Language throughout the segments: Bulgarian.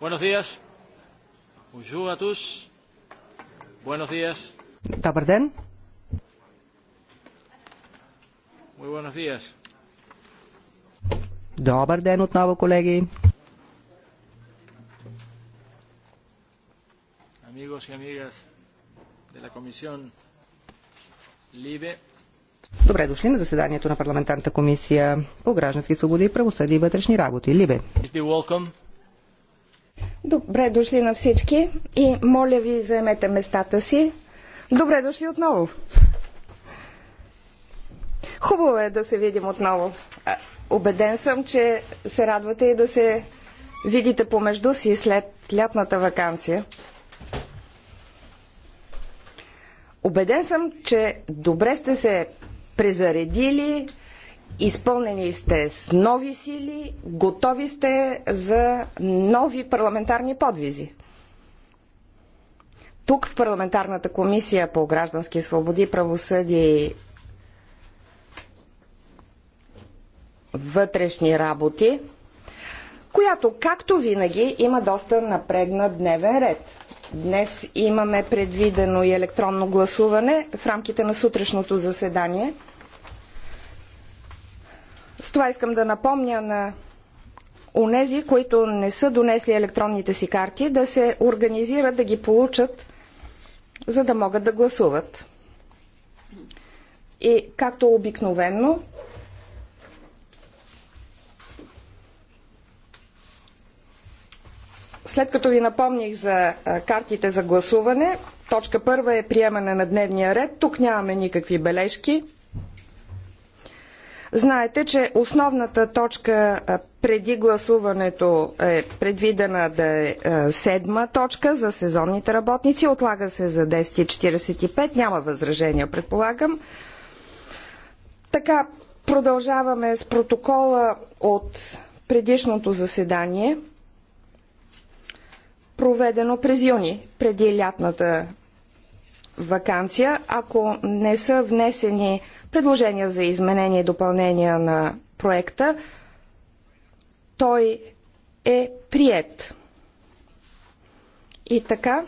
Buenos días. Bonjour à tous. Buenos días. Добър ден. Muy buenos días. Добър ден отново, колеги. Amigos y amigas de la Comisión Libe. Добре дошли на заседанието на парламентарната комисия по граждански свободи, и правосъди и вътрешни работи. Либе. Добре дошли на всички и моля ви заемете местата си. Добре дошли отново. Хубаво е да се видим отново. Обеден съм, че се радвате и да се видите помежду си след лятната вакансия. Обеден съм, че добре сте се презаредили, Изпълнени сте с нови сили, готови сте за нови парламентарни подвизи. Тук в парламентарната комисия по граждански свободи, правосъдие и вътрешни работи, която, както винаги, има доста напредна дневен ред. Днес имаме предвидено и електронно гласуване в рамките на сутрешното заседание – с това искам да напомня на онези, които не са донесли електронните си карти, да се организират да ги получат, за да могат да гласуват. И както обикновенно, след като ви напомних за картите за гласуване, точка първа е приемане на дневния ред. Тук нямаме никакви бележки. Знаете, че основната точка преди гласуването е предвидена да е седма точка за сезонните работници. Отлага се за 10.45. Няма възражения, предполагам. Така, продължаваме с протокола от предишното заседание, проведено през юни, преди лятната вакансия. Ако не са внесени предложения за изменение и допълнение на проекта. Той е прият. И така,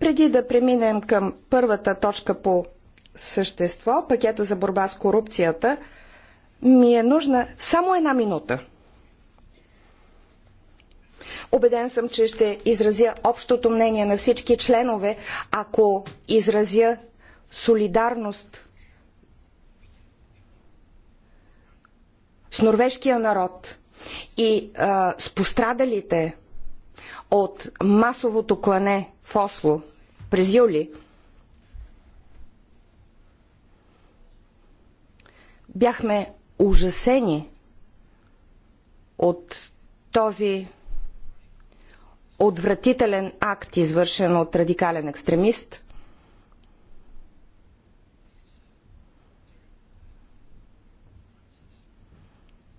преди да преминем към първата точка по същество, пакета за борба с корупцията, ми е нужна само една минута. Обеден съм, че ще изразя общото мнение на всички членове, ако изразя солидарност с норвежкия народ и а, с пострадалите от масовото клане в Осло през юли. Бяхме ужасени от този отвратителен акт, извършен от радикален екстремист.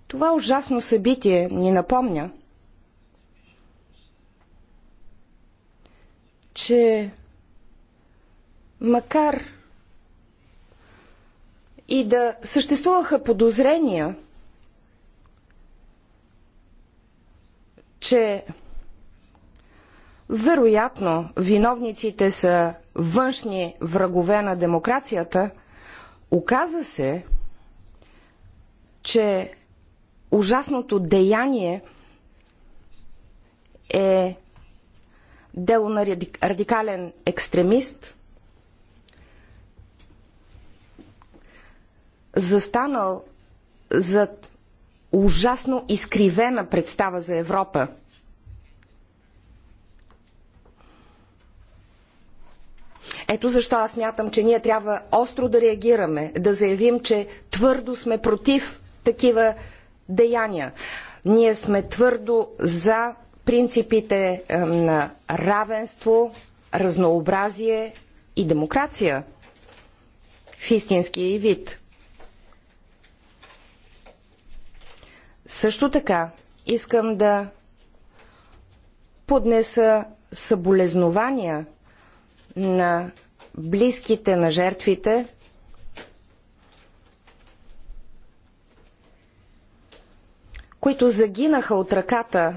Това ужасно събитие ни напомня, че макар и да съществуваха подозрения, че вероятно виновниците са външни врагове на демокрацията, оказа се, че ужасното деяние е дело на радикален екстремист, застанал зад ужасно изкривена представа за Европа – Ето защо аз мятам, че ние трябва остро да реагираме, да заявим, че твърдо сме против такива деяния. Ние сме твърдо за принципите на равенство, разнообразие и демокрация в истинския и вид. Също така искам да поднеса съболезнования на близките на жертвите които загинаха от ръката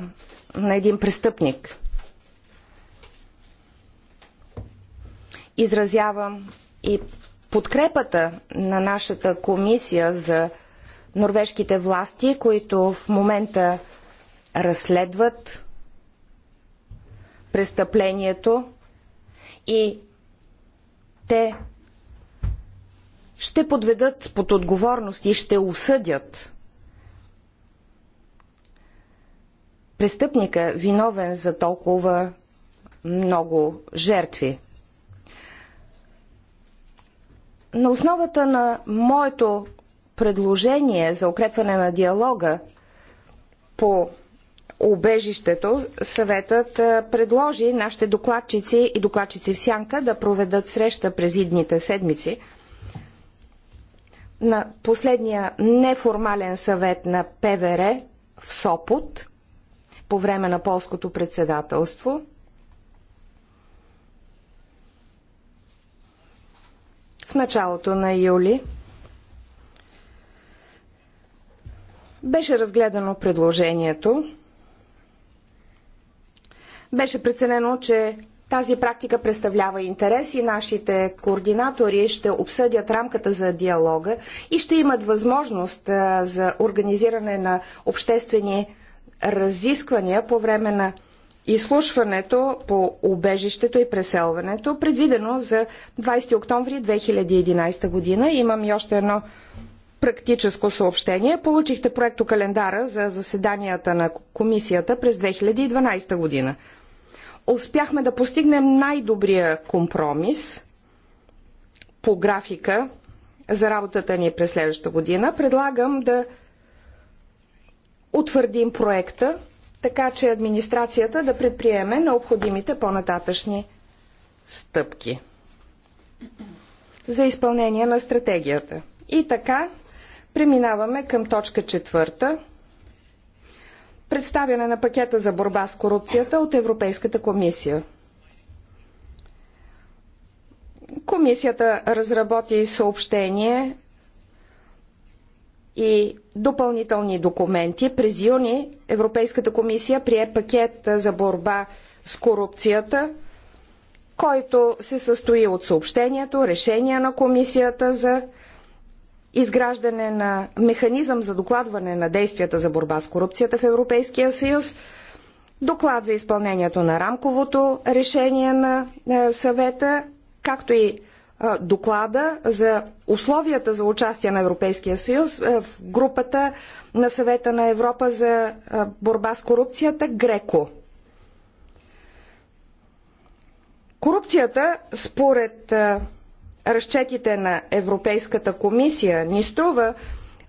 на един престъпник. Изразявам и подкрепата на нашата комисия за норвежките власти, които в момента разследват престъплението и те ще подведат под отговорност и ще осъдят престъпника, виновен за толкова много жертви. На основата на моето предложение за укрепване на диалога по убежището, съветът предложи нашите докладчици и докладчици в Сянка да проведат среща през идните седмици на последния неформален съвет на ПВР в Сопот по време на полското председателство. В началото на юли беше разгледано предложението беше преценено, че тази практика представлява интерес и нашите координатори ще обсъдят рамката за диалога и ще имат възможност за организиране на обществени разисквания по време на изслушването по убежището и преселването, предвидено за 20 октомври 2011 година. Имам и още едно практическо съобщение. Получихте проекто календара за заседанията на комисията през 2012 година успяхме да постигнем най-добрия компромис по графика за работата ни през следващата година. Предлагам да утвърдим проекта, така че администрацията да предприеме необходимите по-нататъчни стъпки за изпълнение на стратегията. И така, преминаваме към точка четвърта – представяне на пакета за борба с корупцията от Европейската комисия. Комисията разработи съобщение и допълнителни документи. През юни Европейската комисия прие пакет за борба с корупцията, който се състои от съобщението, решение на комисията за изграждане на механизъм за докладване на действията за борба с корупцията в Европейския съюз, доклад за изпълнението на рамковото решение на е, съвета, както и е, доклада за условията за участие на Европейския съюз е, в групата на съвета на Европа за борба с корупцията Греко. Корупцията, според разчетите на Европейската комисия ни струва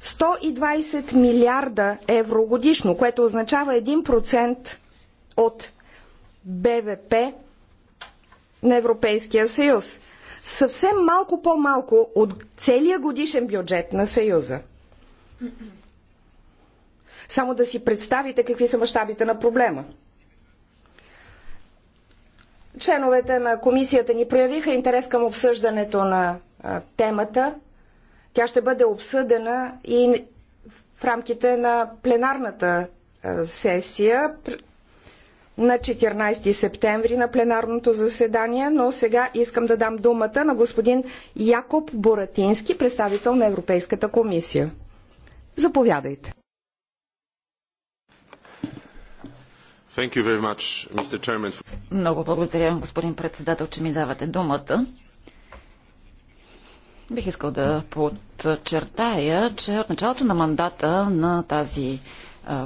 120 милиарда евро годишно, което означава 1% от БВП на Европейския съюз. Съвсем малко по-малко от целия годишен бюджет на Съюза. Само да си представите какви са мащабите на проблема. Членовете на комисията ни проявиха интерес към обсъждането на темата. Тя ще бъде обсъдена и в рамките на пленарната сесия на 14 септември на пленарното заседание, но сега искам да дам думата на господин Якоб Боратински, представител на Европейската комисия. Заповядайте. Много благодаря, господин председател, че ми давате думата. Бих искал да подчертая, че от началото на мандата на тази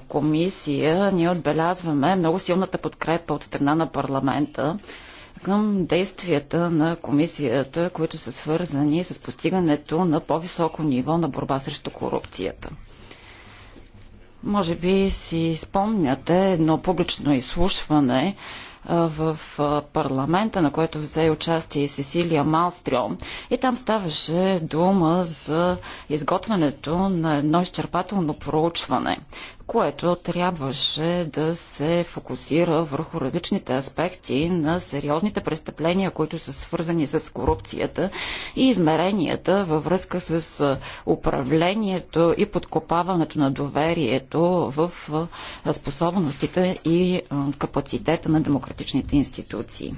комисия ние отбелязваме много силната подкрепа от страна на парламента към действията на комисията, които са свързани с постигането на по-високо ниво на борба срещу корупцията. Може би си спомняте едно публично изслушване в парламента, на което взе участие Сесилия Малстрион. И там ставаше дума за изготвянето на едно изчерпателно проучване, което трябваше да се фокусира върху различните аспекти на сериозните престъпления, които са свързани с корупцията и измеренията във връзка с управлението и подкопаването на доверието в способностите и капацитета на демократичните институции.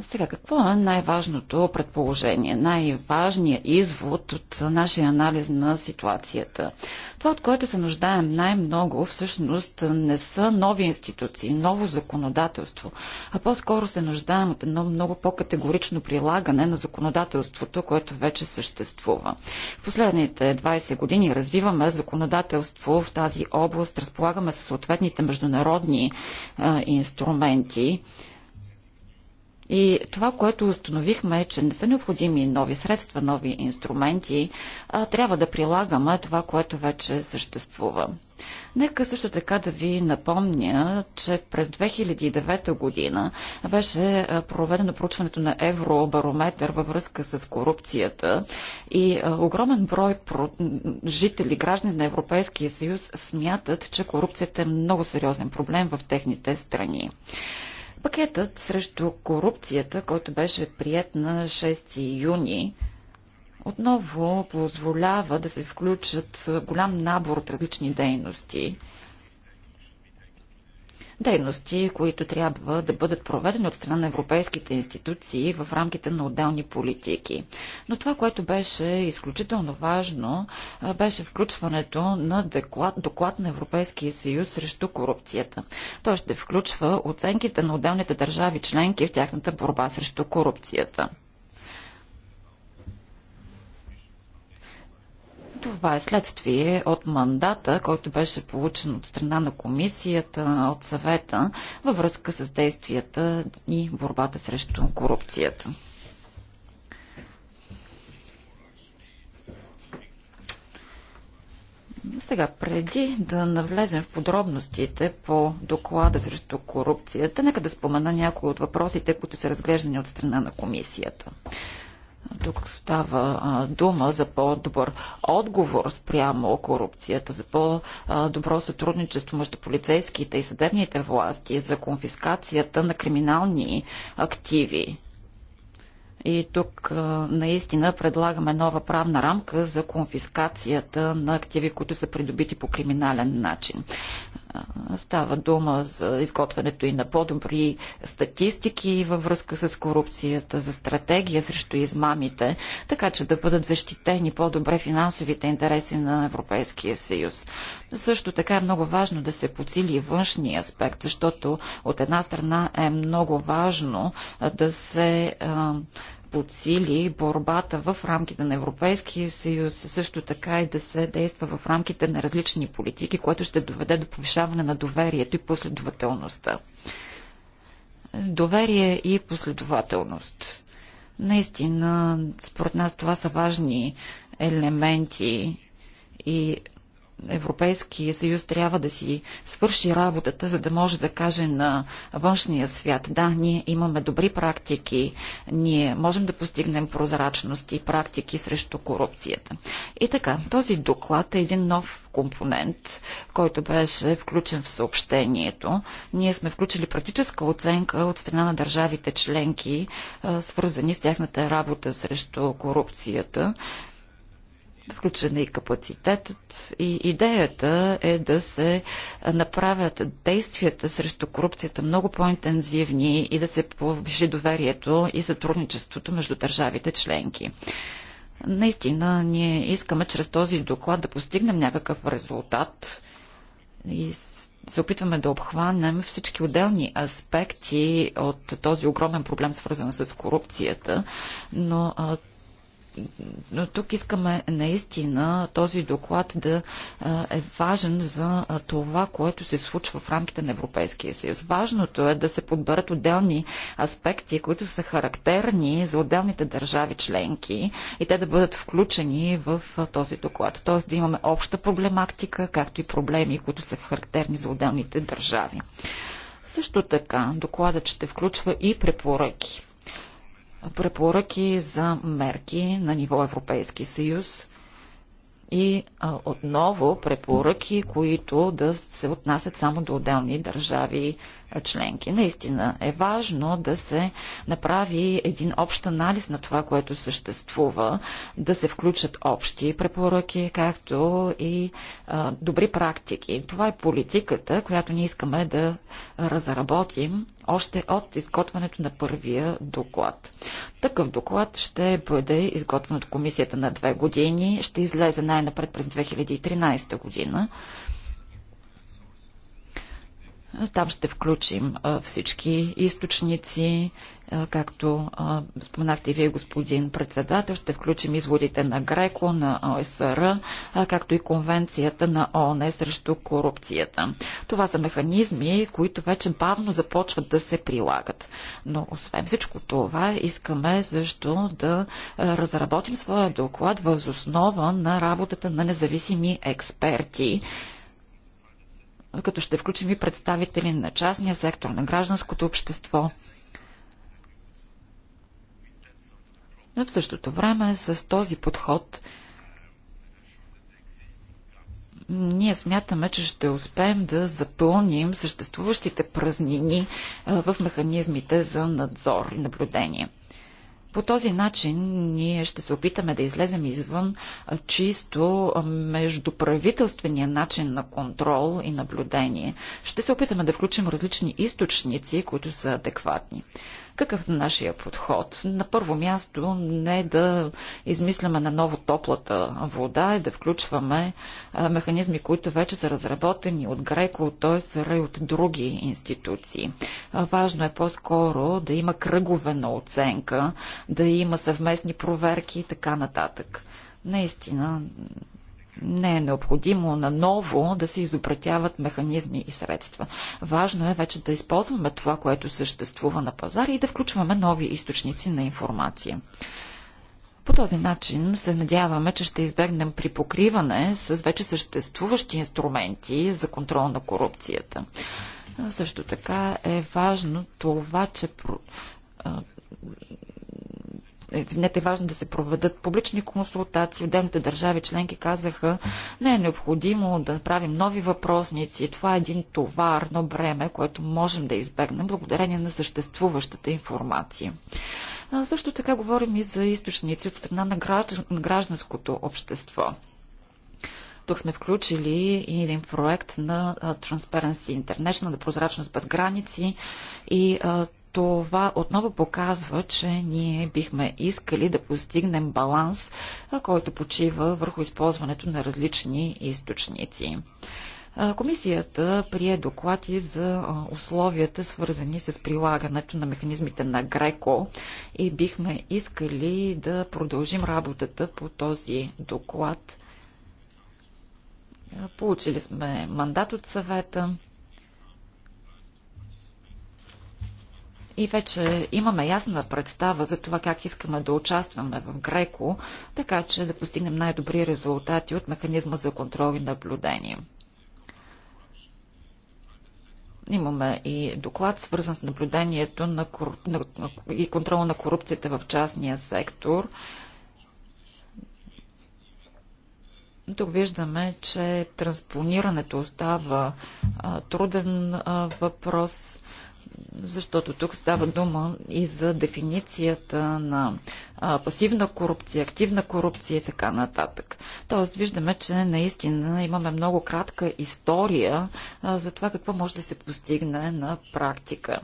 Сега, какво е най-важното предположение, най-важният извод от нашия анализ на ситуацията? Това, от което се нуждаем най-много, всъщност не са нови институции, ново законодателство, а по-скоро се нуждаем от едно много по-категорично прилагане на законодателството, което вече съществува. В последните 20 години развиваме законодателство в тази област, разполагаме със съответните международни а, инструменти, и това, което установихме е, че не са необходими нови средства, нови инструменти, а трябва да прилагаме това, което вече съществува. Нека също така да ви напомня, че през 2009 година беше проведено проучването на Евробарометър във връзка с корупцията и огромен брой жители, граждани на Европейския съюз смятат, че корупцията е много сериозен проблем в техните страни. Пакетът срещу корупцията, който беше прият на 6 юни, отново позволява да се включат голям набор от различни дейности дейности, които трябва да бъдат проведени от страна на европейските институции в рамките на отделни политики. Но това, което беше изключително важно, беше включването на доклад, доклад на Европейския съюз срещу корупцията. Той ще включва оценките на отделните държави членки в тяхната борба срещу корупцията. Това е следствие от мандата, който беше получен от страна на комисията, от съвета, във връзка с действията и борбата срещу корупцията. Сега, преди да навлезем в подробностите по доклада срещу корупцията, нека да спомена някои от въпросите, които са разглеждани от страна на комисията. Тук става дума за по-добър отговор спрямо корупцията, за по-добро сътрудничество между полицейските и съдебните власти, за конфискацията на криминални активи. И тук наистина предлагаме нова правна рамка за конфискацията на активи, които са придобити по криминален начин. Става дума за изготвянето и на по-добри статистики във връзка с корупцията, за стратегия срещу измамите, така че да бъдат защитени по-добре финансовите интереси на Европейския съюз. Също така е много важно да се подсили външния аспект, защото от една страна е много важно да се подсили борбата в рамките на Европейския съюз, също така и да се действа в рамките на различни политики, което ще доведе до повишаване на доверието и последователността. Доверие и последователност. Наистина, според нас това са важни елементи и Европейския съюз трябва да си свърши работата, за да може да каже на външния свят, да, ние имаме добри практики, ние можем да постигнем прозрачност и практики срещу корупцията. И така, този доклад е един нов компонент, който беше включен в съобщението. Ние сме включили практическа оценка от страна на държавите членки, свързани с тяхната работа срещу корупцията Включен и капацитетът и идеята е да се направят действията срещу корупцията много по-интензивни и да се повиши доверието и сътрудничеството между държавите членки. Наистина, ние искаме чрез този доклад да постигнем някакъв резултат и се опитваме да обхванем всички отделни аспекти от този огромен проблем, свързан с корупцията, но а, но тук искаме наистина този доклад да е важен за това, което се случва в рамките на Европейския съюз. Важното е да се подберат отделни аспекти, които са характерни за отделните държави членки и те да бъдат включени в този доклад. Тоест да имаме обща проблематика, както и проблеми, които са характерни за отделните държави. Също така, докладът ще включва и препоръки препоръки за мерки на ниво Европейски съюз и а, отново препоръки, които да се отнасят само до отделни държави членки. Наистина е важно да се направи един общ анализ на това, което съществува, да се включат общи препоръки, както и а, добри практики. Това е политиката, която ние искаме да разработим още от изготвянето на първия доклад. Такъв доклад ще бъде изготвен от комисията на две години, ще излезе най-напред през 2013 година. Там ще включим всички източници, както споменахте и вие, господин председател, ще включим изводите на Греко, на ОСР, както и конвенцията на ООН срещу корупцията. Това са механизми, които вече бавно започват да се прилагат. Но освен всичко това, искаме също да разработим своя доклад въз основа на работата на независими експерти, като ще включим и представители на частния сектор, на гражданското общество. Но в същото време с този подход ние смятаме, че ще успеем да запълним съществуващите празнини в механизмите за надзор и наблюдение. По този начин ние ще се опитаме да излезем извън чисто междуправителствения начин на контрол и наблюдение. Ще се опитаме да включим различни източници, които са адекватни. Какъв е нашия подход? На първо място не е да измисляме на ново топлата вода и да включваме механизми, които вече са разработени от Греко, т.е. от други институции. Важно е по-скоро да има кръгове на оценка, да има съвместни проверки и така нататък. Наистина, не е необходимо наново да се изобретяват механизми и средства. Важно е вече да използваме това, което съществува на пазара и да включваме нови източници на информация. По този начин се надяваме, че ще избегнем при покриване с вече съществуващи инструменти за контрол на корупцията. Също така е важно това, че извинете, важно да се проведат публични консултации. Отделните държави членки казаха, не е необходимо да правим нови въпросници. Това е един товар, едно бреме, което можем да избегнем благодарение на съществуващата информация. А също така говорим и за източници от страна на, на гражданското общество. Тук сме включили и един проект на Transparency International, на прозрачност без граници и а, това отново показва, че ние бихме искали да постигнем баланс, който почива върху използването на различни източници. Комисията прие доклади за условията, свързани с прилагането на механизмите на Греко и бихме искали да продължим работата по този доклад. Получили сме мандат от съвета. и вече имаме ясна представа за това как искаме да участваме в Греко, така че да постигнем най-добри резултати от механизма за контрол и наблюдение. Имаме и доклад, свързан с наблюдението на кор... на... и контрола на корупцията в частния сектор. Тук виждаме, че транспонирането остава а, труден а, въпрос защото тук става дума и за дефиницията на а, пасивна корупция, активна корупция и така нататък. Тоест, виждаме, че наистина имаме много кратка история а, за това какво може да се постигне на практика.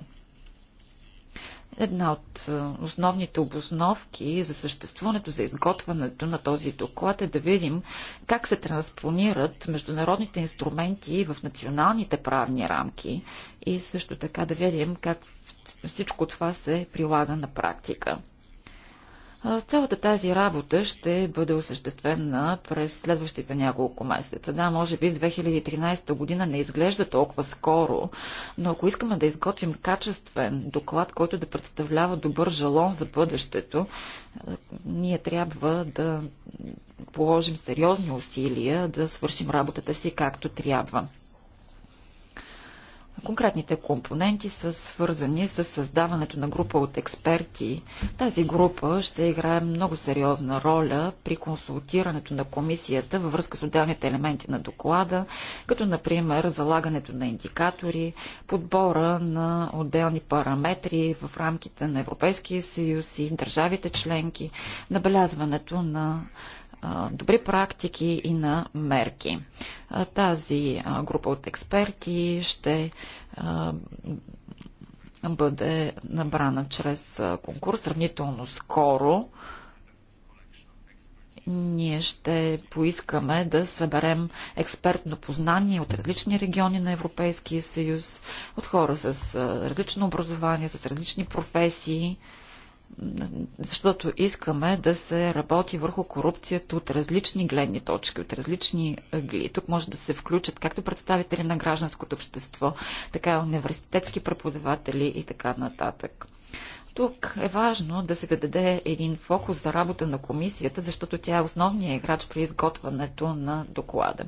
Една от основните обосновки за съществуването, за изготвянето на този доклад е да видим как се транспонират международните инструменти в националните правни рамки и също така да видим как всичко това се прилага на практика. Цялата тази работа ще бъде осъществена през следващите няколко месеца. Да, може би 2013 година не изглежда толкова скоро, но ако искаме да изготвим качествен доклад, който да представлява добър жалон за бъдещето, ние трябва да положим сериозни усилия да свършим работата си както трябва. Конкретните компоненти са свързани с създаването на група от експерти. Тази група ще играе много сериозна роля при консултирането на комисията във връзка с отделните елементи на доклада, като например залагането на индикатори, подбора на отделни параметри в рамките на Европейския съюз и държавите членки, набелязването на добри практики и на мерки. Тази група от експерти ще бъде набрана чрез конкурс сравнително скоро. Ние ще поискаме да съберем експертно познание от различни региони на Европейския съюз, от хора с различно образование, с различни професии защото искаме да се работи върху корупцията от различни гледни точки, от различни гли. Тук може да се включат както представители на гражданското общество, така и университетски преподаватели и така нататък. Тук е важно да се даде един фокус за работа на комисията, защото тя е основният играч при изготвянето на доклада.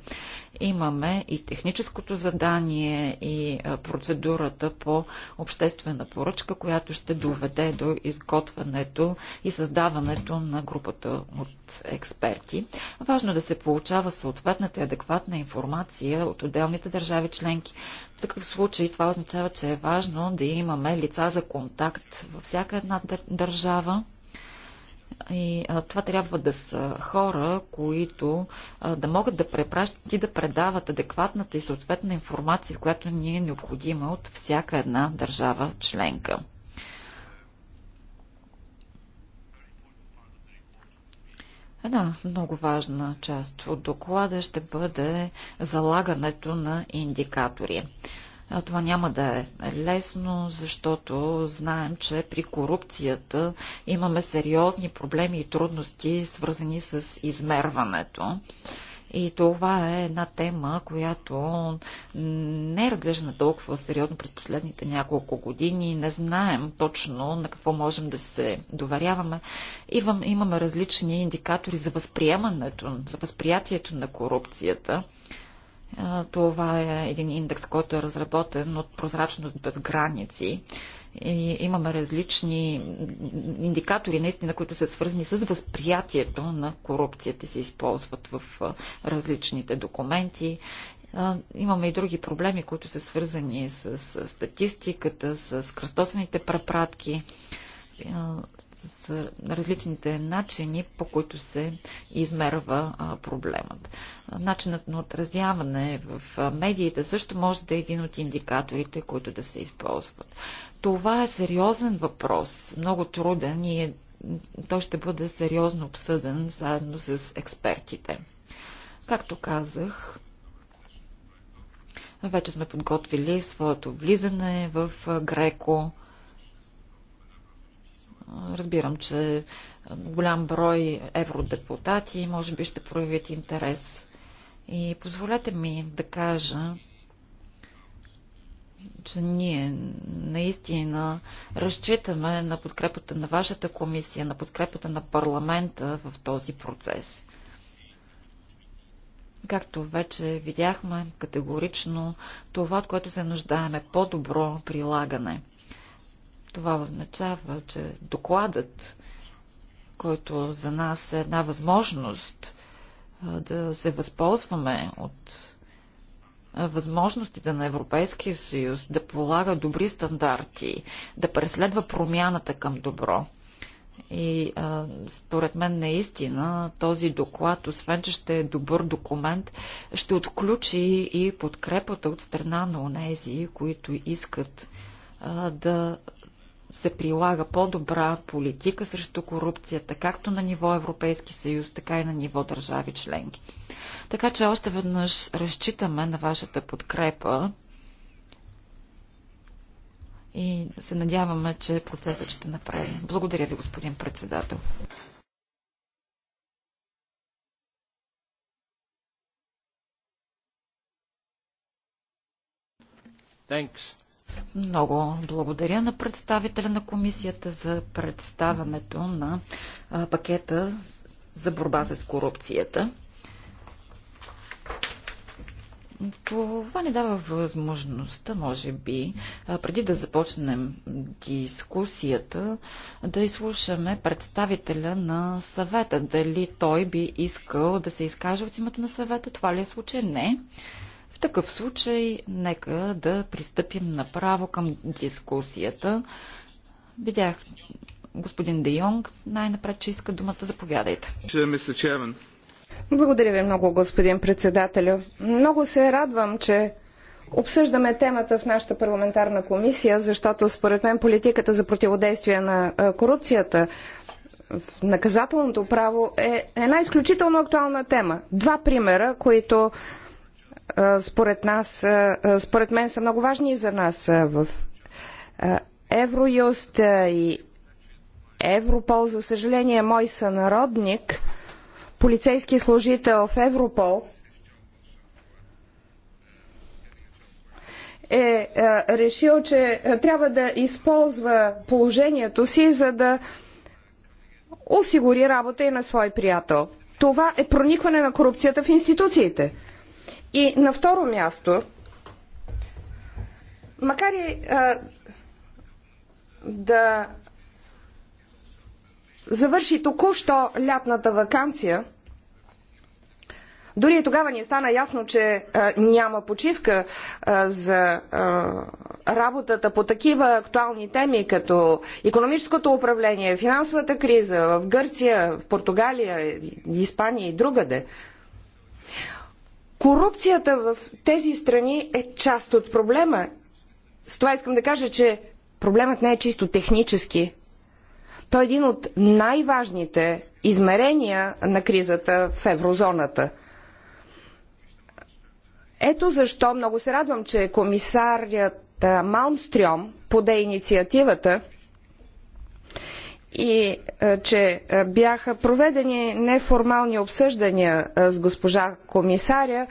Имаме и техническото задание и процедурата по обществена поръчка, която ще доведе до изготвянето и създаването на групата от експерти. Важно е да се получава съответната и адекватна информация от отделните държави членки, в такъв случай това означава, че е важно да имаме лица за контакт във всяка една държава. И а, това трябва да са хора, които а, да могат да препращат и да предават адекватната и съответна информация, която ни е необходима от всяка една държава членка. Една много важна част от доклада ще бъде залагането на индикатори. Това няма да е лесно, защото знаем, че при корупцията имаме сериозни проблеми и трудности, свързани с измерването. И това е една тема, която не е разглеждана толкова сериозно през последните няколко години. Не знаем точно на какво можем да се доверяваме. И имаме различни индикатори за възприемането, за възприятието на корупцията. Това е един индекс, който е разработен от прозрачност без граници. И имаме различни индикатори, наистина, които са свързани с възприятието на корупцията, се използват в различните документи. Имаме и други проблеми, които са свързани с статистиката, с кръстосаните препратки с различните начини, по които се измерва проблемът. Начинът на отразяване в медиите също може да е един от индикаторите, които да се използват. Това е сериозен въпрос, много труден и е, той ще бъде сериозно обсъден заедно с експертите. Както казах, вече сме подготвили своето влизане в Греко. Разбирам, че голям брой евродепутати може би ще проявят интерес. И позволете ми да кажа, че ние наистина разчитаме на подкрепата на вашата комисия, на подкрепата на парламента в този процес. Както вече видяхме, категорично това, от което се нуждаем е по-добро прилагане – това означава, че докладът, който за нас е една възможност да се възползваме от възможностите на Европейския съюз да полага добри стандарти, да преследва промяната към добро. И а, според мен наистина този доклад, освен че ще е добър документ, ще отключи и подкрепата от страна на онези, които искат а, да се прилага по-добра политика срещу корупцията, както на ниво Европейски съюз, така и на ниво държави членки. Така че още веднъж разчитаме на вашата подкрепа и се надяваме, че процесът ще направи. Благодаря ви, господин председател. Thanks. Много благодаря на представителя на комисията за представането на пакета за борба с корупцията. Това ни дава възможността, може би, преди да започнем дискусията, да изслушаме представителя на съвета. Дали той би искал да се изкаже от името на съвета? Това ли е случай? Не. В такъв случай, нека да пристъпим направо към дискусията. Видях господин Де Йонг най-напред, че иска думата. Заповядайте. Благодаря ви много, господин председателю. Много се радвам, че обсъждаме темата в нашата парламентарна комисия, защото според мен политиката за противодействие на корупцията в наказателното право е една изключително актуална тема. Два примера, които според нас, според мен са много важни за нас в Евроюст и Европол, за съжаление, мой сънародник, полицейски служител в Европол, е решил, че трябва да използва положението си, за да осигури работа и на свой приятел. Това е проникване на корупцията в институциите. И на второ място, макар и а, да завърши току-що лятната вакансия, дори и тогава ни стана ясно, че а, няма почивка а, за а, работата по такива актуални теми, като економическото управление, финансовата криза в Гърция, в Португалия, Испания и другаде. Корупцията в тези страни е част от проблема. С това искам да кажа, че проблемът не е чисто технически. Той е един от най-важните измерения на кризата в еврозоната. Ето защо много се радвам, че комисарят Малмстрьом поде инициативата – и е, че е, бяха проведени неформални обсъждания е, с госпожа комисаря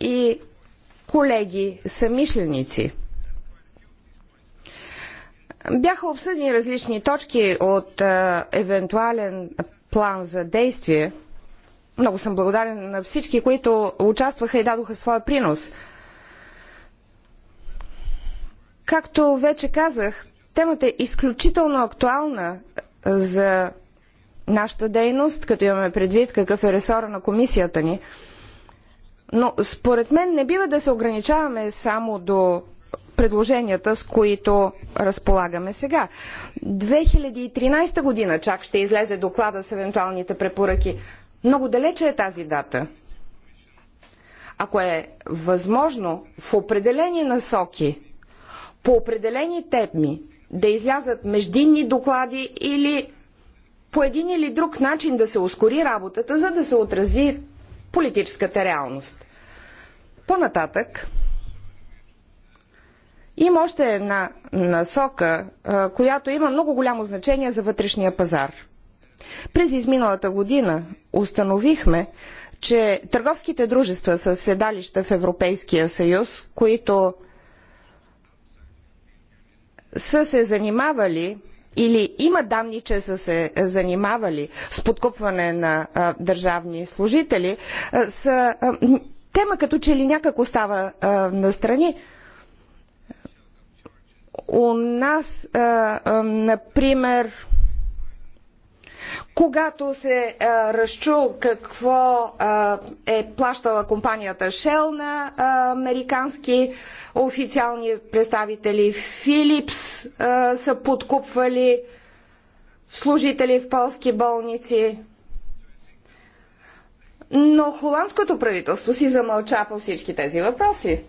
и колеги съмишленици. Бяха обсъдени различни точки от а, евентуален план за действие. Много съм благодарен на всички, които участваха и дадоха своя принос. Както вече казах, темата е изключително актуална за нашата дейност, като имаме предвид какъв е ресора на комисията ни. Но според мен не бива да се ограничаваме само до предложенията, с които разполагаме сега. 2013 година чак ще излезе доклада с евентуалните препоръки. Много далече е тази дата. Ако е възможно в определени насоки, по определени теми, да излязат междинни доклади или по един или друг начин да се ускори работата, за да се отрази политическата реалност. По-нататък има още една насока, която има много голямо значение за вътрешния пазар. През изминалата година установихме, че търговските дружества с седалища в Европейския съюз, които са се занимавали или има данни, че са се занимавали с подкупване на а, държавни служители, а, са, а, тема като че ли някак остава а, настрани. У нас, а, а, например, когато се а, разчу какво а, е плащала компанията Shell на а, американски официални представители, Филипс а, са подкупвали служители в полски болници. Но холандското правителство си замълча по всички тези въпроси.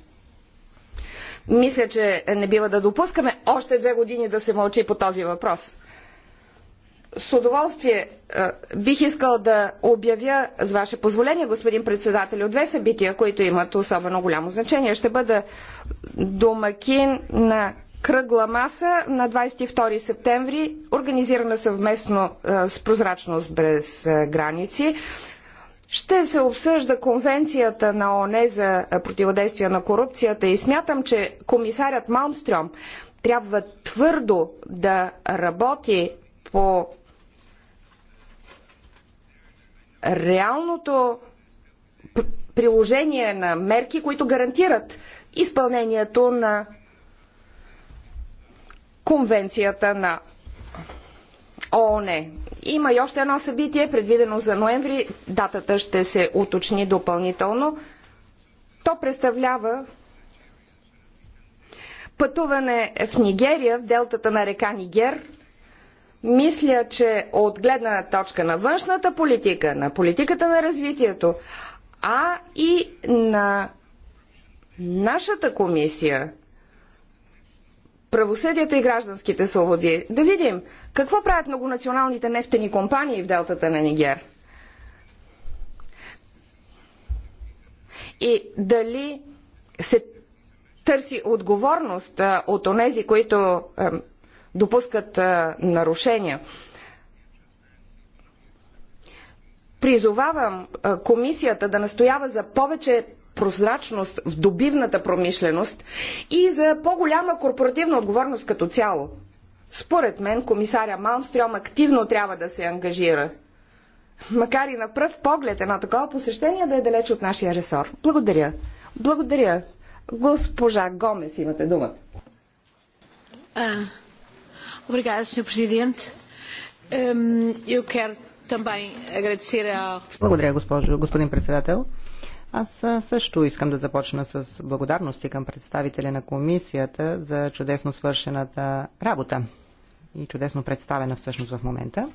Мисля, че не бива да допускаме още две години да се мълчи по този въпрос с удоволствие бих искал да обявя, с ваше позволение, господин председател, от две събития, които имат особено голямо значение. Ще бъда домакин на кръгла маса на 22 септември, организирана съвместно с Прозрачност без граници. Ще се обсъжда конвенцията на ООН за противодействие на корупцията и смятам, че комисарят Малмстрём трябва твърдо да работи по реалното приложение на мерки, които гарантират изпълнението на конвенцията на ООН. Има и още едно събитие, предвидено за ноември. Датата ще се уточни допълнително. То представлява пътуване в Нигерия, в делтата на река Нигер – мисля, че от гледна точка на външната политика, на политиката на развитието, а и на нашата комисия правосъдието и гражданските свободи. Да видим какво правят многонационалните нефтени компании в делтата на Нигер. И дали се търси отговорност от онези, които допускат нарушения. Призовавам комисията да настоява за повече прозрачност в добивната промишленост и за по-голяма корпоративна отговорност като цяло. Според мен комисаря Малмстрём активно трябва да се ангажира. Макар и на пръв поглед едно такова посещение да е далеч от нашия ресор. Благодаря. Благодаря. Госпожа Гомес имате думата. Obrigada, Sr. Presidente. Eu quero também agradecer ao... Благодаря, господин председател. Аз също искам да започна с благодарности към представителя на комисията за чудесно свършената работа и чудесно представена всъщност в момента.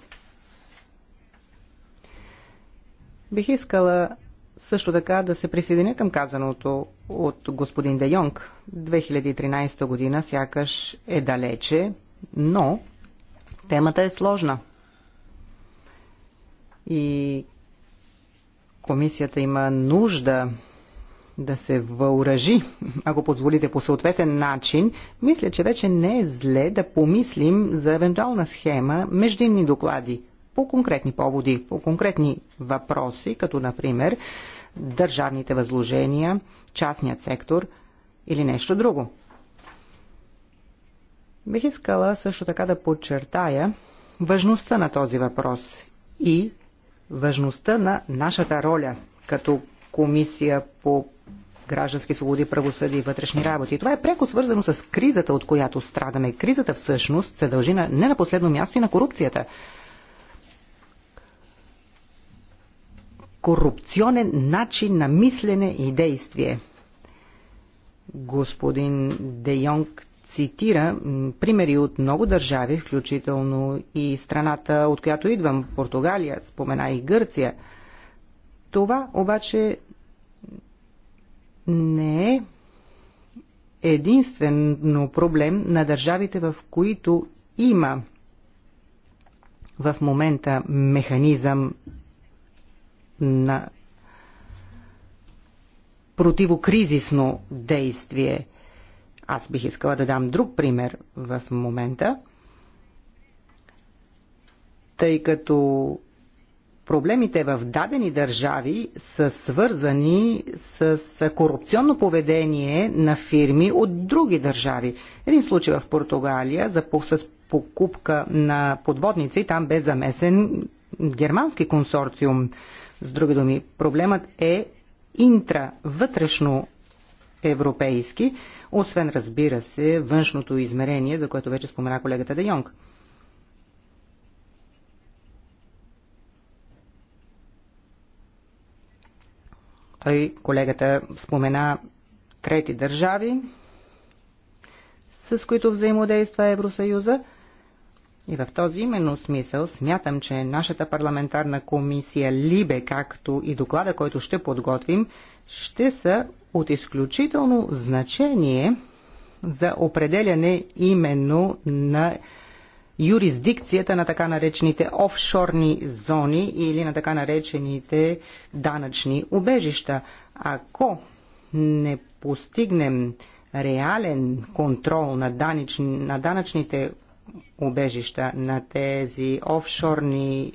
Бих искала също така да се присъединя към казаното от господин Де Йонг. 2013 година сякаш е далече, но темата е сложна. И комисията има нужда да се въоръжи, ако позволите, по съответен начин, мисля, че вече не е зле да помислим за евентуална схема междинни доклади по конкретни поводи, по конкретни въпроси, като например държавните възложения, частният сектор или нещо друго. Бих искала също така да подчертая важността на този въпрос и важността на нашата роля като комисия по граждански свободи, правосъди и вътрешни работи. това е преко свързано с кризата, от която страдаме. Кризата всъщност се дължи на, не на последно място и на корупцията. Корупционен начин на мислене и действие. Господин Де Йонг цитира примери от много държави, включително и страната, от която идвам, Португалия, спомена и Гърция. Това обаче не е единствено проблем на държавите, в които има в момента механизъм на противокризисно действие – аз бих искала да дам друг пример в момента, тъй като проблемите в дадени държави са свързани с корупционно поведение на фирми от други държави. Един случай в Португалия за, с покупка на подводници, там бе замесен германски консорциум. С други думи, проблемът е интра, вътрешно европейски, освен разбира се външното измерение, за което вече спомена колегата Де Йонг. Той, колегата, спомена трети държави, с които взаимодейства Евросъюза – и в този именно смисъл смятам, че нашата парламентарна комисия Либе, както и доклада, който ще подготвим, ще са от изключително значение за определяне именно на юрисдикцията на така наречените офшорни зони или на така наречените данъчни убежища. Ако не постигнем реален контрол на, данич, на данъчните убежища на тези офшорни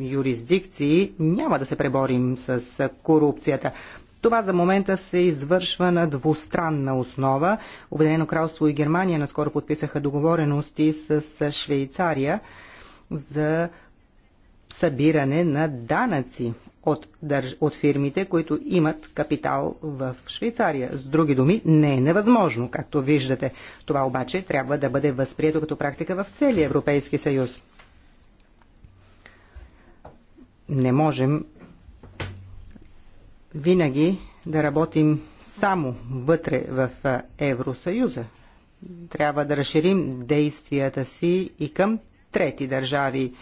юрисдикции, няма да се преборим с корупцията. Това за момента се извършва на двустранна основа. Обединено кралство и Германия наскоро подписаха договорености с Швейцария за събиране на данъци от, държ... от фирмите, които имат капитал в Швейцария. С други думи, не е невъзможно, както виждате. Това обаче трябва да бъде възприето като практика в целия Европейски съюз. Не можем винаги да работим само вътре в Евросъюза. Трябва да разширим действията си и към трети държави.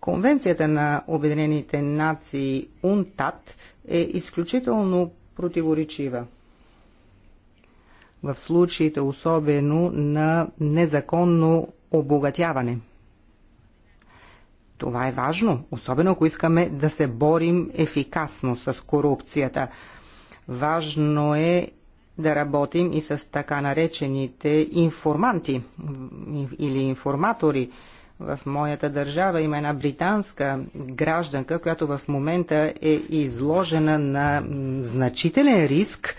Конвенцията на Обединените нации УНТАТ е изключително противоречива. В случаите особено на незаконно обогатяване. Това е важно, особено ако искаме да се борим ефикасно с корупцията. Важно е да работим и с така наречените информанти или информатори, в моята държава има една британска гражданка, която в момента е изложена на значителен риск,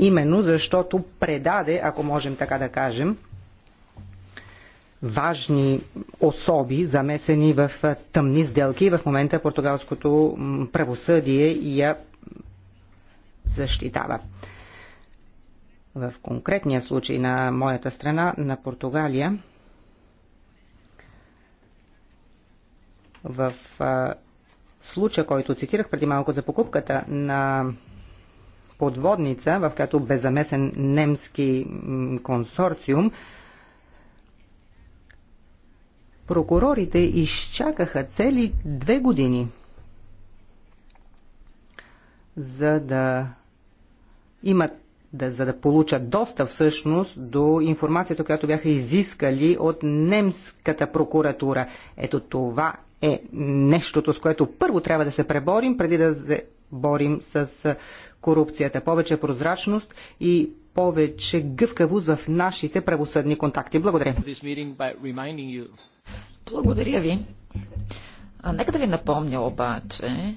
именно защото предаде, ако можем така да кажем, важни особи, замесени в тъмни сделки. В момента португалското правосъдие я защитава. В конкретния случай на моята страна, на Португалия, В а, случая, който цитирах преди малко за покупката на подводница, в която беззамесен немски консорциум, прокурорите изчакаха цели две години, за да имат да, за да получат доста всъщност до информацията, която бяха изискали от немската прокуратура. Ето това е нещото, с което първо трябва да се преборим, преди да се борим с корупцията. Повече прозрачност и повече гъвкавост в нашите правосъдни контакти. Благодаря. Благодаря ви. А, нека да ви напомня обаче,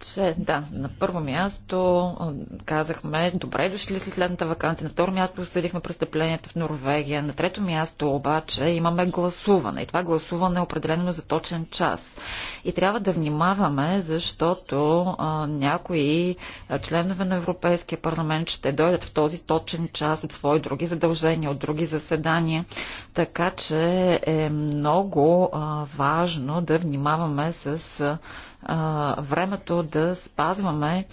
че да, на първо място казахме добре дошли след лятната вакансия, на второ място осъдихме престъпленията в Норвегия, на трето място обаче имаме гласуване и това гласуване е определено за точен час. И трябва да внимаваме, защото а, някои членове на Европейския парламент ще дойдат в този точен час от свои други задължения, от други заседания, така че е много а, важно да внимаваме с времето да спазваме,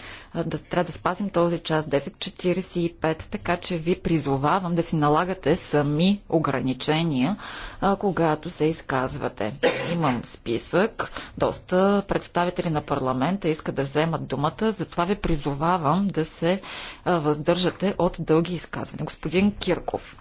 да трябва да спазим този час 10.45, така че ви призовавам да си налагате сами ограничения, когато се изказвате. Имам списък, доста представители на парламента искат да вземат думата, затова ви призовавам да се въздържате от дълги изказвания. Господин Кирков.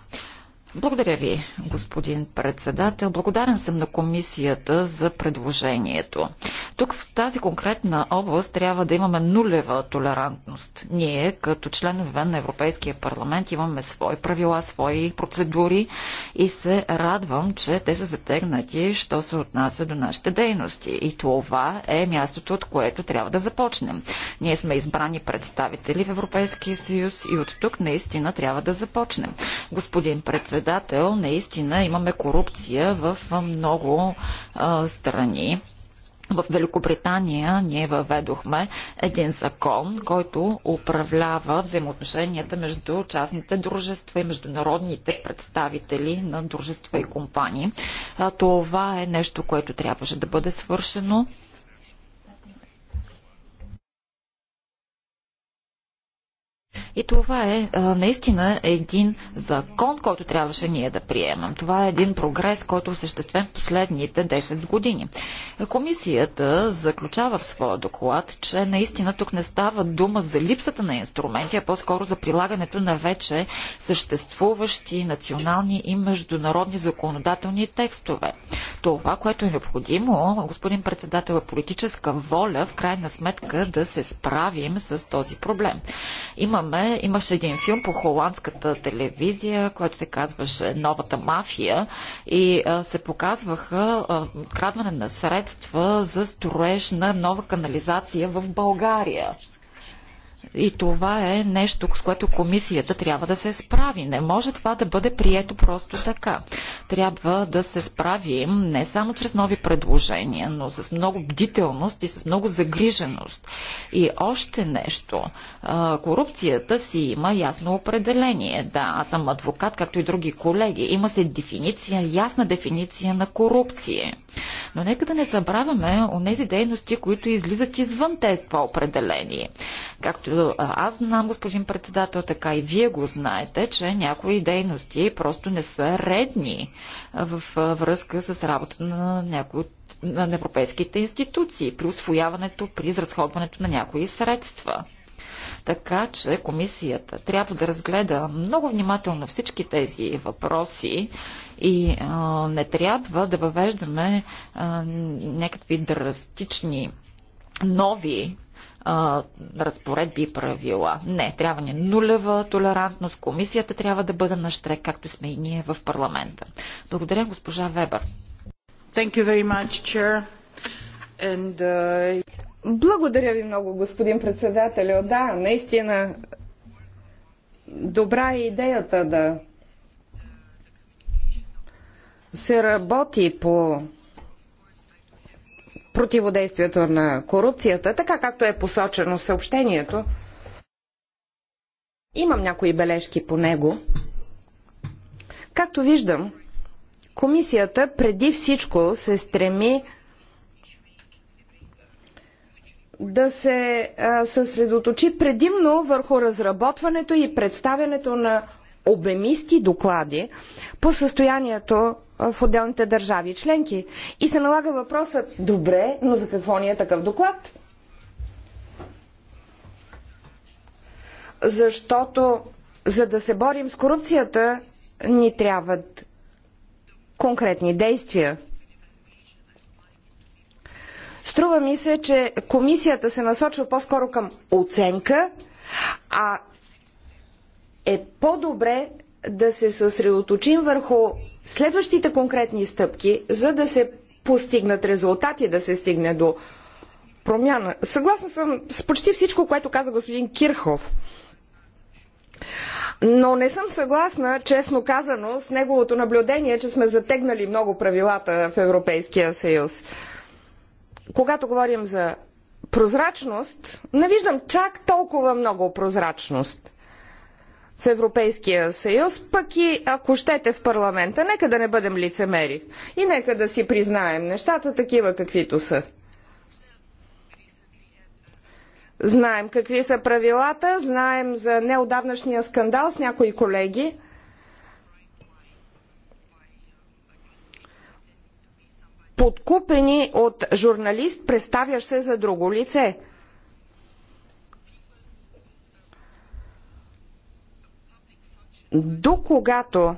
Благодаря ви, господин председател. Благодарен съм на комисията за предложението. Тук в тази конкретна област трябва да имаме нулева толерантност. Ние, като членове на Европейския парламент, имаме свои правила, свои процедури и се радвам, че те са затегнати, що се отнася до нашите дейности. И това е мястото, от което трябва да започнем. Ние сме избрани представители в Европейския съюз и от тук наистина трябва да започнем. Господин председател, председател, наистина имаме корупция в много а, страни. В Великобритания ние въведохме един закон, който управлява взаимоотношенията между частните дружества и международните представители на дружества и компании. Това е нещо, което трябваше да бъде свършено И това е наистина един закон, който трябваше ние да приемам. Това е един прогрес, който е осъществен в последните 10 години. Комисията заключава в своя доклад, че наистина тук не става дума за липсата на инструменти, а по-скоро за прилагането на вече съществуващи национални и международни законодателни текстове. Това, което е необходимо, господин председател, е политическа воля в крайна сметка да се справим с този проблем. Имаме време имаше един филм по холандската телевизия, който се казваше Новата мафия и а, се показваха а, крадване на средства за строеж на нова канализация в България. И това е нещо, с което комисията трябва да се справи. Не може това да бъде прието просто така. Трябва да се справим не само чрез нови предложения, но с много бдителност и с много загриженост. И още нещо. Корупцията си има ясно определение. Да, аз съм адвокат, както и други колеги. Има се дефиниция, ясна дефиниция на корупция. Но нека да не забравяме онези дейности, които излизат извън тези по определение. Както аз знам, господин председател, така и вие го знаете, че някои дейности просто не са редни в връзка с работата на някои от на европейските институции при освояването, при изразходването на някои средства. Така че комисията трябва да разгледа много внимателно всички тези въпроси и а, не трябва да въвеждаме а, някакви драстични нови а, разпоредби и правила. Не, трябва ни нулева толерантност. Комисията трябва да бъде на штрек, както сме и ние в парламента. Благодаря, госпожа Вебер. Thank you very much, chair. And, uh... Благодаря ви много, господин председател. Да, наистина добра е идеята да се работи по противодействието на корупцията, така както е посочено в съобщението. Имам някои бележки по него. Както виждам, комисията преди всичко се стреми да се съсредоточи предимно върху разработването и представянето на обемисти доклади по състоянието в отделните държави членки. И се налага въпросът, добре, но за какво ни е такъв доклад? Защото за да се борим с корупцията, ни трябват конкретни действия. Струва ми се, че комисията се насочва по-скоро към оценка, а е по-добре да се съсредоточим върху следващите конкретни стъпки, за да се постигнат резултати, да се стигне до промяна. Съгласна съм с почти всичко, което каза господин Кирхов. Но не съм съгласна, честно казано, с неговото наблюдение, че сме затегнали много правилата в Европейския съюз. Когато говорим за прозрачност, не виждам чак толкова много прозрачност в Европейския съюз, пък и ако щете в парламента. Нека да не бъдем лицемери и нека да си признаем нещата такива каквито са. Знаем какви са правилата, знаем за неодавнашния скандал с някои колеги. Подкупени от журналист, представящ се за друго лице – до когато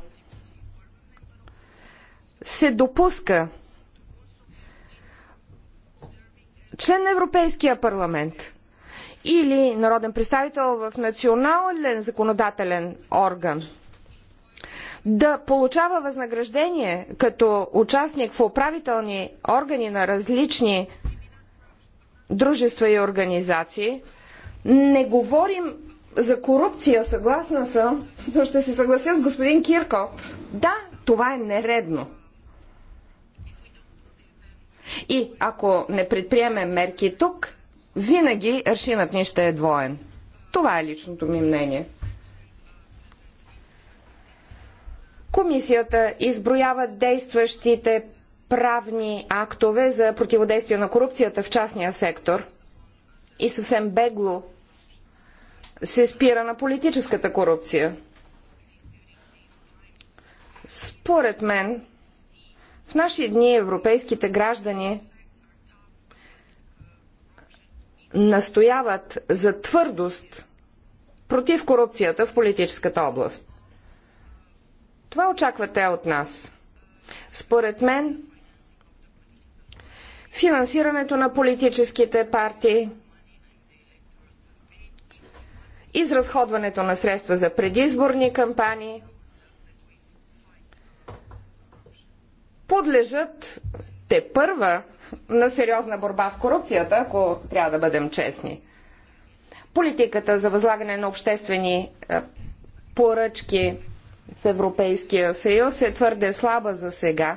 се допуска член на Европейския парламент или народен представител в национален законодателен орган да получава възнаграждение като участник в управителни органи на различни дружества и организации, не говорим за корупция, съгласна съм, но ще се съглася с господин Киркоп. Да, това е нередно. И ако не предприемем мерки тук, винаги аршинът ни ще е двоен. Това е личното ми мнение. Комисията изброява действащите правни актове за противодействие на корупцията в частния сектор и съвсем бегло се спира на политическата корупция. Според мен, в наши дни европейските граждани настояват за твърдост против корупцията в политическата област. Това очакват те от нас. Според мен, финансирането на политическите партии – изразходването на средства за предизборни кампании подлежат те първа на сериозна борба с корупцията, ако трябва да бъдем честни. Политиката за възлагане на обществени е, поръчки в Европейския съюз е твърде слаба за сега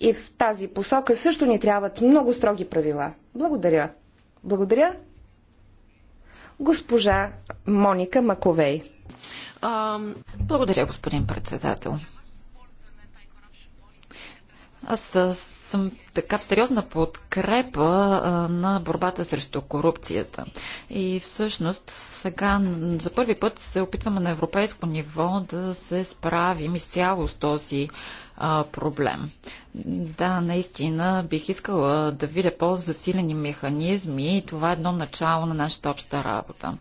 и в тази посока също ни трябват много строги правила. Благодаря. Благодаря госпожа Моника Маковей. Благодаря, господин председател. Аз съм така в сериозна подкрепа а, на борбата срещу корупцията. И всъщност сега за първи път се опитваме на европейско ниво да се справим изцяло с този а, проблем. Да, наистина бих искала да видя по-засилени механизми и това е едно начало на нашата обща работа.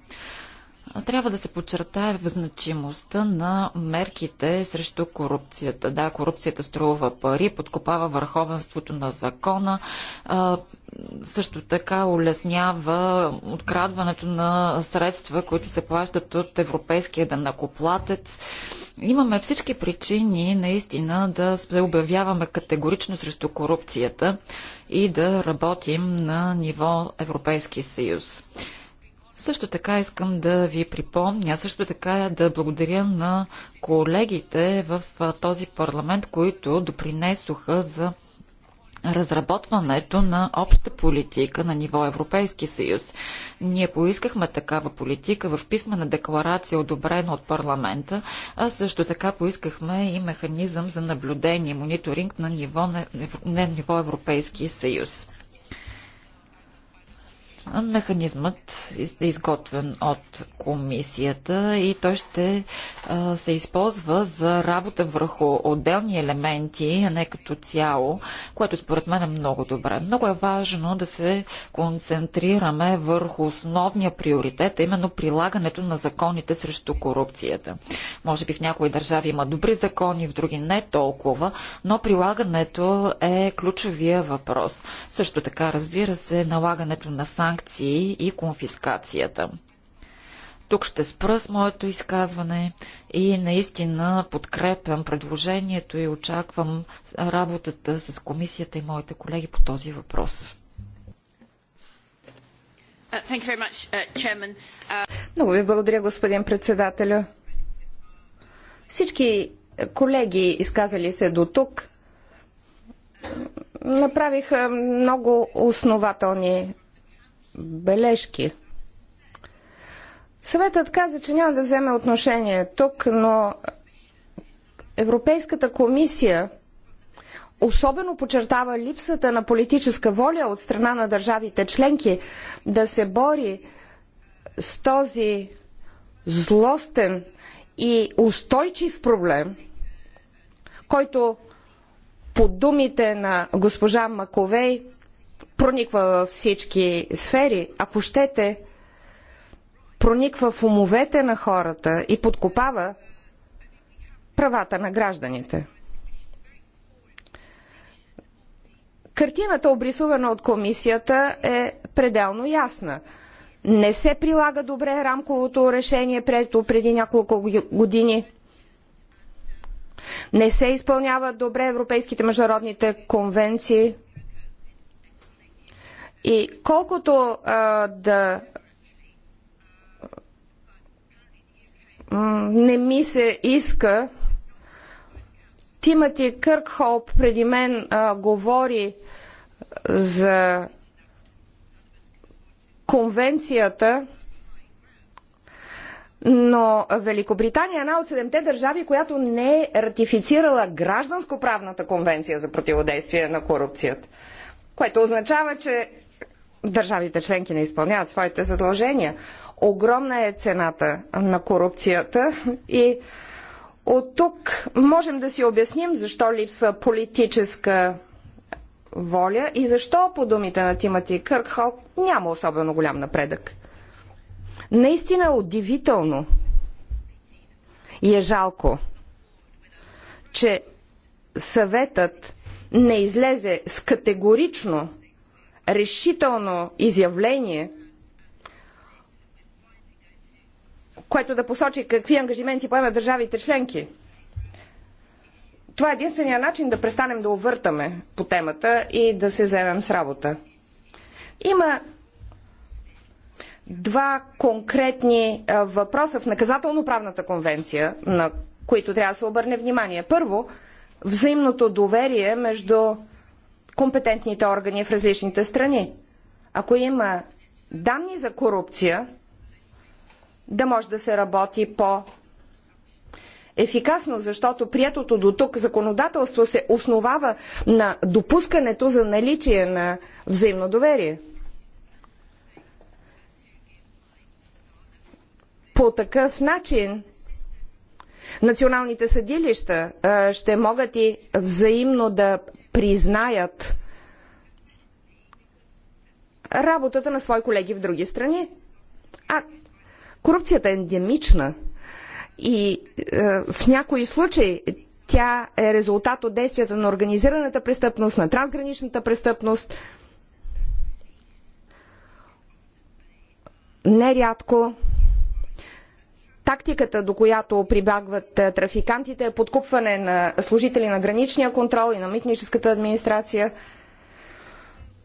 Трябва да се подчертае значимостта на мерките срещу корупцията. Да, корупцията струва пари, подкопава върховенството на закона, също така улеснява открадването на средства, които се плащат от европейския данакоплатец. Имаме всички причини наистина да се обявяваме категорично срещу корупцията и да работим на ниво Европейски съюз. Също така искам да ви припомня, също така да благодаря на колегите в този парламент, които допринесоха за разработването на обща политика на ниво Европейски съюз. Ние поискахме такава политика в писмена декларация, одобрена от парламента, а също така поискахме и механизъм за наблюдение, мониторинг на ниво, на ниво Европейски съюз. Механизмът е изготвен от комисията и той ще се използва за работа върху отделни елементи, а не като цяло, което според мен е много добре. Много е важно да се концентрираме върху основния приоритет, а именно прилагането на законите срещу корупцията. Може би в някои държави има добри закони, в други не толкова, но прилагането е ключовия въпрос. Също така, разбира се, налагането на санкции санкции и конфискацията. Тук ще спра с моето изказване и наистина подкрепям предложението и очаквам работата с комисията и моите колеги по този въпрос. Uh, uh, uh, много ви благодаря, господин председателя. Всички колеги, изказали се до тук, направиха много основателни бележки. Съветът каза, че няма да вземе отношение тук, но Европейската комисия особено подчертава липсата на политическа воля от страна на държавите членки да се бори с този злостен и устойчив проблем, който по думите на госпожа Маковей – прониква във всички сфери, ако щете, прониква в умовете на хората и подкопава правата на гражданите. Картината, обрисувана от комисията, е пределно ясна. Не се прилага добре рамковото решение, прето преди няколко години. Не се изпълняват добре европейските международните конвенции – и колкото а, да не ми се иска, Тимати Къркхолп преди мен а, говори за конвенцията, но Великобритания е една от седемте държави, която не е ратифицирала гражданско-правната конвенция за противодействие на корупцията. Което означава, че държавите членки не изпълняват своите задължения. Огромна е цената на корупцията и от тук можем да си обясним защо липсва политическа воля и защо по думите на Тимати Къркхол няма особено голям напредък. Наистина е удивително и е жалко, че съветът не излезе с категорично решително изявление, което да посочи какви ангажименти поемат държавите членки. Това е единствения начин да престанем да увъртаме по темата и да се заемем с работа. Има два конкретни въпроса в наказателно-правната конвенция, на които трябва да се обърне внимание. Първо, взаимното доверие между компетентните органи в различните страни. Ако има данни за корупция, да може да се работи по ефикасно, защото приетото до тук законодателство се основава на допускането за наличие на взаимно доверие. По такъв начин Националните съдилища ще могат и взаимно да признаят работата на свои колеги в други страни. А корупцията е ендемична и е, в някои случаи тя е резултат от действията на организираната престъпност, на трансграничната престъпност. Нерядко Тактиката, до която прибягват е, трафикантите, е подкупване на служители на граничния контрол и на митническата администрация.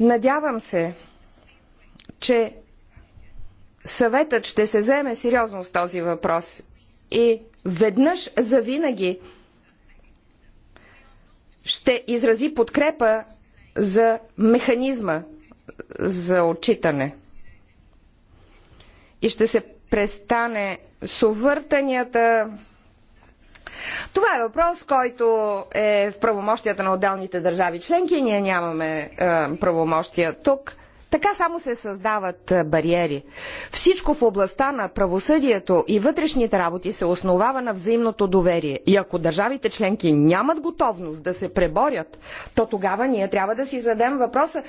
Надявам се, че съветът ще се заеме сериозно с този въпрос и веднъж завинаги ще изрази подкрепа за механизма за отчитане и ще се престане увъртанията. Това е въпрос, който е в правомощията на отделните държави членки. Ние нямаме е, правомощия тук. Така само се създават е, бариери. Всичко в областта на правосъдието и вътрешните работи се основава на взаимното доверие. И ако държавите членки нямат готовност да се преборят, то тогава ние трябва да си задем въпроса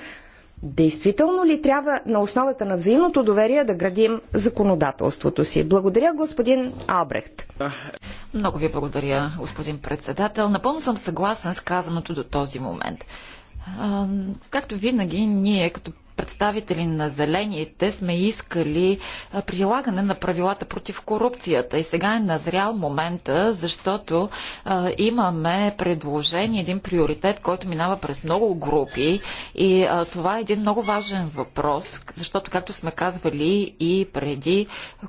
Действително ли трябва на основата на взаимното доверие да градим законодателството си? Благодаря, господин Албрехт. Много ви благодаря, господин председател. Напълно съм съгласен с казаното до този момент. Както винаги, ние като представители на зелените сме искали прилагане на правилата против корупцията. И сега е назрял момента, защото а, имаме предложение, един приоритет, който минава през много групи. И а, това е един много важен въпрос, защото, както сме казвали и преди,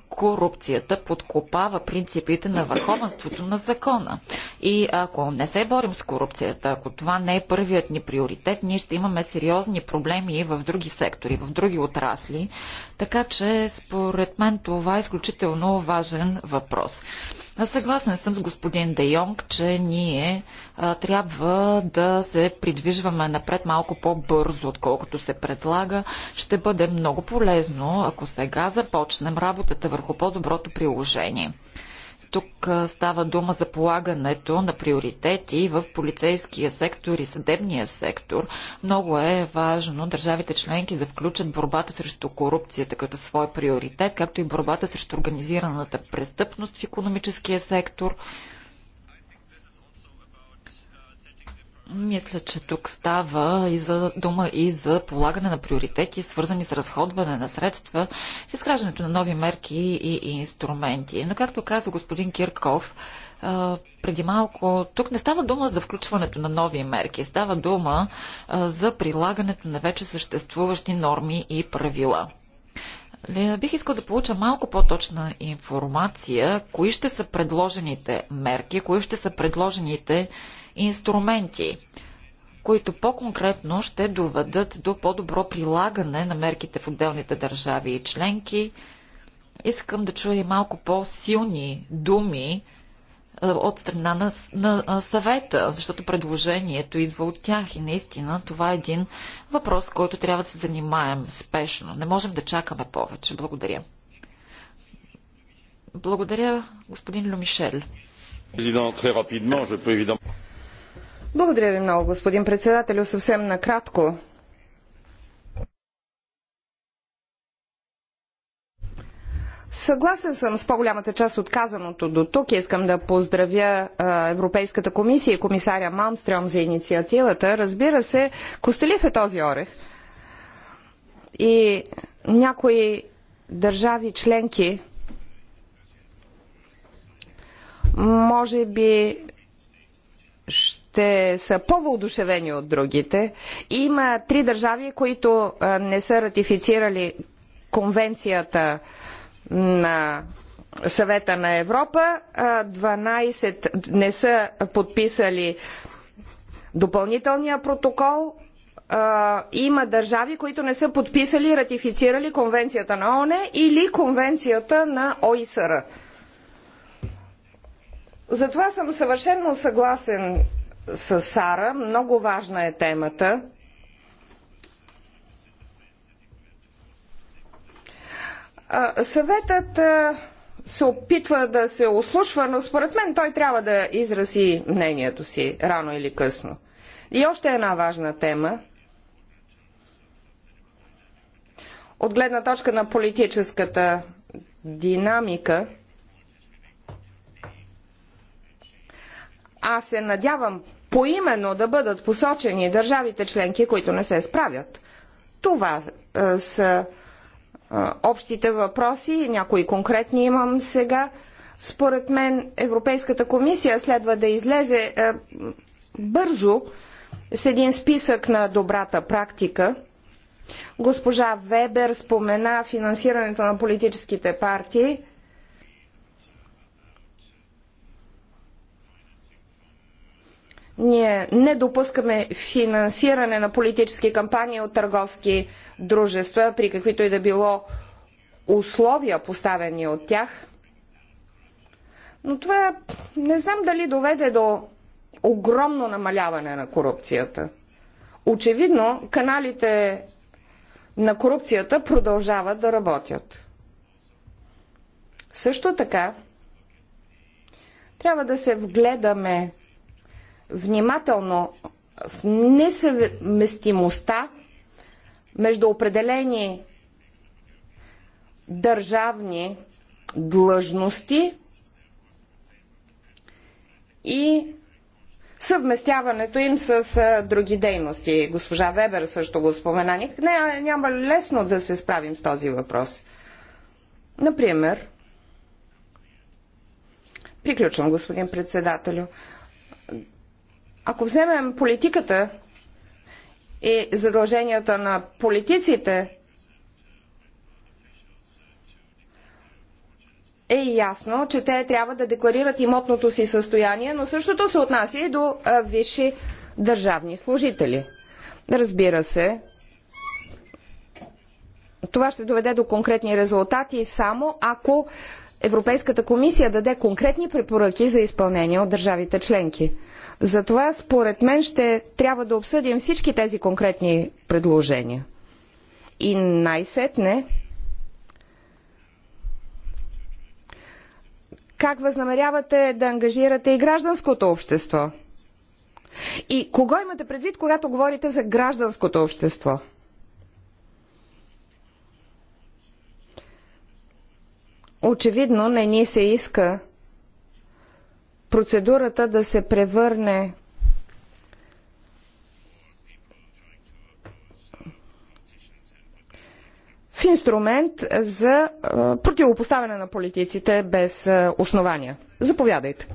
корупцията подкопава принципите на върховенството на закона. И ако не се борим с корупцията, ако това не е първият ни приоритет, ние ще имаме сериозни проблеми в други сектори, в други отрасли. Така че, според мен, това е изключително важен въпрос. Съгласен съм с господин Де Йонг, че ние а, трябва да се придвижваме напред малко по-бързо, отколкото се предлага. Ще бъде много полезно, ако сега започнем работата върху по-доброто приложение. Тук става дума за полагането на приоритети в полицейския сектор и съдебния сектор. Много е важно държавите членки да включат борбата срещу корупцията като свой приоритет, както и борбата срещу организираната престъпност в економическия сектор. Мисля, че тук става и за дума и за полагане на приоритети, свързани с разходване на средства, с изграждането на нови мерки и, и инструменти. Но както каза господин Кирков, преди малко, тук не става дума за включването на нови мерки, става дума за прилагането на вече съществуващи норми и правила. Бих искал да получа малко по-точна информация, кои ще са предложените мерки, кои ще са предложените инструменти, които по-конкретно ще доведат до по-добро прилагане на мерките в отделните държави и членки. Искам да чуя и малко по-силни думи е, от страна на, на съвета, защото предложението идва от тях и наистина това е един въпрос, който трябва да се занимаем спешно. Не можем да чакаме повече. Благодаря. Благодаря, господин Люмишел. Благодаря ви много, господин председателю. Съвсем накратко. Съгласен съм с по-голямата част от казаното до тук. Искам да поздравя Европейската комисия и комисаря Малмстрем за инициативата. Разбира се, костелив е този орех. И някои държави членки може би ще ще са по-въодушевени от другите. Има три държави, които не са ратифицирали конвенцията на съвета на Европа, 12 не са подписали допълнителния протокол. Има държави, които не са подписали, и ратифицирали конвенцията на ООН или конвенцията на ОИСР. Затова съм съвършенно съгласен с Сара. Много важна е темата. Съветът се опитва да се ослушва, но според мен той трябва да изрази мнението си рано или късно. И още една важна тема. От гледна точка на политическата динамика, аз се надявам поименно да бъдат посочени държавите членки, които не се справят. Това е, са е, общите въпроси, някои конкретни имам сега. Според мен Европейската комисия следва да излезе е, бързо с един списък на добрата практика. Госпожа Вебер спомена финансирането на политическите партии – Ние не допускаме финансиране на политически кампании от търговски дружества, при каквито и да било условия поставени от тях. Но това не знам дали доведе до огромно намаляване на корупцията. Очевидно, каналите на корупцията продължават да работят. Също така, трябва да се вгледаме внимателно в несъвместимостта между определени държавни длъжности и съвместяването им с други дейности. Госпожа Вебер също го спомена. Не, няма лесно да се справим с този въпрос. Например, приключвам, господин председателю. Ако вземем политиката и задълженията на политиците, е ясно, че те трябва да декларират имотното си състояние, но същото се отнася и до висши държавни служители. Разбира се, това ще доведе до конкретни резултати само ако Европейската комисия даде конкретни препоръки за изпълнение от държавите членки. Затова, според мен, ще трябва да обсъдим всички тези конкретни предложения. И най-сетне, как възнамерявате да ангажирате и гражданското общество? И кого имате предвид, когато говорите за гражданското общество? Очевидно не ни се иска процедурата да се превърне в инструмент за противопоставяне на политиците без основания. Заповядайте.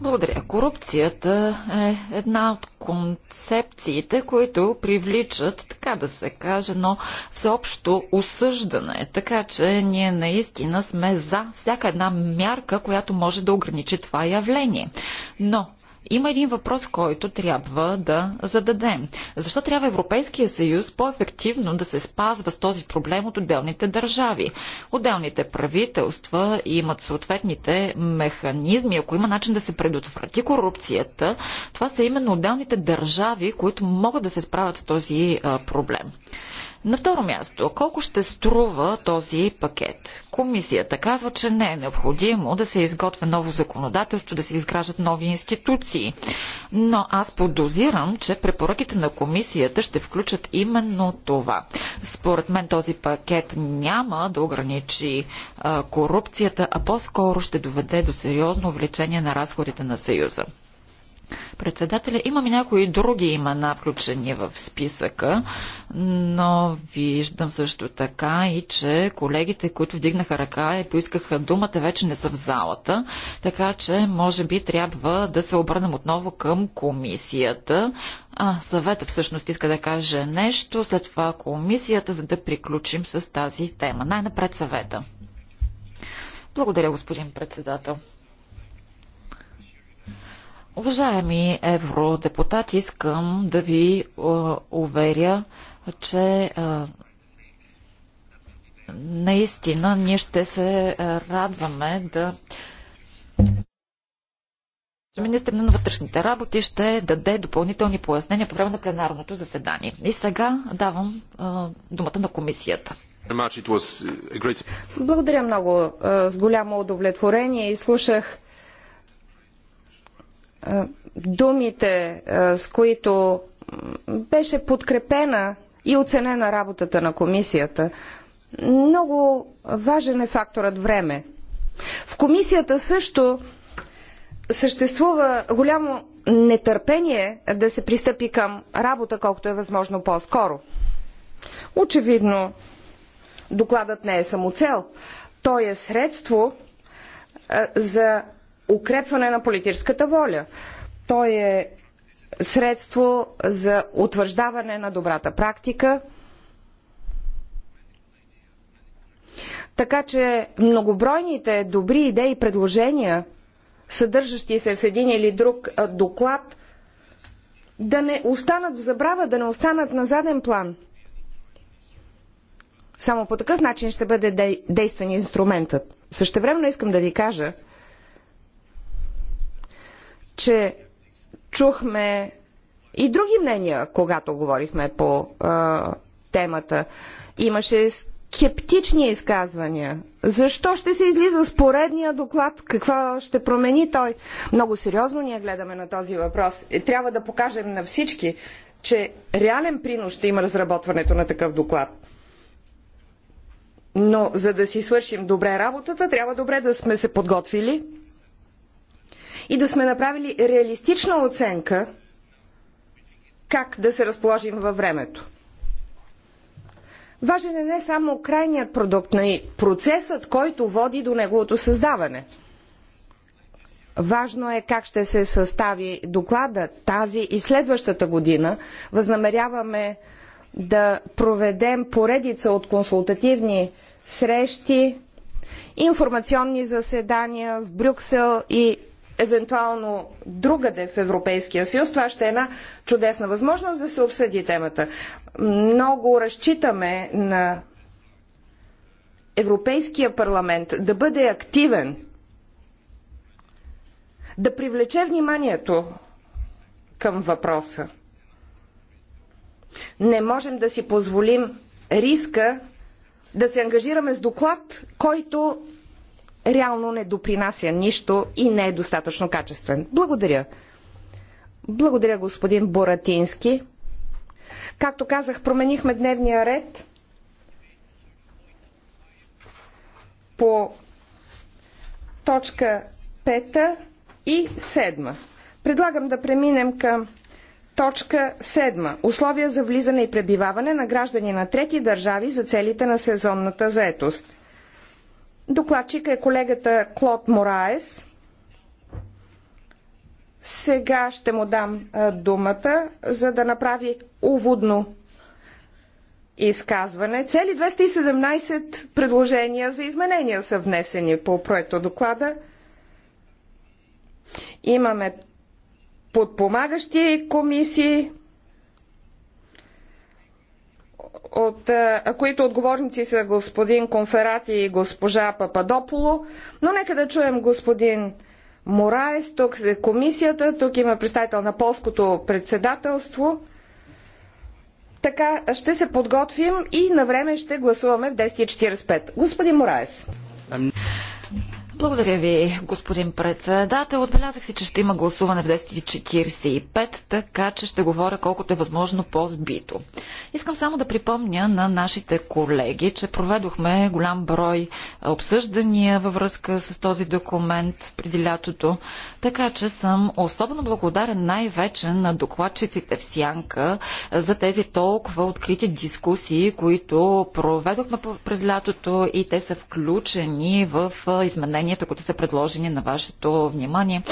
Благодаря. Корупцията е една от концепциите, които привличат, така да се каже, но всеобщо осъждане. Така че ние наистина сме за всяка една мярка, която може да ограничи това явление. Но има един въпрос, който трябва да зададем. Защо трябва Европейския съюз по-ефективно да се спазва с този проблем от отделните държави? Отделните правителства имат съответните механизми. Ако има начин да се предотврати корупцията, това са именно отделните държави, които могат да се справят с този проблем. На второ място, колко ще струва този пакет? Комисията казва, че не е необходимо да се изготвя ново законодателство, да се изграждат нови институции. Но аз подозирам, че препоръките на комисията ще включат именно това. Според мен този пакет няма да ограничи а, корупцията, а по-скоро ще доведе до сериозно увеличение на разходите на Съюза. Председателя, имам и някои други имена включени в списъка, но виждам също така и, че колегите, които вдигнаха ръка и поискаха думата, вече не са в залата, така че може би трябва да се обърнем отново към комисията. А, съвета всъщност иска да каже нещо, след това комисията, за да приключим с тази тема. Най-напред съвета. Благодаря, господин председател. Уважаеми евродепутати, искам да ви е, уверя, че е, наистина ние ще се е, радваме да Министър на вътрешните работи ще даде допълнителни пояснения по време на пленарното заседание. И сега давам думата на комисията. Благодаря много. С голямо удовлетворение и слушах думите, с които беше подкрепена и оценена работата на комисията. Много важен е факторът време. В комисията също съществува голямо нетърпение да се пристъпи към работа колкото е възможно по-скоро. Очевидно, докладът не е самоцел. Той е средство за укрепване на политическата воля. Той е средство за утвърждаване на добрата практика. Така че многобройните добри идеи и предложения, съдържащи се в един или друг доклад, да не останат в забрава, да не останат на заден план. Само по такъв начин ще бъде действен инструментът. Същевременно искам да ви кажа, че чухме и други мнения, когато говорихме по а, темата. Имаше скептични изказвания. Защо ще се излиза с поредния доклад? Какво ще промени той? Много сериозно ние гледаме на този въпрос. И е, трябва да покажем на всички, че реален принос ще има разработването на такъв доклад. Но за да си свършим добре работата, трябва добре да сме се подготвили, и да сме направили реалистична оценка как да се разположим във времето. Важен е не само крайният продукт, но и процесът, който води до неговото създаване. Важно е как ще се състави доклада тази и следващата година. Възнамеряваме да проведем поредица от консултативни срещи, информационни заседания в Брюксел и евентуално другаде в Европейския съюз, това ще е една чудесна възможност да се обсъди темата. Много разчитаме на Европейския парламент да бъде активен, да привлече вниманието към въпроса. Не можем да си позволим риска да се ангажираме с доклад, който реално не допринася нищо и не е достатъчно качествен. Благодаря. Благодаря, господин Боратински. Както казах, променихме дневния ред по точка 5 и 7. Предлагам да преминем към Точка 7. Условия за влизане и пребиваване на граждани на трети държави за целите на сезонната заетост. Докладчика е колегата Клод Мораес. Сега ще му дам думата, за да направи уводно изказване. Цели 217 предложения за изменения са внесени по проекто доклада. Имаме подпомагащи комисии, от е, които отговорници са господин Конферати и госпожа Пападополо. Но нека да чуем господин Мораес, тук е комисията, тук има представител на полското председателство. Така ще се подготвим и на време ще гласуваме в 10.45. Господин Мораес. Благодаря ви, господин председател. Отбелязах си, че ще има гласуване в 10.45, така че ще говоря колкото е възможно по-збито. Искам само да припомня на нашите колеги, че проведохме голям брой обсъждания във връзка с този документ преди лятото, така че съм особено благодарен най-вече на докладчиците в Сянка за тези толкова открити дискусии, които проведохме през лятото и те са включени в изменения решенията, които са предложени на вашето внимание.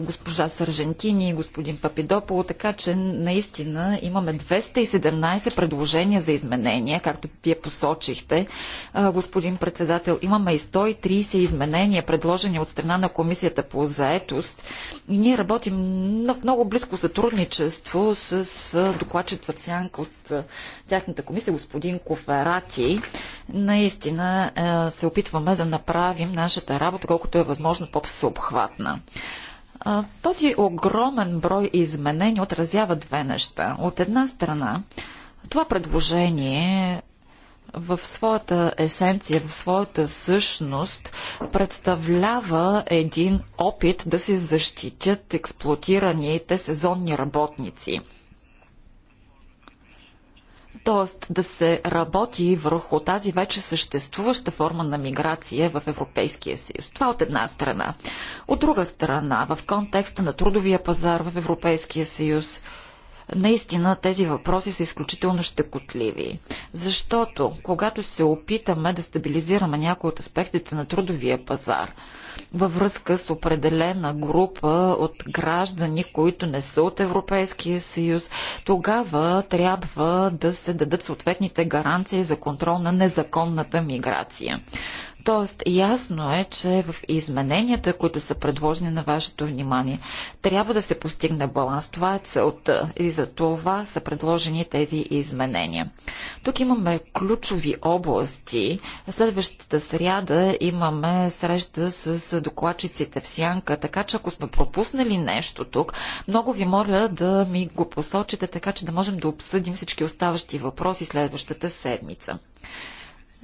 Госпожа Саржентини, господин Папидопол, така че наистина имаме 217 предложения за изменения, както вие посочихте. Господин председател, имаме и 130 изменения, предложени от страна на Комисията по заетост. И ние работим в много близко сътрудничество с докладчет Сърсянка от тяхната комисия, господин Коферати. Наистина се опитваме да направим наш нашата работа, колкото е възможно по-всеобхватна. Този огромен брой изменения отразява две неща. От една страна, това предложение в своята есенция, в своята същност представлява един опит да се защитят експлуатираните сезонни работници – Тоест да се работи върху тази вече съществуваща форма на миграция в Европейския съюз. Това от една страна. От друга страна, в контекста на трудовия пазар в Европейския съюз, Наистина тези въпроси са изключително щекотливи, защото когато се опитаме да стабилизираме някои от аспектите на трудовия пазар, във връзка с определена група от граждани, които не са от Европейския съюз, тогава трябва да се дадат съответните гаранции за контрол на незаконната миграция. Тоест, ясно е, че в измененията, които са предложени на вашето внимание, трябва да се постигне баланс. Това е целта и за това са предложени тези изменения. Тук имаме ключови области. Следващата сряда имаме среща с докладчиците в Сянка, така че ако сме пропуснали нещо тук, много ви моля да ми го посочите, така че да можем да обсъдим всички оставащи въпроси следващата седмица.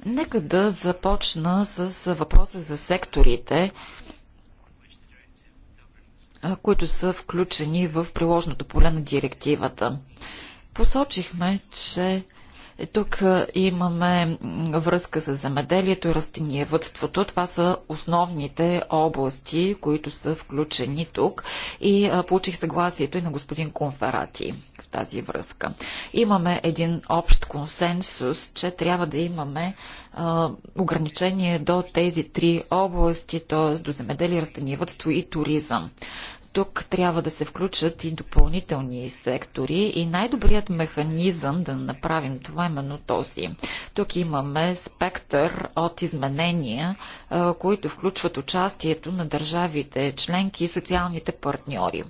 Нека да започна с въпроса за секторите, които са включени в приложното поле на директивата. Посочихме, че тук имаме връзка с земеделието и растениевътството. Това са основните области, които са включени тук и получих съгласието и на господин Конферати в тази връзка. Имаме един общ консенсус, че трябва да имаме ограничение до тези три области, т.е. до земеделие, растениевътство и туризъм. Тук трябва да се включат и допълнителни сектори и най-добрият механизъм да направим това е именно този. Тук имаме спектър от изменения, които включват участието на държавите членки и социалните партньори.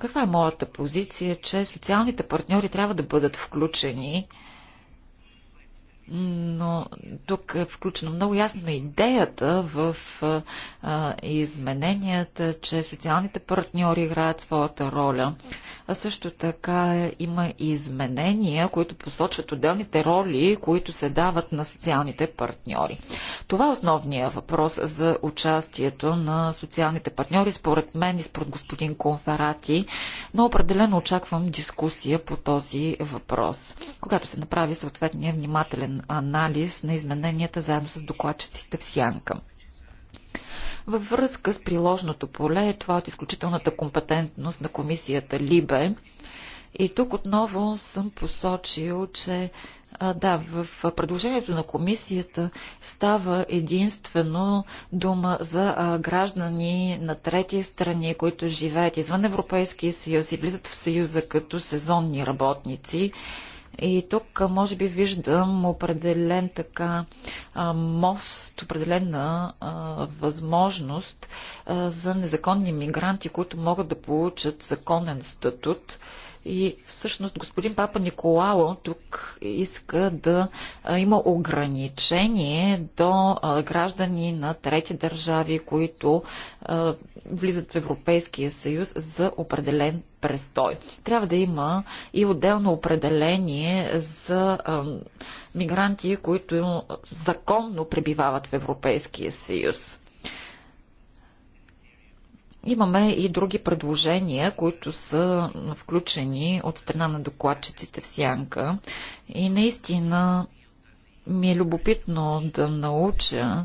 Каква е моята позиция, че социалните партньори трябва да бъдат включени но тук е включена много ясно идеята в а, измененията, че социалните партньори играят своята роля. А също така има и изменения, които посочват отделните роли, които се дават на социалните партньори. Това е основният въпрос за участието на социалните партньори, според мен и според господин Конферати, но определено очаквам дискусия по този въпрос, когато се направи съответния внимателен подробен анализ на измененията заедно с докладчиците в Сянка. Във връзка с приложното поле, това е от изключителната компетентност на комисията Либе. И тук отново съм посочил, че да, в предложението на комисията става единствено дума за граждани на трети страни, които живеят извън Европейския съюз и влизат в съюза като сезонни работници. И тук може би виждам определен така мост, определена възможност за незаконни мигранти, които могат да получат законен статут и всъщност господин Папа Николао тук иска да има ограничение до граждани на трети държави, които влизат в Европейския съюз за определен престой. Трябва да има и отделно определение за мигранти, които законно пребивават в Европейския съюз. Имаме и други предложения, които са включени от страна на докладчиците в Сянка. И наистина ми е любопитно да науча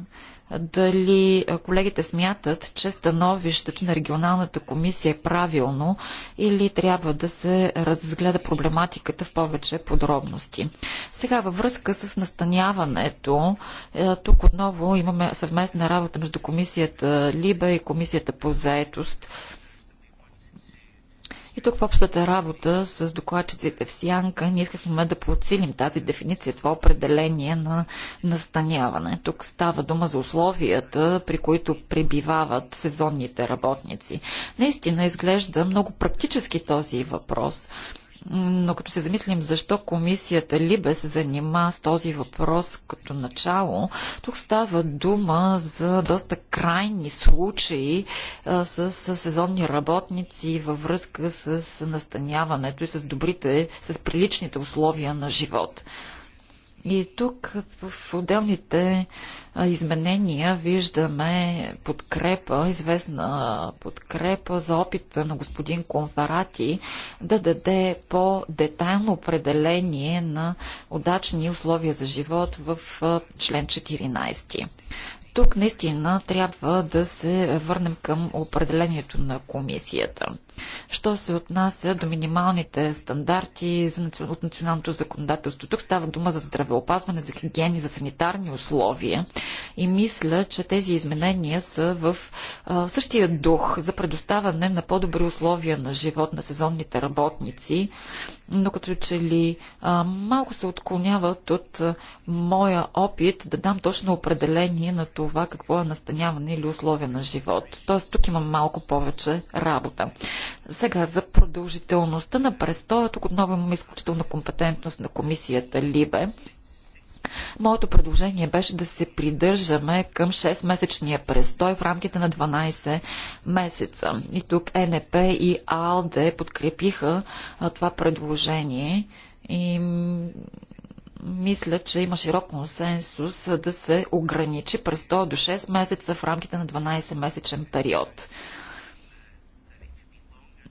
дали колегите смятат, че становището на регионалната комисия е правилно или трябва да се разгледа проблематиката в повече подробности. Сега във връзка с настаняването, е, тук отново имаме съвместна работа между комисията ЛИБА и комисията по заетост. И тук в общата работа с докладчиците в Сянка ние искахме да подсилим тази дефиниция, това определение на настаняване. Тук става дума за условията, при които пребивават сезонните работници. Наистина изглежда много практически този въпрос. Но като се замислим защо комисията Либе се занима с този въпрос като начало, тук става дума за доста крайни случаи а, с, с сезонни работници във връзка с настаняването и с добрите, с приличните условия на живот. И тук в отделните изменения виждаме подкрепа, известна подкрепа за опита на господин Конфарати да даде по-детайлно определение на удачни условия за живот в член 14. Тук наистина трябва да се върнем към определението на комисията. Що се отнася до минималните стандарти от националното законодателство, тук става дума за здравеопазване, за хигиени, за санитарни условия и мисля, че тези изменения са в същия дух за предоставяне на по-добри условия на живот на сезонните работници, но като че ли малко се отклоняват от моя опит да дам точно определение на това какво е настаняване или условия на живот. Тоест тук имам малко повече работа. Сега за продължителността на престоя, тук отново имаме изключителна компетентност на комисията Либе. Моето предложение беше да се придържаме към 6-месечния престой в рамките на 12 месеца. И тук НП и АЛДЕ подкрепиха това предложение и мисля, че има широк консенсус да се ограничи престоя до 6 месеца в рамките на 12-месечен период.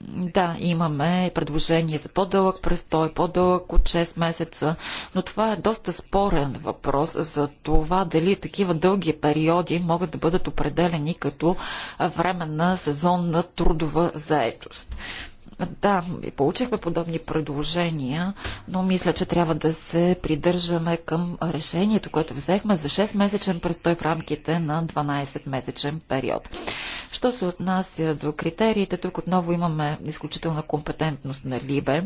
Да, имаме предложение за по-дълъг престой, по-дълъг от 6 месеца, но това е доста спорен въпрос за това дали такива дълги периоди могат да бъдат определени като временна сезонна трудова заетост. Да, получихме подобни предложения, но мисля, че трябва да се придържаме към решението, което взехме за 6-месечен престой в рамките на 12-месечен период. Що се отнася до критериите, тук отново имаме изключителна компетентност на Либе.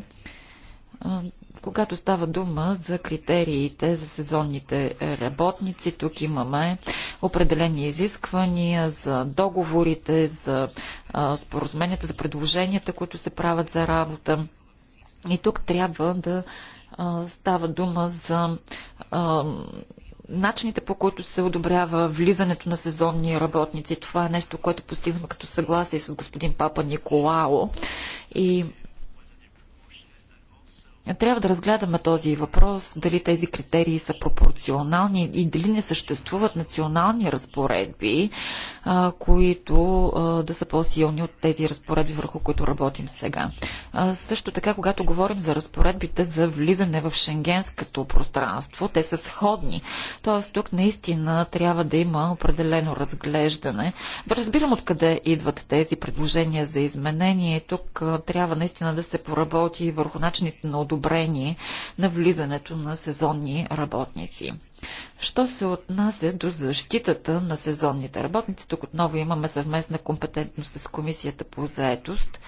Когато става дума за критериите за сезонните работници, тук имаме определени изисквания за договорите, за споразуменията, за предложенията, които се правят за работа. И тук трябва да става дума за начините по които се одобрява влизането на сезонни работници. Това е нещо, което постигнахме като съгласие с господин Папа Николао. И трябва да разгледаме този въпрос, дали тези критерии са пропорционални и дали не съществуват национални разпоредби, а, които а, да са по-силни от тези разпоредби, върху които работим сега. А, също така, когато говорим за разпоредбите за влизане в шенгенското пространство, те са сходни. Тоест, тук наистина трябва да има определено разглеждане. Разбирам откъде идват тези предложения за изменение. Тук а, трябва наистина да се поработи върху начините на одобрение на влизането на сезонни работници. Що се отнася до защитата на сезонните работници, тук отново имаме съвместна компетентност с Комисията по заетост.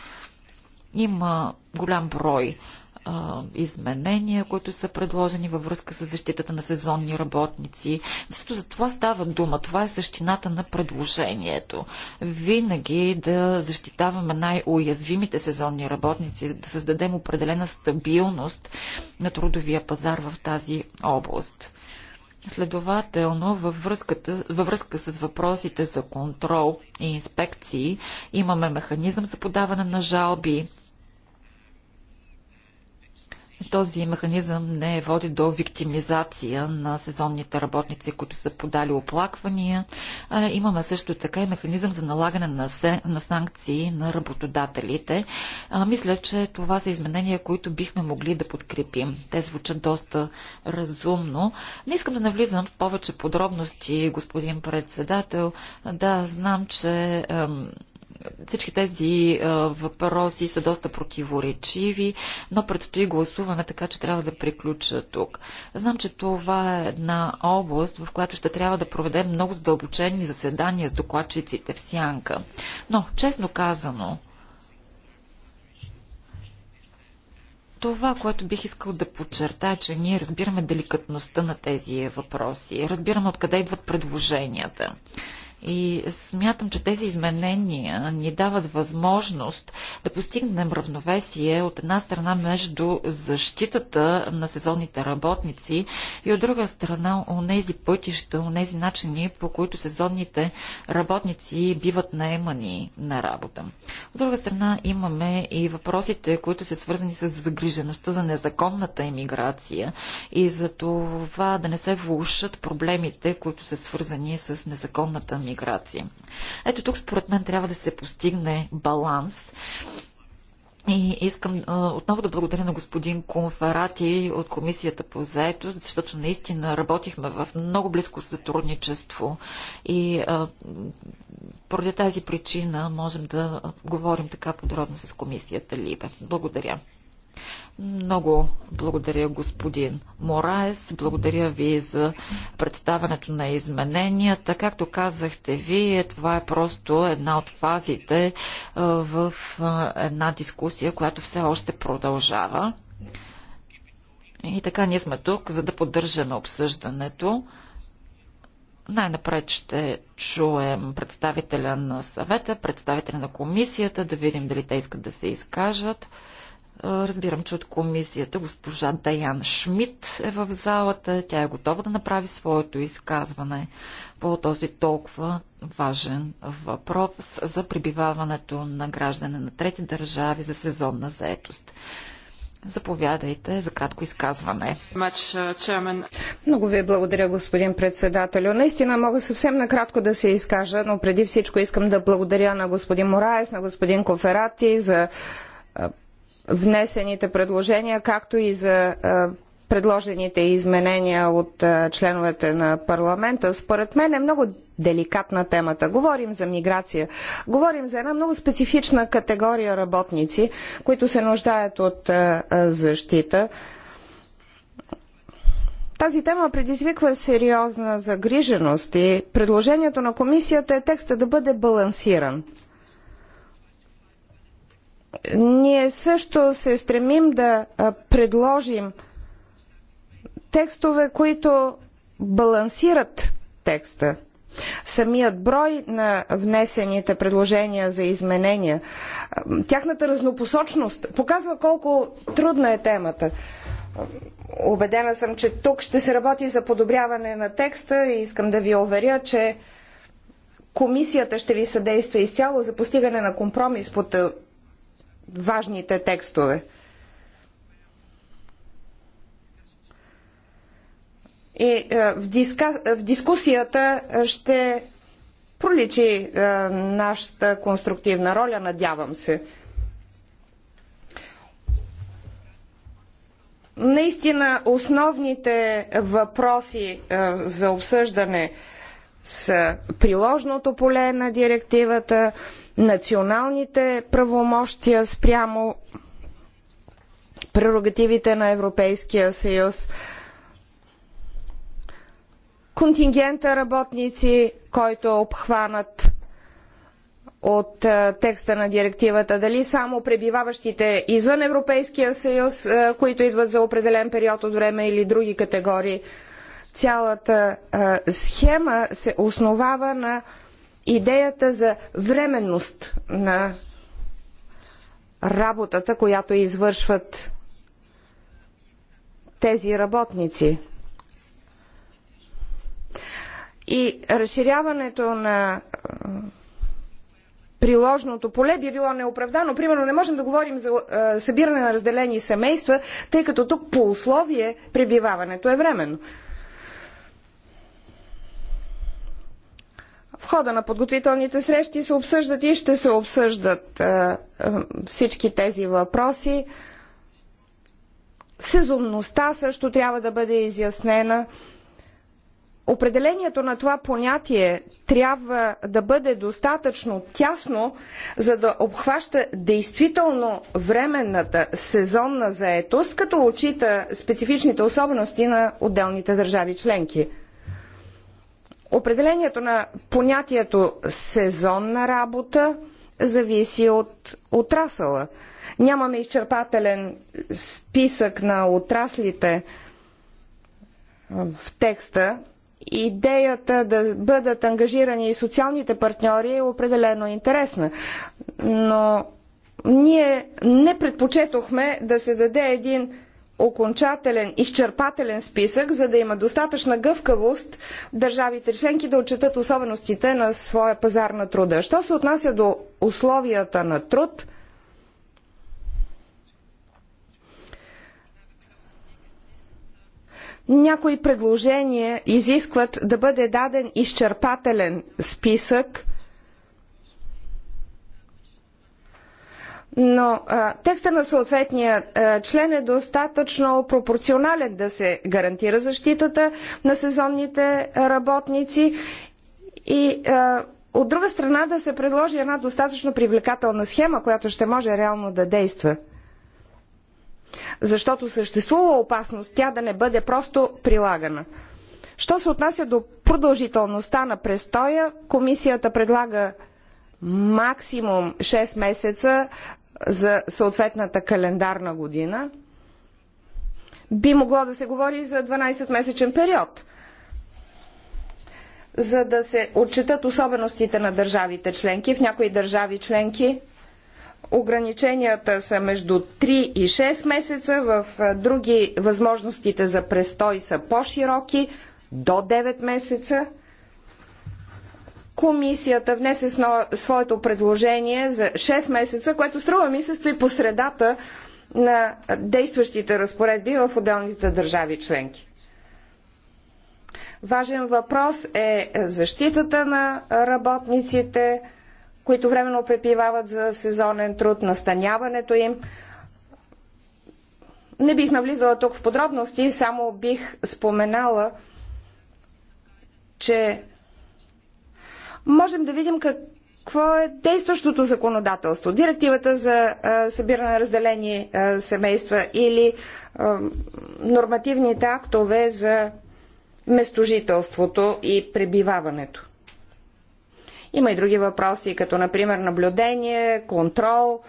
Има голям брой а, изменения, които са предложени във връзка с защитата на сезонни работници. Защото за това става дума. Това е същината на предложението. Винаги да защитаваме най-уязвимите сезонни работници, да създадем определена стабилност на трудовия пазар в тази област. Следователно, във, връзката, във връзка с въпросите за контрол и инспекции, имаме механизъм за подаване на жалби, този механизъм не води до виктимизация на сезонните работници, които са подали оплаквания. Имаме също така и механизъм за налагане на, се, на санкции на работодателите. Мисля, че това са изменения, които бихме могли да подкрепим. Те звучат доста разумно. Не искам да навлизам в повече подробности, господин председател. Да, знам, че всички тези въпроси са доста противоречиви, но предстои гласуване, така че трябва да приключа тук. Знам, че това е една област, в която ще трябва да проведем много задълбочени заседания с докладчиците в сянка. Но, честно казано, това, което бих искал да подчертая, е, че ние разбираме деликатността на тези въпроси, разбираме откъде идват предложенията. И смятам, че тези изменения ни дават възможност да постигнем равновесие от една страна между защитата на сезонните работници и от друга страна нези пътища, у нези начини, по които сезонните работници биват наемани на работа. От друга страна имаме и въпросите, които са свързани с загрижеността за незаконната иммиграция и за това да не се влушат проблемите, които са свързани с незаконната миграция миграция. Ето тук според мен трябва да се постигне баланс. И искам отново да благодаря на господин Конферати от Комисията по заето, защото наистина работихме в много близко сътрудничество и а, поради тази причина можем да говорим така подробно с Комисията Либе. Благодаря. Много благодаря, господин Мораес. Благодаря ви за представането на измененията. Както казахте вие, това е просто една от фазите е, в е, една дискусия, която все още продължава. И така ние сме тук, за да поддържаме обсъждането. Най-напред ще чуем представителя на съвета, представителя на комисията, да видим дали те искат да се изкажат. Разбирам, че от комисията госпожа Даян Шмидт е в залата. Тя е готова да направи своето изказване по този толкова важен въпрос за прибиваването на граждане на трети държави за сезонна заетост. Заповядайте за кратко изказване. Много ви благодаря, господин председател. Наистина мога съвсем накратко да се изкажа, но преди всичко искам да благодаря на господин Мораес, на господин Коферати за внесените предложения, както и за предложените изменения от членовете на парламента. Според мен е много деликатна темата. Говорим за миграция. Говорим за една много специфична категория работници, които се нуждаят от защита. Тази тема предизвиква сериозна загриженост и предложението на комисията е текста да бъде балансиран. Ние също се стремим да предложим текстове, които балансират текста. Самият брой на внесените предложения за изменения, тяхната разнопосочност показва колко трудна е темата. Обедена съм, че тук ще се работи за подобряване на текста и искам да ви уверя, че комисията ще ви съдейства изцяло за постигане на компромис по важните текстове. И е, в, диска, в дискусията е, ще проличи е, нашата конструктивна роля, надявам се. Наистина основните въпроси за обсъждане са приложното поле на директивата, националните правомощия спрямо прерогативите на Европейския съюз, контингента работници, който е обхванат от е, текста на директивата, дали само пребиваващите извън Европейския съюз, е, които идват за определен период от време или други категории. Цялата е, схема се основава на идеята за временност на работата, която извършват тези работници. И разширяването на приложното поле би било неоправдано. Примерно не можем да говорим за събиране на разделени семейства, тъй като тук по условие пребиваването е временно. В хода на подготвителните срещи се обсъждат и ще се обсъждат е, е, всички тези въпроси. Сезонността също трябва да бъде изяснена. Определението на това понятие трябва да бъде достатъчно тясно, за да обхваща действително временната сезонна заетост, като отчита специфичните особености на отделните държави членки. Определението на понятието сезонна работа зависи от отрасъла. Нямаме изчерпателен списък на отраслите в текста. Идеята да бъдат ангажирани и социалните партньори е определено интересна. Но ние не предпочетохме да се даде един окончателен, изчерпателен списък, за да има достатъчна гъвкавост държавите членки да отчетат особеностите на своя пазар на труда. Що се отнася до условията на труд, някои предложения изискват да бъде даден изчерпателен списък – но а, текста на съответния а, член е достатъчно пропорционален да се гарантира защитата на сезонните работници и а, от друга страна да се предложи една достатъчно привлекателна схема, която ще може реално да действа. Защото съществува опасност тя да не бъде просто прилагана. Що се отнася до продължителността на престоя, комисията предлага максимум 6 месеца за съответната календарна година, би могло да се говори за 12-месечен период, за да се отчетат особеностите на държавите членки. В някои държави членки ограниченията са между 3 и 6 месеца, в други възможностите за престой са по-широки, до 9 месеца – Комисията внесе своето предложение за 6 месеца, което струва ми се стои по средата на действащите разпоредби в отделните държави членки. Важен въпрос е защитата на работниците, които временно препивават за сезонен труд, настаняването им. Не бих навлизала тук в подробности, само бих споменала, че можем да видим какво е действащото законодателство. Директивата за събиране на разделени семейства или нормативните актове за местожителството и пребиваването. Има и други въпроси, като например наблюдение, контрол,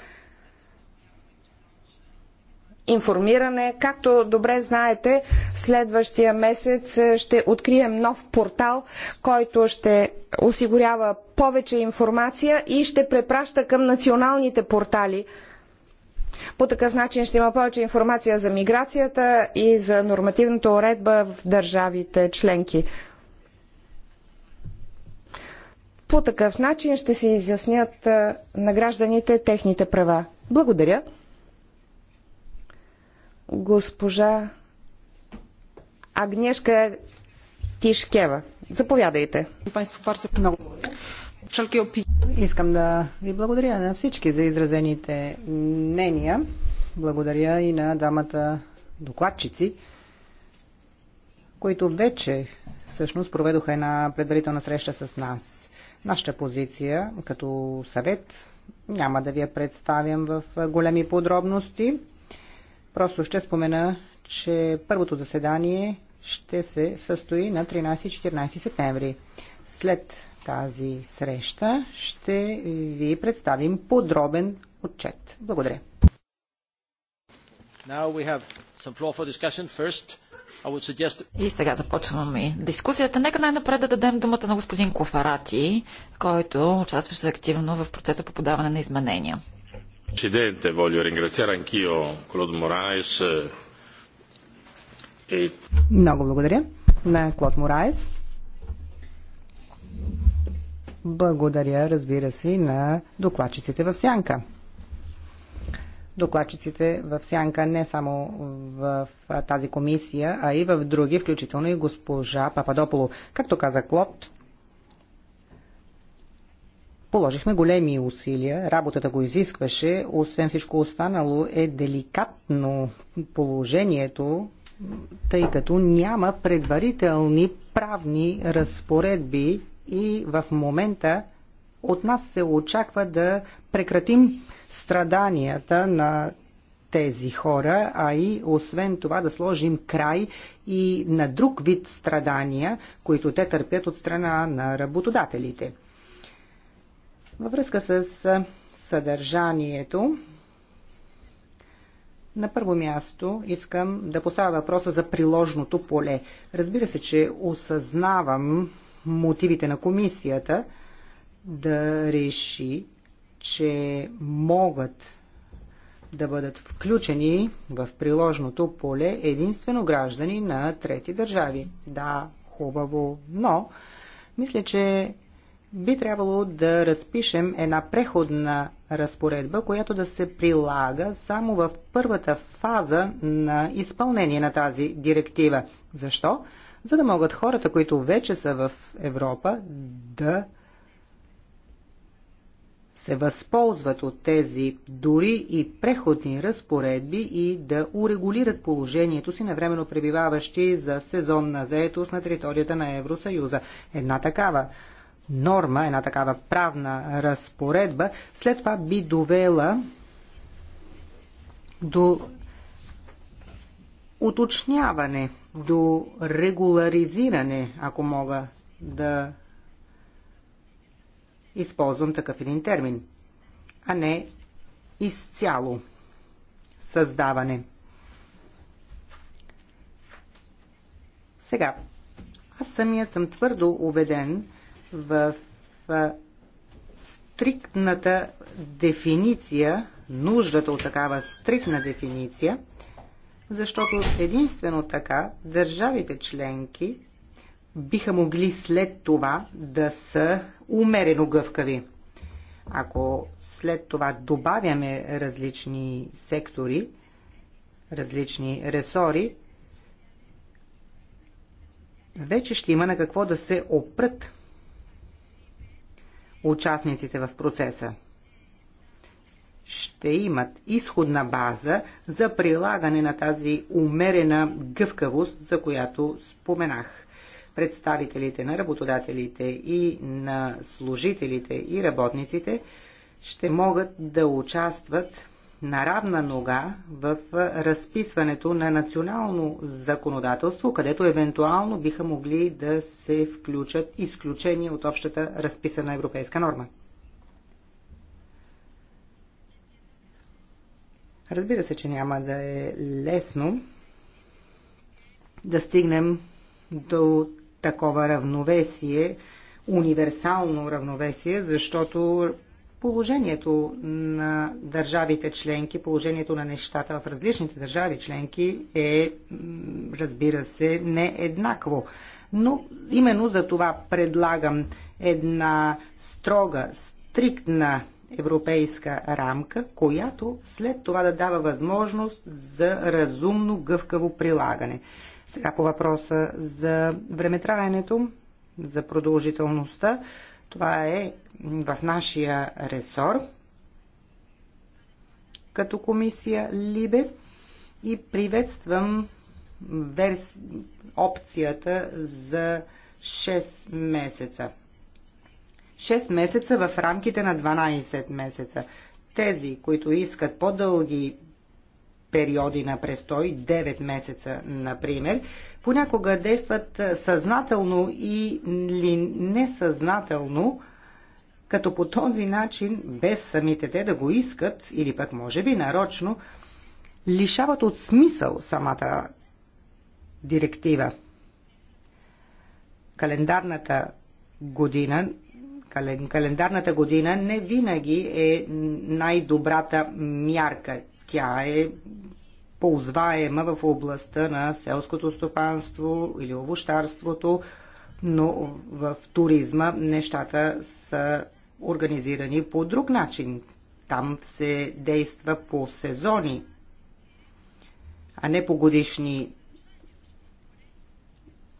информиране. Както добре знаете, следващия месец е, ще открием нов портал, който ще осигурява повече информация и ще препраща към националните портали. По такъв начин ще има повече информация за миграцията и за нормативната уредба в държавите членки. По такъв начин ще се изяснят е, на гражданите техните права. Благодаря госпожа Агнешка Тишкева. Заповядайте. Искам да ви благодаря на всички за изразените мнения. Благодаря и на дамата докладчици, които вече всъщност проведоха една предварителна среща с нас. Нашата позиция като съвет няма да ви я представям в големи подробности. Просто ще спомена, че първото заседание ще се състои на 13-14 септември. След тази среща ще ви представим подробен отчет. Благодаря. Suggest... И сега започваме дискусията. Нека най-напред да дадем думата на господин Кофарати, който участваше активно в процеса по подаване на изменения. Presidente, voglio ringraziare anch'io Claude Moraes eh, e Много благодаря на Клод Мораес. Благодаря, разбира се, на докладчиците в Сянка. Докладчиците в Сянка не само в тази комисия, а и в други, включително и госпожа Пападополо. Както каза Клод, Положихме големи усилия, работата го изискваше, освен всичко останало е деликатно положението, тъй като няма предварителни правни разпоредби и в момента от нас се очаква да прекратим страданията на тези хора, а и освен това да сложим край и на друг вид страдания, които те търпят от страна на работодателите. Във връзка с съдържанието, на първо място искам да поставя въпроса за приложното поле. Разбира се, че осъзнавам мотивите на комисията да реши, че могат да бъдат включени в приложното поле единствено граждани на трети държави. Да, хубаво, но мисля, че би трябвало да разпишем една преходна разпоредба, която да се прилага само в първата фаза на изпълнение на тази директива. Защо? За да могат хората, които вече са в Европа, да се възползват от тези дори и преходни разпоредби и да урегулират положението си на временно пребиваващи за сезонна заетост на територията на Евросъюза. Една такава норма, една такава правна разпоредба, след това би довела до уточняване, до регуларизиране, ако мога да използвам такъв един термин, а не изцяло създаване. Сега, аз самият съм твърдо убеден, в стриктната дефиниция, нуждата от такава стриктна дефиниция, защото единствено така държавите членки биха могли след това да са умерено гъвкави. Ако след това добавяме различни сектори, различни ресори, вече ще има на какво да се опрът участниците в процеса. Ще имат изходна база за прилагане на тази умерена гъвкавост, за която споменах. Представителите на работодателите и на служителите и работниците ще могат да участват на равна нога в разписването на национално законодателство, където евентуално биха могли да се включат изключения от общата разписана европейска норма. Разбира се, че няма да е лесно да стигнем до такова равновесие, универсално равновесие, защото положението на държавите членки, положението на нещата в различните държави членки е, разбира се, не еднакво. Но именно за това предлагам една строга, стриктна европейска рамка, която след това да дава възможност за разумно гъвкаво прилагане. Сега по въпроса за времетраенето, за продължителността. Това е в нашия ресор като комисия Либе и приветствам верс... опцията за 6 месеца. 6 месеца в рамките на 12 месеца. Тези, които искат по-дълги периоди на престой, 9 месеца, например, понякога действат съзнателно или несъзнателно, като по този начин, без самите те да го искат, или пък може би нарочно, лишават от смисъл самата директива. Календарната година календарната година не винаги е най-добрата мярка тя е ползваема в областта на селското стопанство или овощарството, но в туризма нещата са организирани по друг начин. Там се действа по сезони, а не по годишни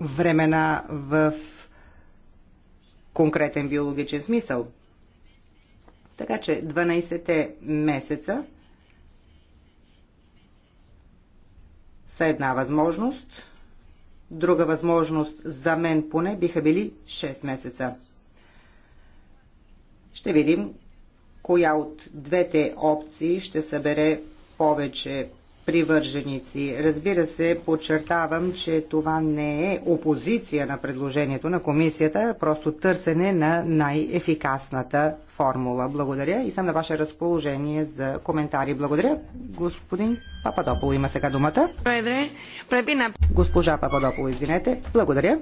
времена в конкретен биологичен смисъл. Така че 12 месеца са една възможност. Друга възможност за мен поне биха били 6 месеца. Ще видим коя от двете опции ще събере повече привърженици. Разбира се, подчертавам, че това не е опозиция на предложението на комисията, просто търсене на най-ефикасната формула. Благодаря и съм на ваше разположение за коментари. Благодаря. Господин Пападопол, има сега думата. Госпожа Пападопол, извинете. Благодаря.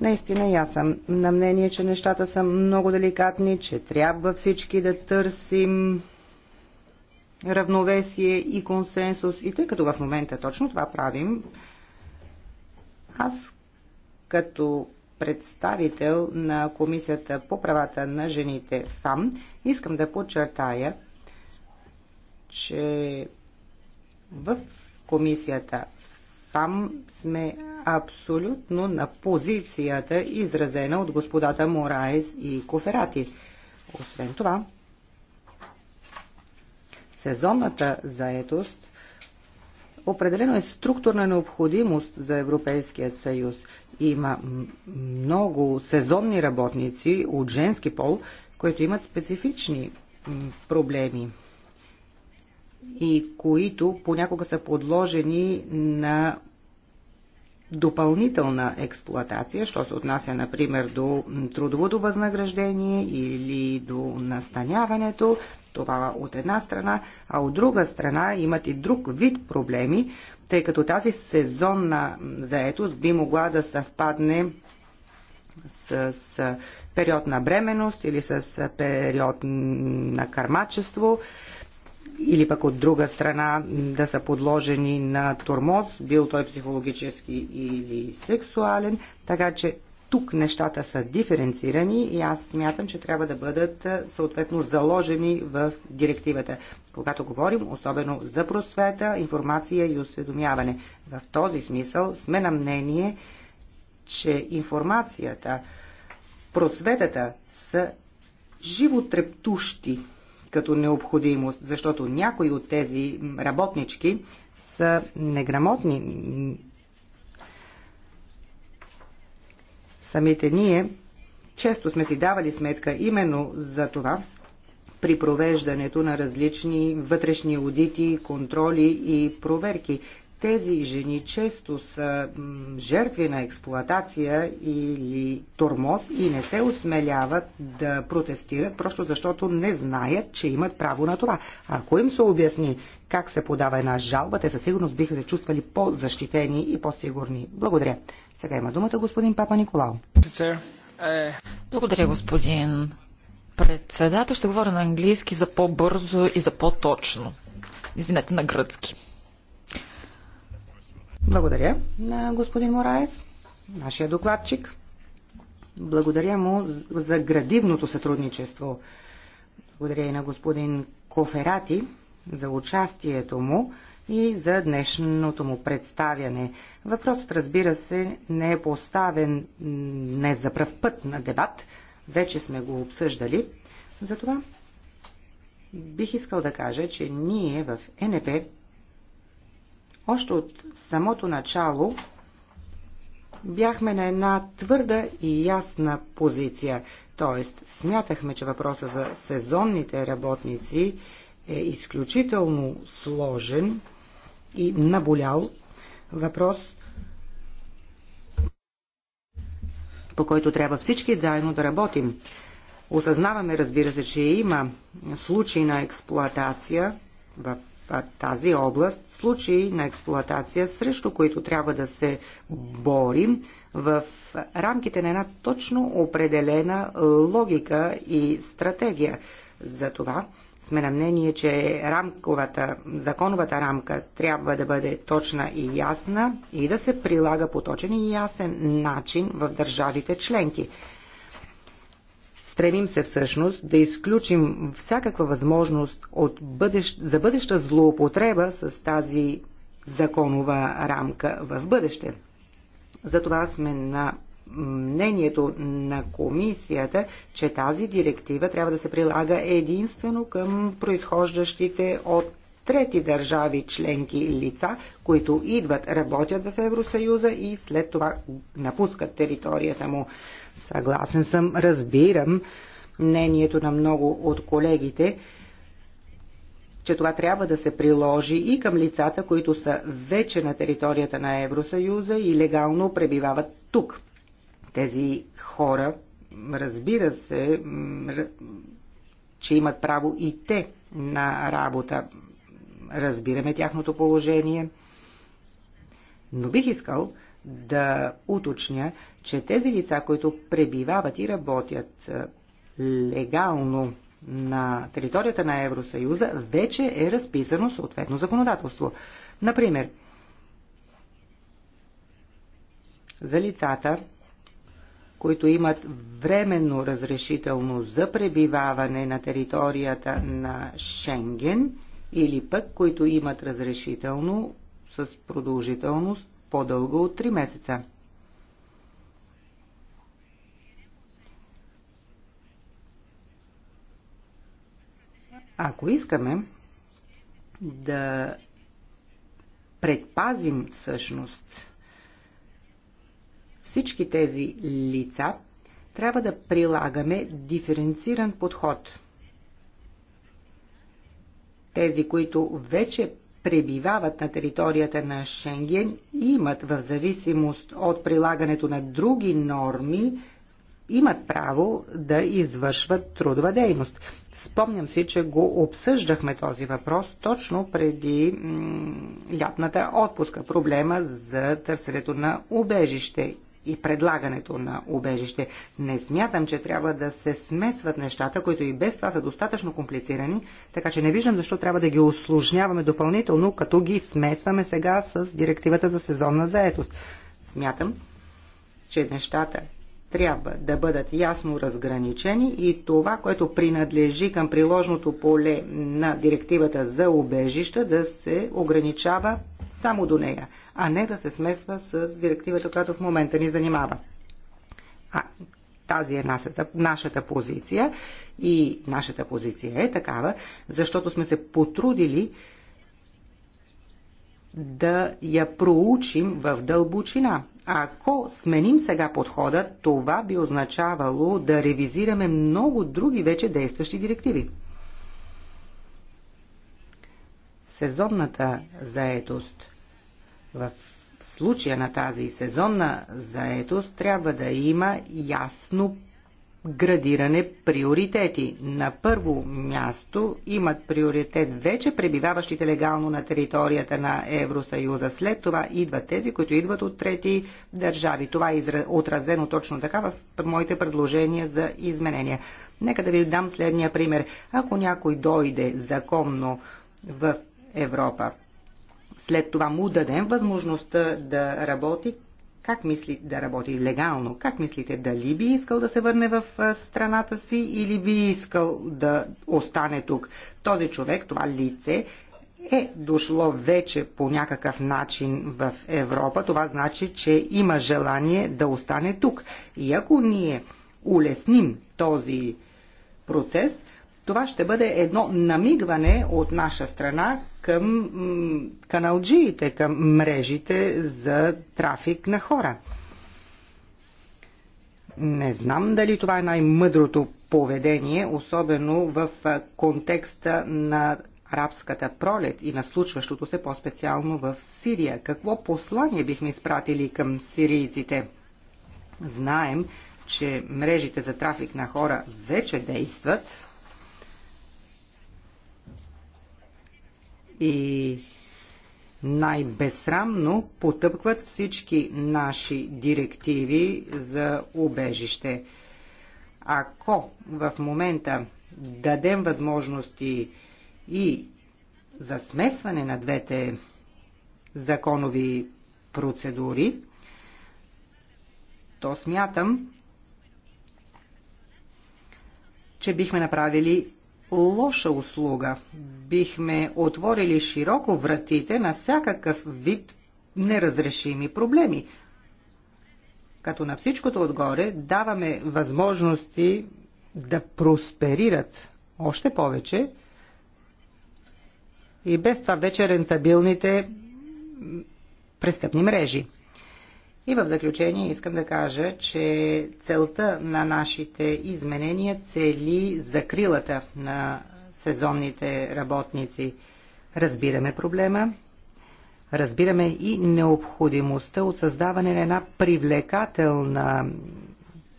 Наистина и аз съм на мнение, че нещата са много деликатни, че трябва всички да търсим равновесие и консенсус. И тъй като в момента точно това правим, аз като представител на Комисията по правата на жените ФАМ, искам да подчертая, че в Комисията ФАМ сме абсолютно на позицията, изразена от господата Морайс и Коферати. Освен това, сезонната заетост определено е структурна необходимост за Европейския съюз. Има много сезонни работници от женски пол, които имат специфични проблеми и които понякога са подложени на допълнителна експлоатация, що се отнася, например, до трудовото възнаграждение или до настаняването. Това от една страна, а от друга страна имат и друг вид проблеми, тъй като тази сезонна заетост би могла да съвпадне с, с период на бременност или с период на кармачество или пък от друга страна да са подложени на тормоз, бил той психологически или сексуален, така че тук нещата са диференцирани и аз смятам, че трябва да бъдат съответно заложени в директивата. Когато говорим особено за просвета, информация и осведомяване. В този смисъл сме на мнение, че информацията, просветата са животрептущи като необходимост, защото някои от тези работнички са неграмотни. Самите ние често сме си давали сметка именно за това, при провеждането на различни вътрешни аудити, контроли и проверки. Тези жени често са жертви на експлоатация или тормоз и не се осмеляват да протестират, просто защото не знаят, че имат право на това. Ако им се обясни как се подава една жалба, те със сигурност биха се чувствали по-защитени и по-сигурни. Благодаря. Сега има думата господин Папа Николао. Благодаря, господин председател. Ще говоря на английски за по-бързо и за по-точно. Извинете, на гръцки. Благодаря на господин Мораес, нашия докладчик. Благодаря му за градивното сътрудничество. Благодаря и на господин Коферати за участието му и за днешното му представяне. Въпросът, разбира се, не е поставен не за пръв път на дебат. Вече сме го обсъждали. Затова бих искал да кажа, че ние в НП още от самото начало бяхме на една твърда и ясна позиция. Тоест, смятахме, че въпроса за сезонните работници е изключително сложен и наболял въпрос, по който трябва всички дайно да работим. Осъзнаваме, разбира се, че има случай на експлоатация в тази област случаи на експлоатация, срещу които трябва да се борим в рамките на една точно определена логика и стратегия. Затова сме на мнение, че рамковата, законовата рамка трябва да бъде точна и ясна и да се прилага по точен и ясен начин в държавите членки. Стремим се всъщност да изключим всякаква възможност от бъдещ, за бъдеща злоупотреба с тази законова рамка в бъдеще. Затова сме на мнението на комисията, че тази директива трябва да се прилага единствено към произхождащите от трети държави членки лица, които идват, работят в Евросъюза и след това напускат територията му. Съгласен съм, разбирам мнението на много от колегите, че това трябва да се приложи и към лицата, които са вече на територията на Евросъюза и легално пребивават тук. Тези хора, разбира се, че имат право и те на работа разбираме тяхното положение, но бих искал да уточня, че тези лица, които пребивават и работят е, легално на територията на Евросъюза, вече е разписано съответно законодателство. Например, за лицата, които имат временно разрешително за пребиваване на територията на Шенген – или пък които имат разрешително с продължителност по-дълго от 3 месеца. Ако искаме да предпазим всъщност всички тези лица, трябва да прилагаме диференциран подход – тези, които вече пребивават на територията на Шенген, имат в зависимост от прилагането на други норми, имат право да извършват трудова дейност. Спомням си, че го обсъждахме този въпрос точно преди лятната отпуска. Проблема за търсенето на убежище и предлагането на убежище. Не смятам, че трябва да се смесват нещата, които и без това са достатъчно комплицирани, така че не виждам защо трябва да ги осложняваме допълнително, като ги смесваме сега с директивата за сезонна заетост. Смятам, че нещата трябва да бъдат ясно разграничени и това, което принадлежи към приложното поле на директивата за убежища, да се ограничава само до нея, а не да се смесва с директивата, която в момента ни занимава. А, тази е нашата, нашата позиция и нашата позиция е такава, защото сме се потрудили да я проучим в дълбочина. Ако сменим сега подхода, това би означавало да ревизираме много други вече действащи директиви. сезонната заетост. В случая на тази сезонна заетост трябва да има ясно градиране приоритети. На първо място имат приоритет вече пребиваващите легално на територията на Евросъюза. След това идват тези, които идват от трети държави. Това е отразено точно така в моите предложения за изменения. Нека да ви дам следния пример. Ако някой дойде законно в Европа. След това му дадем възможността да работи как мисли да работи легално? Как мислите, дали би искал да се върне в страната си или би искал да остане тук? Този човек, това лице, е дошло вече по някакъв начин в Европа. Това значи, че има желание да остане тук. И ако ние улесним този процес, това ще бъде едно намигване от наша страна към каналджиите, към мрежите за трафик на хора. Не знам дали това е най-мъдрото поведение, особено в контекста на арабската пролет и на случващото се по-специално в Сирия. Какво послание бихме изпратили към сирийците? Знаем, че мрежите за трафик на хора вече действат и най-безсрамно потъпкват всички наши директиви за убежище. Ако в момента дадем възможности и за смесване на двете законови процедури, то смятам, че бихме направили лоша услуга. Бихме отворили широко вратите на всякакъв вид неразрешими проблеми. Като на всичкото отгоре даваме възможности да просперират още повече и без това вече рентабилните престъпни мрежи. И в заключение искам да кажа, че целта на нашите изменения цели закрилата на сезонните работници. Разбираме проблема, разбираме и необходимостта от създаване на една привлекателна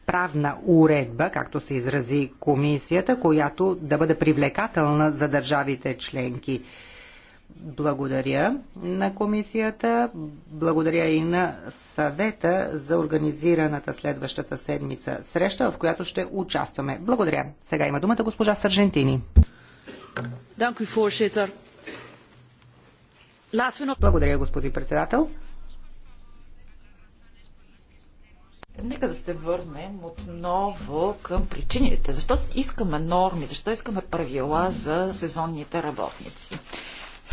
правна уредба, както се изрази комисията, която да бъде привлекателна за държавите членки. Благодаря на комисията, благодаря и на съвета за организираната следващата седмица среща, в която ще участваме. Благодаря. Сега има думата госпожа Сържентини. Благодаря, господин председател. Нека да се върнем отново към причините. Защо искаме норми? Защо искаме правила за сезонните работници?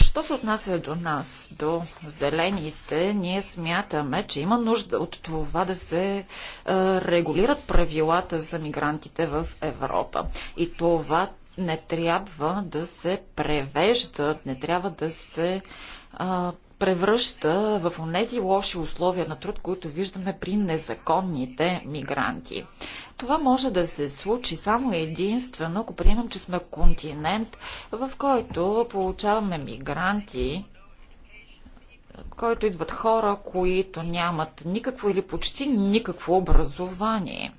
Що се отнася до нас, до зелените, ние смятаме, че има нужда от това да се е, регулират правилата за мигрантите в Европа. И това не трябва да се превеждат, не трябва да се а, превръща в тези лоши условия на труд, които виждаме при незаконните мигранти. Това може да се случи само единствено, ако приемам, че сме континент, в който получаваме мигранти, в който идват хора, които нямат никакво или почти никакво образование.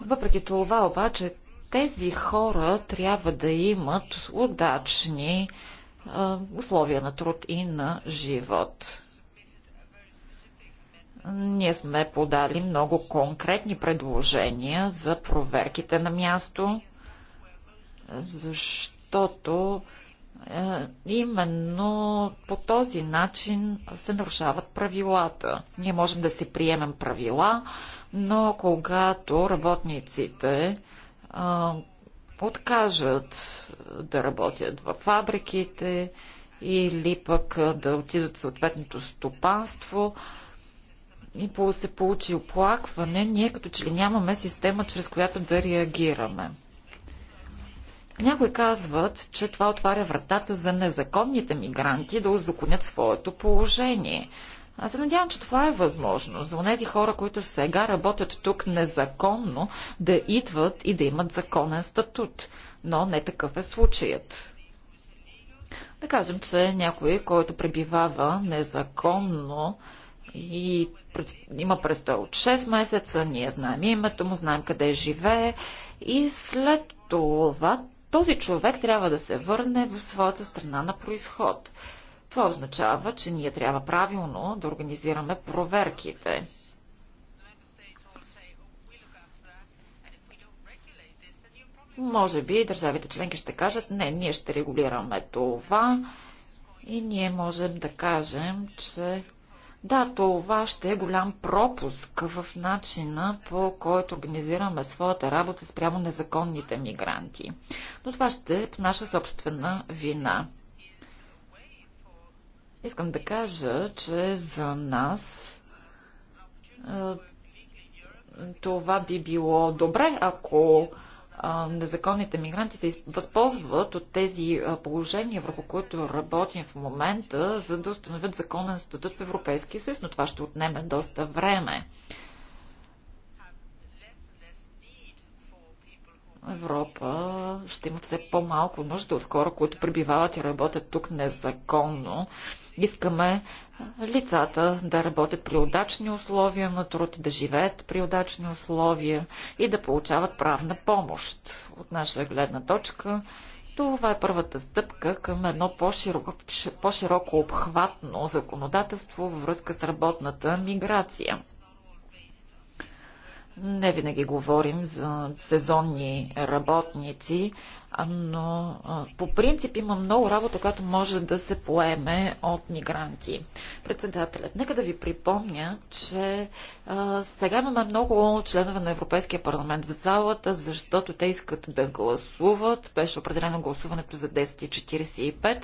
Въпреки това обаче тези хора трябва да имат удачни условия на труд и на живот. Ние сме подали много конкретни предложения за проверките на място, защото е, именно по този начин се нарушават правилата. Ние можем да си приемем правила, но когато работниците откажат да работят в фабриките или пък да отидат в съответното стопанство и се получи оплакване, ние като че ли нямаме система, чрез която да реагираме. Някои казват, че това отваря вратата за незаконните мигранти да узаконят своето положение. Аз се надявам, че това е възможно за тези хора, които сега работят тук незаконно, да идват и да имат законен статут. Но не такъв е случаят. Да кажем, че някой, който пребивава незаконно и има престой от 6 месеца, ние знаем името му, знаем къде живее и след това този човек трябва да се върне в своята страна на происход. Това означава, че ние трябва правилно да организираме проверките. Може би държавите членки ще кажат, не, ние ще регулираме това и ние можем да кажем, че да, това ще е голям пропуск в начина по който организираме своята работа спрямо незаконните мигранти. Но това ще е наша собствена вина. Искам да кажа, че за нас това би било добре, ако незаконните мигранти се възползват от тези положения, върху които работим в момента, за да установят законен статут в Европейския съюз, но това ще отнеме доста време. Европа ще има все по-малко нужда от хора, които пребивават и работят тук незаконно Искаме лицата да работят при удачни условия на труд, да живеят при удачни условия и да получават правна помощ. От наша гледна точка това е първата стъпка към едно по-широко, по-широко обхватно законодателство във връзка с работната миграция. Не винаги говорим за сезонни работници, но по принцип има много работа, която може да се поеме от мигранти. Председателят, нека да ви припомня, че а, сега имаме много членове на Европейския парламент в залата, защото те искат да гласуват. Беше определено гласуването за 10.45,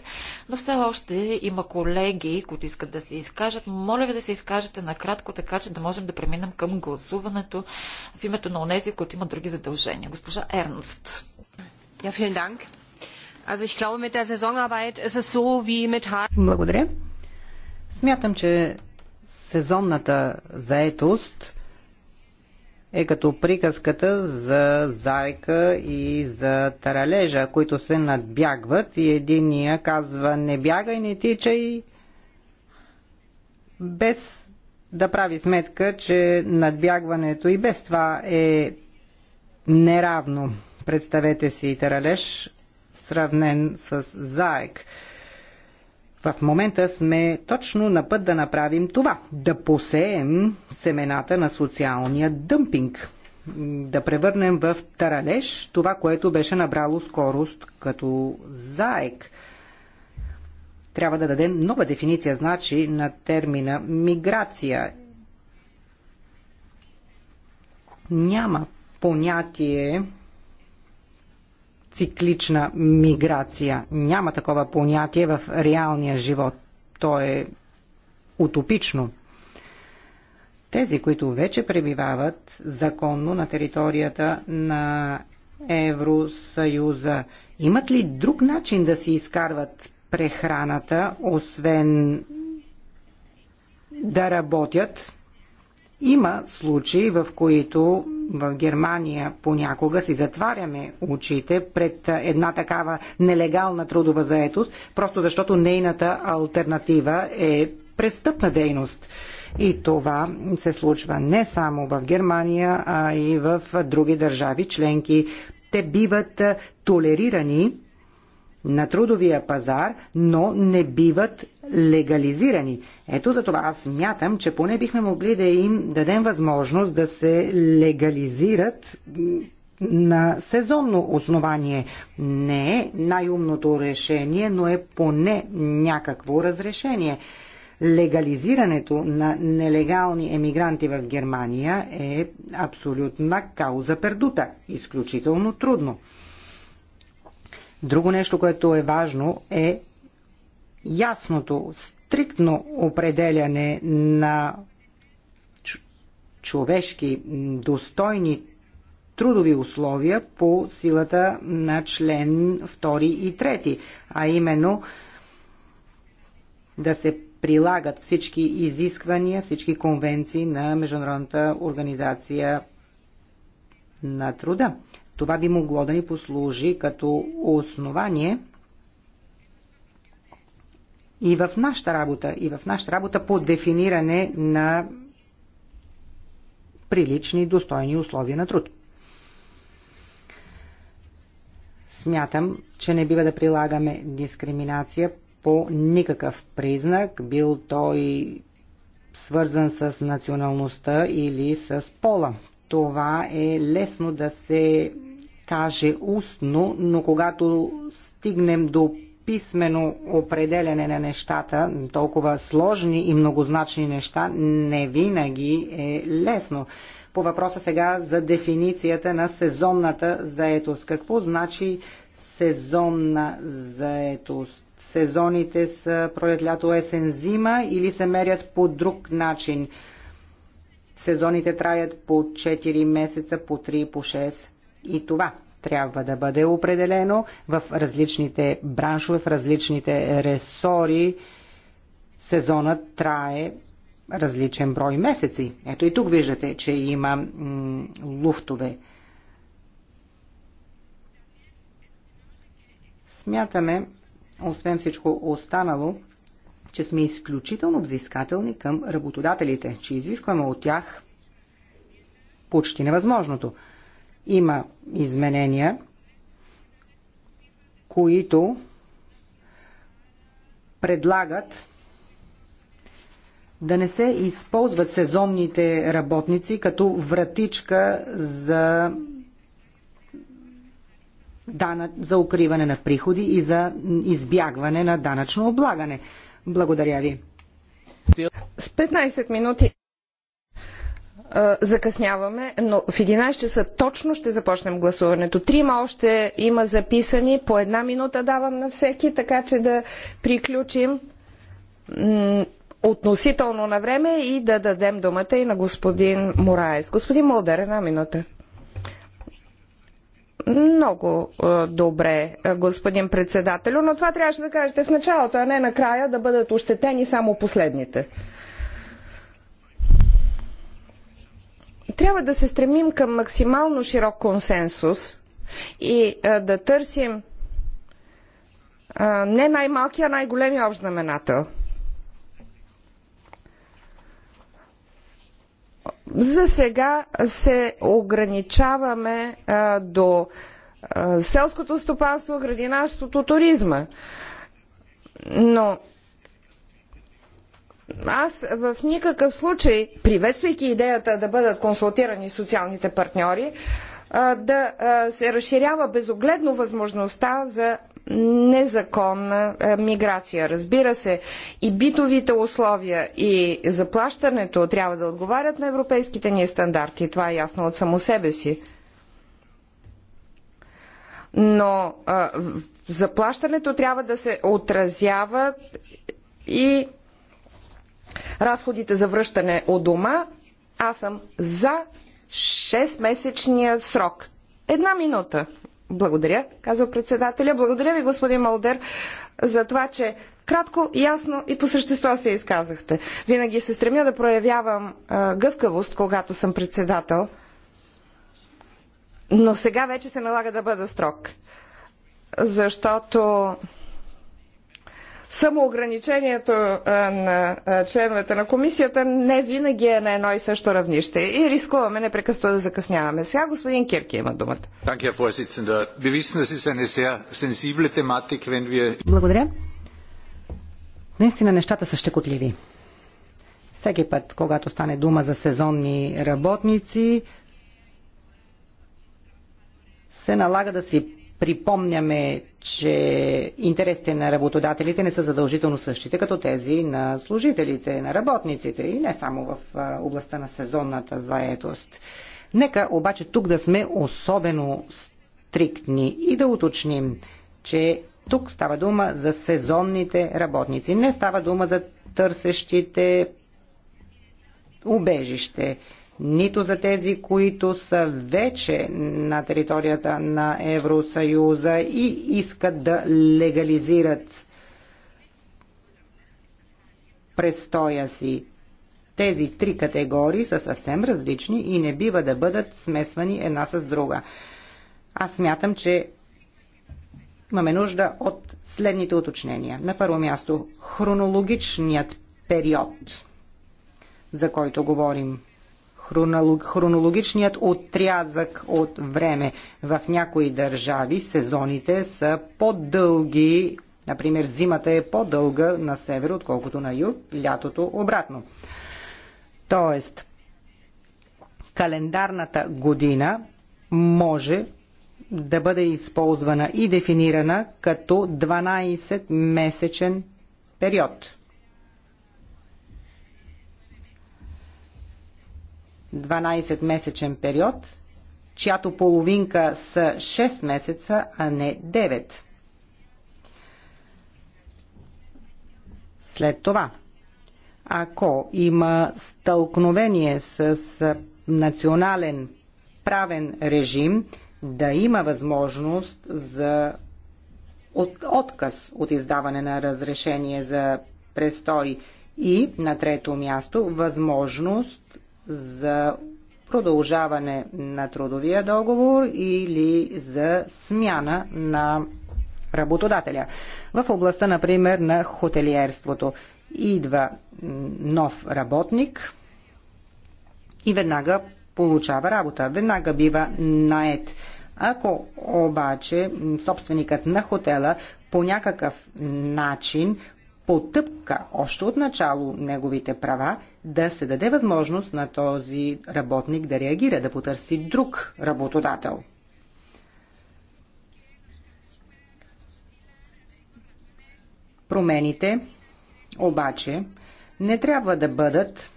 но все още има колеги, които искат да се изкажат. Моля ви да се изкажете накратко, така че да можем да преминем към гласуването в името на онези, които имат други задължения. Госпожа Ернст. Ja, vielen Dank. Also ich glaube, mit der Saisonarbeit ist es so wie mit Благодаря. Смятам, че сезонната заетост е като приказката за зайка и за таралежа, които се надбягват и единия казва не бягай, не тичай, без да прави сметка, че надбягването и без това е неравно. Представете си Таралеж, сравнен с Заек. В момента сме точно на път да направим това. Да посеем семената на социалния дъмпинг. Да превърнем в таралеж това, което беше набрало скорост като заек. Трябва да дадем нова дефиниция, значи, на термина миграция. Няма понятие циклична миграция. Няма такова понятие в реалния живот. То е утопично. Тези, които вече пребивават законно на територията на Евросъюза, имат ли друг начин да си изкарват прехраната, освен да работят има случаи, в които в Германия понякога си затваряме очите пред една такава нелегална трудова заетост, просто защото нейната альтернатива е престъпна дейност. И това се случва не само в Германия, а и в други държави членки. Те биват толерирани на трудовия пазар, но не биват легализирани. Ето за това аз мятам, че поне бихме могли да им дадем възможност да се легализират на сезонно основание. Не е най-умното решение, но е поне някакво разрешение. Легализирането на нелегални емигранти в Германия е абсолютна кауза пердута. Изключително трудно. Друго нещо, което е важно е ясното, стриктно определяне на човешки, достойни трудови условия по силата на член 2 и 3, а именно да се прилагат всички изисквания, всички конвенции на Международната организация на труда. Това би могло да ни послужи като основание и в нашата работа, и в нашата работа по дефиниране на прилични, достойни условия на труд. Смятам, че не бива да прилагаме дискриминация по никакъв признак, бил той свързан с националността или с пола. Това е лесно да се каже устно, но когато стигнем до писмено определене на нещата, толкова сложни и многозначни неща, не винаги е лесно. По въпроса сега за дефиницията на сезонната заетост. Какво значи сезонна заетост? Сезоните са пролет, лято, есен, зима или се мерят по друг начин? Сезоните траят по 4 месеца, по 3, по 6 и това трябва да бъде определено в различните браншове, в различните ресори. Сезонът трае различен брой месеци. Ето и тук виждате, че има луфтове. Смятаме, освен всичко останало, че сме изключително взискателни към работодателите, че изискваме от тях почти невъзможното – има изменения, които предлагат да не се използват сезонните работници като вратичка за дана... за укриване на приходи и за избягване на данъчно облагане. Благодаря ви. С 15 минути закъсняваме, но в 11 часа точно ще започнем гласуването. Трима още има записани, по една минута давам на всеки, така че да приключим относително на време и да дадем думата и на господин Мораес. Господин Молдер, една минута. Много добре, господин председателю, но това трябваше да кажете в началото, а не накрая да бъдат ощетени само последните. трябва да се стремим към максимално широк консенсус и а, да търсим а, не най-малкия, а най-големия общ знаменател. За сега се ограничаваме а, до а, селското стопанство, градинарството, туризма. Но аз в никакъв случай, приветствайки идеята да бъдат консултирани социалните партньори, да се разширява безогледно възможността за незаконна миграция. Разбира се, и битовите условия, и заплащането трябва да отговарят на европейските ни стандарти. Това е ясно от само себе си. Но а, заплащането трябва да се отразява и разходите за връщане от дома, аз съм за 6-месечния срок. Една минута. Благодаря, казва председателя. Благодаря ви, господин Молдер, за това, че кратко, ясно и по същество се изказахте. Винаги се стремя да проявявам а, гъвкавост, когато съм председател, но сега вече се налага да бъда строг, защото самоограничението на членовете на комисията не винаги е на едно и също равнище и рискуваме непрекъснато да закъсняваме. Сега господин Кирки има думата. Благодаря. Наистина нещата са щекотливи. Всеки път, когато стане дума за сезонни работници, се налага да си припомняме, че интересите на работодателите не са задължително същите, като тези на служителите, на работниците и не само в областта на сезонната заетост. Нека обаче тук да сме особено стриктни и да уточним, че тук става дума за сезонните работници. Не става дума за търсещите убежище нито за тези, които са вече на територията на Евросъюза и искат да легализират престоя си. Тези три категории са съвсем различни и не бива да бъдат смесвани една с друга. Аз смятам, че имаме нужда от следните уточнения. На първо място, хронологичният период, за който говорим хронологичният отрязък от време. В някои държави сезоните са по-дълги, например зимата е по-дълга на север, отколкото на юг, лятото обратно. Тоест, календарната година може да бъде използвана и дефинирана като 12-месечен период. 12-месечен период, чиято половинка са 6 месеца, а не 9. След това, ако има стълкновение с национален правен режим, да има възможност за от, отказ от издаване на разрешение за престой и на трето място възможност за продължаване на трудовия договор или за смяна на работодателя. В областта, например, на хотелиерството идва нов работник и веднага получава работа, веднага бива наед. Ако обаче собственикът на хотела по някакъв начин потъпка още от начало неговите права, да се даде възможност на този работник да реагира, да потърси друг работодател. Промените обаче не трябва да бъдат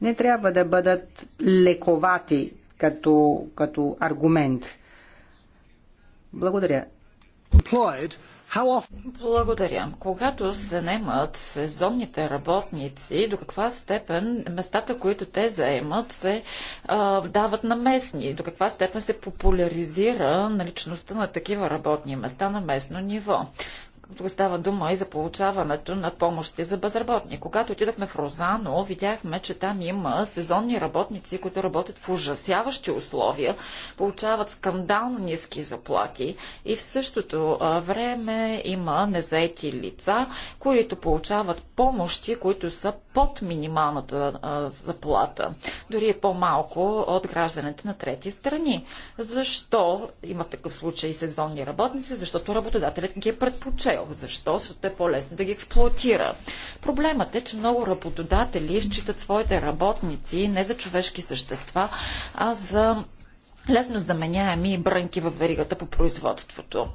не трябва да бъдат лековати като, като аргумент. Благодаря. Благодаря. Когато се наемат сезонните работници, до каква степен местата, които те заемат, се а, дават на местни? До каква степен се популяризира наличността на такива работни места на местно ниво? Тук става дума и за получаването на помощи за безработни. Когато отидахме в Розано, видяхме, че там има сезонни работници, които работят в ужасяващи условия, получават скандално ниски заплати и в същото време има незаети лица, които получават помощи, които са под минималната заплата, дори е по-малко от гражданите на трети страни. Защо има такъв случай сезонни работници? Защото работодателят ги е предпочел цел. Защо? Защото е по-лесно да ги експлуатира. Проблемът е, че много работодатели считат своите работници не за човешки същества, а за лесно заменяеми брънки в веригата по производството.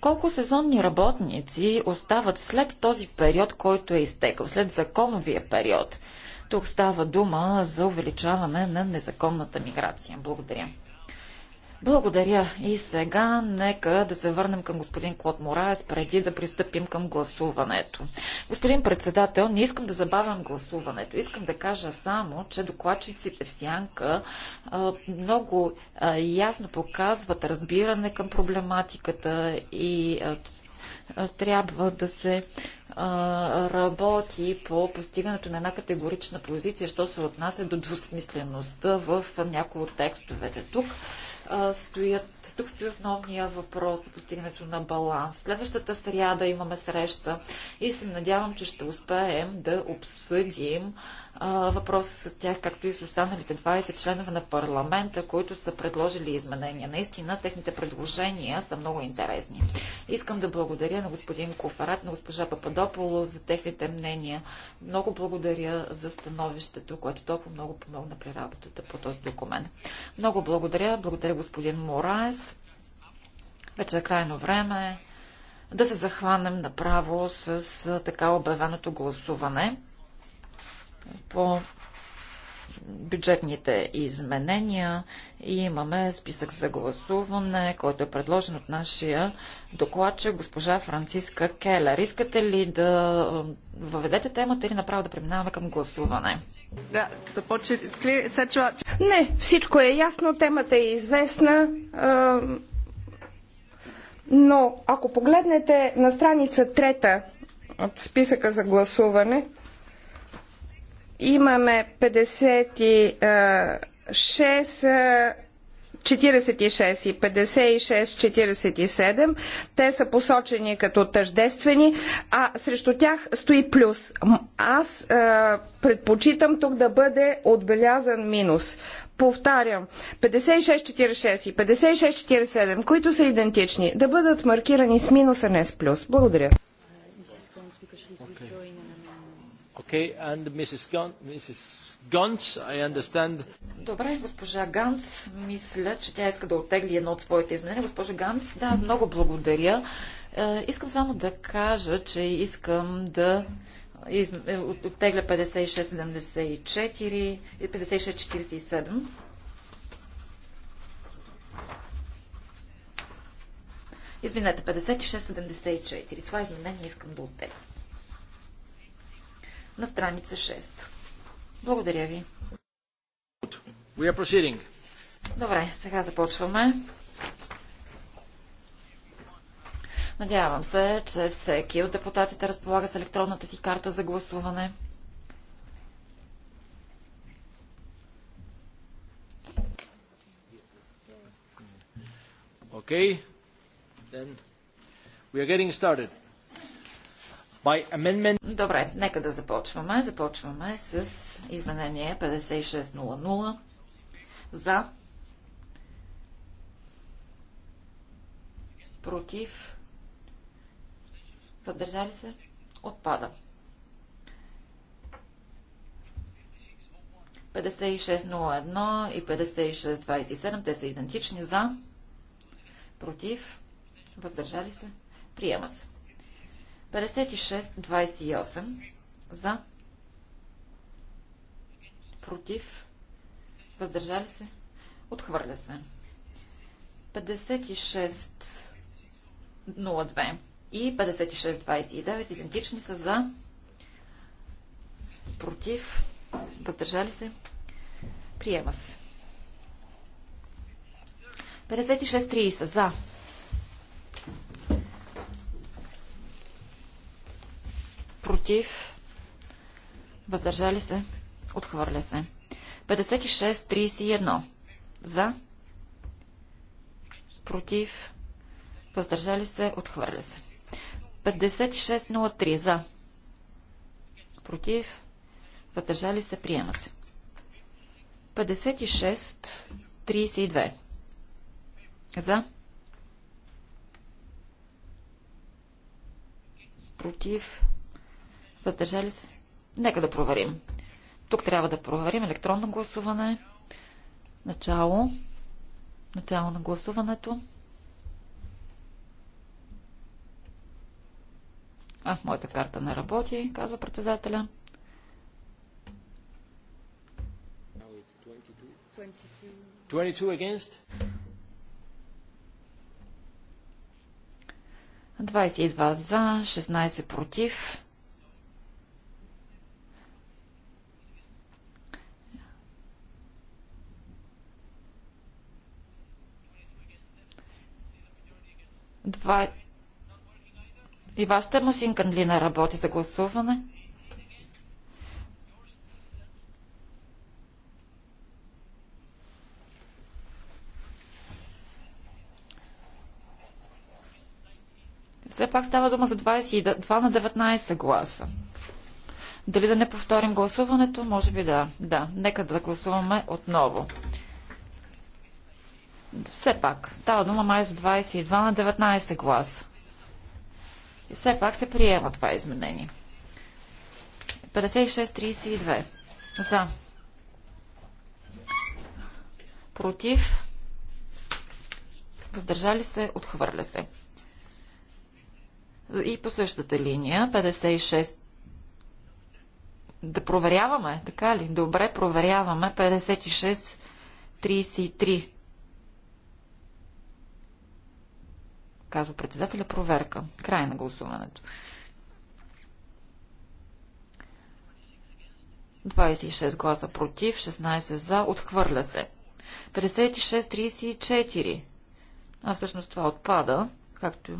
Колко сезонни работници остават след този период, който е изтекал, след законовия период? Тук става дума за увеличаване на незаконната миграция. Благодаря. Благодаря. И сега нека да се върнем към господин Клод Мораес, преди да пристъпим към гласуването. Господин председател, не искам да забавям гласуването. Искам да кажа само, че докладчиците в Сянка много ясно показват разбиране към проблематиката и трябва да се работи по постигането на една категорична позиция, що се отнася до двусмислеността в някои от текстовете тук стоят, тук стои основния въпрос за постигането на баланс. Следващата сряда имаме среща и се надявам, че ще успеем да обсъдим въпроса с тях, както и с останалите 20 членове на парламента, които са предложили изменения. Наистина, техните предложения са много интересни. Искам да благодаря на господин Кофарат, на госпожа Пападополо за техните мнения. Много благодаря за становището, което толкова много помогна при работата по този документ. Много благодаря. Благодаря господин Мораес. Вече е крайно време да се захванем направо с така обявеното гласуване по бюджетните изменения и имаме списък за гласуване, който е предложен от нашия докладчик госпожа Франциска Келер. Искате ли да въведете темата или направо да преминаваме към гласуване? Да, Не, всичко е ясно, темата е известна. Но ако погледнете на страница трета от списъка за гласуване, Имаме 56, 46 и 56, 47. Те са посочени като тъждествени, а срещу тях стои плюс. Аз е, предпочитам тук да бъде отбелязан минус. Повтарям, 56-46 и 56-47, които са идентични, да бъдат маркирани с минус, а не с плюс. Благодаря. Добре, госпожа Ганц, мисля, че тя иска да оттегли едно от своите изменения. Госпожа Ганц, да, много благодаря. Е, искам само да кажа, че искам да из... Е, оттегля 5674 и 5647. Извинете, 5674. Това изменение искам да оттегля на страница 6. Благодаря ви. Добре, сега започваме. Надявам се, че всеки от депутатите разполага с електронната си карта за гласуване. Okay. Then we are getting started. Добре, нека да започваме. Започваме с изменение 5600 за против въздържали се отпада. 5601 и 5627, те са идентични за, против, въздържали се, приема се. 56-28 за, против, въздържали се, отхвърля се. 56-02 и 56-29 идентични са за, против, въздържали се, приема се. 56-30 за, против, въздържали се, отхвърля се. 56-31 за, против, въздържали се, отхвърля се. 56-03 за, против, въздържали се, приема се. 56-32 за, против, Въздържали се? Нека да проверим. Тук трябва да проверим електронно гласуване. Начало. Начало на гласуването. А, моята карта не работи, казва председателя. against. 22 за, 16 против. Два... И вашата машинка ли не работи за гласуване? Все пак става дума за 22 на 19 гласа. Дали да не повторим гласуването? Може би да. Да, нека да гласуваме отново все пак става дума май за 22 на 19 глас. И все пак се приема това изменение. 56-32. За. Против. Въздържали се, отхвърля се. И по същата линия, 56. Да проверяваме, така ли? Добре, проверяваме. 56-33. казва председателя, проверка. Край на гласуването. 26 гласа против, 16 за, отхвърля се. 56-34. А всъщност това отпада, както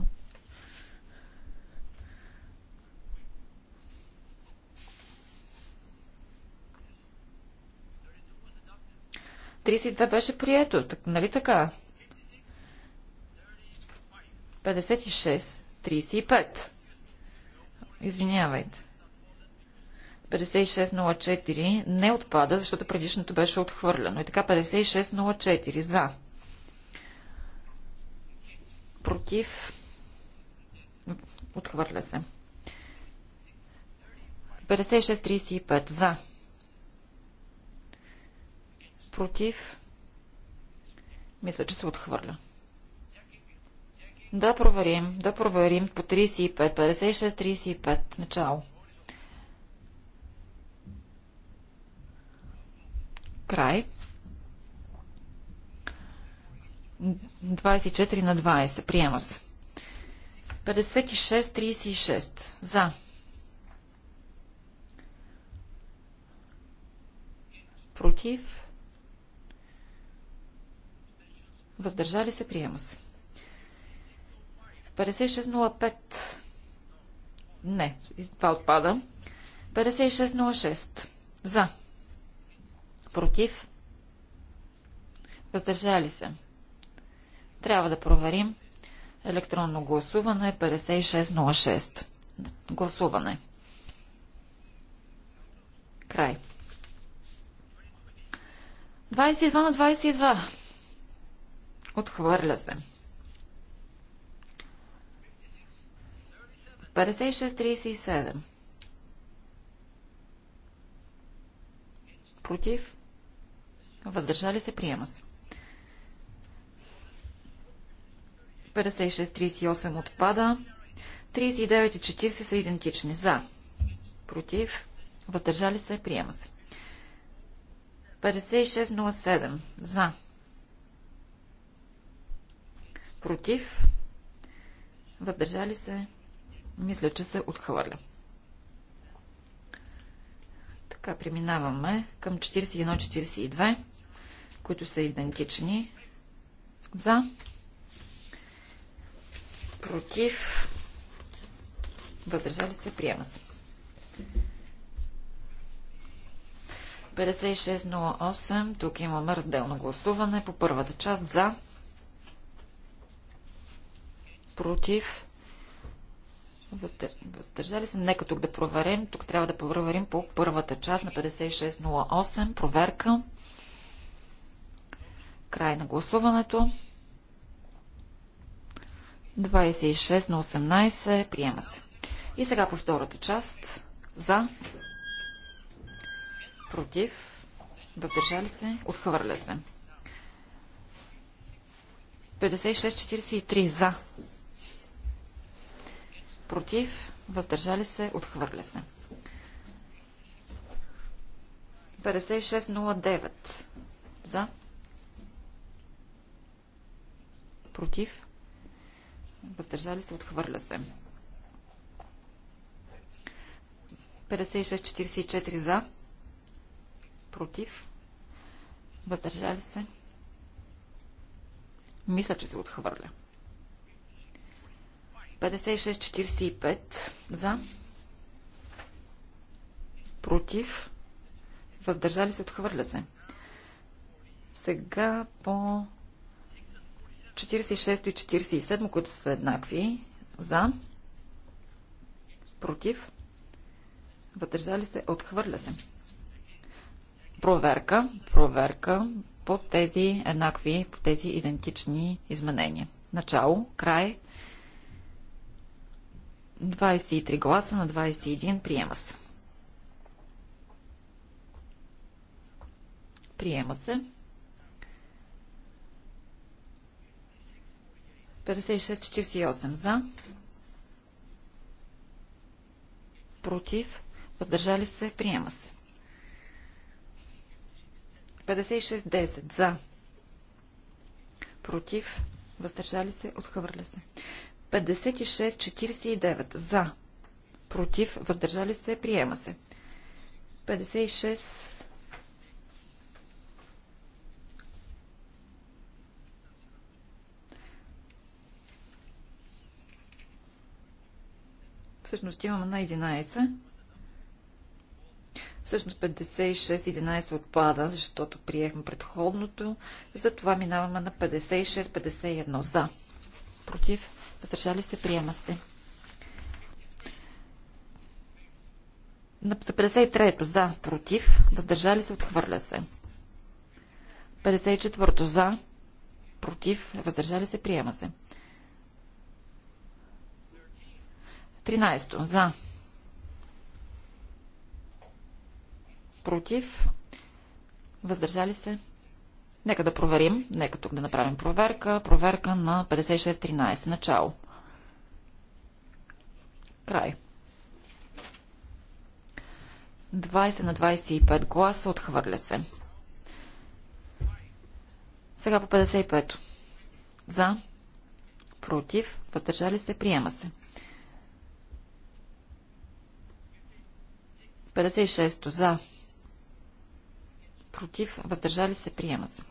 Тридесет беше прието, так, нали така? 56. 35. Извинявайте. 5604 не отпада, защото предишното беше отхвърлено. И така 5604 за. Против. Отхвърля се. 5635 за. Против. Мисля, че се отхвърля. 5636 да проверим, да проверим по 35, 56, 35, начало. Край. 24 на 20, приема се. 56, 36, за. Против. Въздържали се, приема се. 5605. Не, това отпада. 5606. За. Против. Въздържали се. Трябва да проверим. Електронно гласуване 5606. Е гласуване. Край. 22 на 22. Отхвърля се. 56-37. Против. Въздържали се. Приема се. 56-38 отпада. 39 и 40 са идентични. За. Против. Въздържали се. Приема се. 56-07. За. Против. Въздържали се. Мисля, че се отхвърля. Така, преминаваме към 41-42, които са идентични. За. Против. Въздържали се. Приема се. 5608. Тук имаме разделно гласуване по първата част за. Против. Въздържали се? Нека тук да проверим. Тук трябва да проверим по първата част на 5608. Проверка. Край на гласуването. 26 на 18. Приема се. И сега по втората част. За. Против. Въздържали се. Отхвърля се. 56-43 за против, въздържали се, отхвърля се. 5609 за, против, въздържали се, отхвърля се. 5644 за, против, въздържали се. Мисля, че се отхвърля. 56-45 за. Против. Въздържали се, отхвърля се. Сега по 46 и 47, които са еднакви. За. Против. Въздържали се, отхвърля се. Проверка, проверка по тези еднакви, по тези идентични изменения. Начало, край. 23 гласа на 21 приема се. Приема се. 56-48 за. Против. Въздържали се. Приема се. 56-10 за. Против. Въздържали се. Отхвърля се. 56-49 за. Против. Въздържали се. Приема се. 56. Всъщност имаме на 11. Всъщност 56-11 отпада, защото приехме предходното. Затова минаваме на 56-51 за. Против въздържали се, приема се. За 53-то за, против, въздържали се, отхвърля се. 54-то за, против, въздържали се, приема се. 13-то за, против, въздържали се, Нека да проверим. Нека тук да направим проверка. Проверка на 5613. Начало. Край. 20 на 25 гласа отхвърля се. Сега по 55. За. Против. Въздържали се. Приема се. 56. За. Против. Въздържали се. Приема се.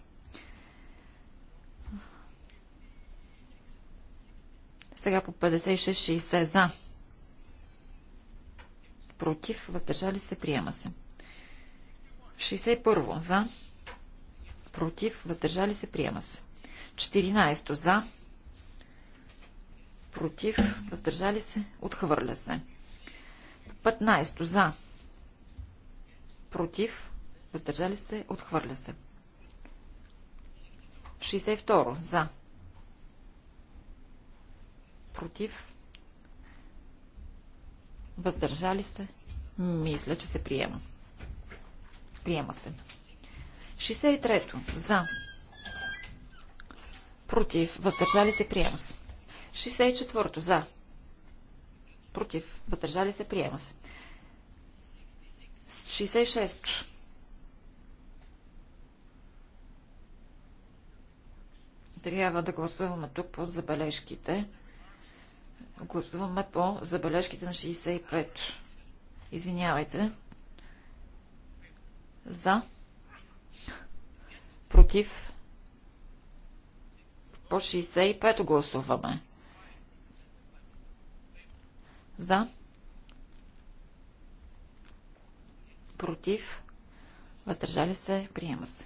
Сега по 56-60 за. Против. Въздържали се. Приема се. 61 за. Против. Въздържали се. Приема се. 14 за. Против. Въздържали се. Отхвърля се. 15 за. Против. Въздържали се. Отхвърля се. 62 за против, въздържали се, мисля, че се приема. Приема се. 63-то. За. Против. Въздържали се. Приема се. 64-то. За. Против. Въздържали се. Приема се. 66-то. Трябва да гласуваме тук по забележките. Гласуваме по забележките на 65. Извинявайте. За. Против. По 65 гласуваме. За. Против. Въздържали се. Приема се.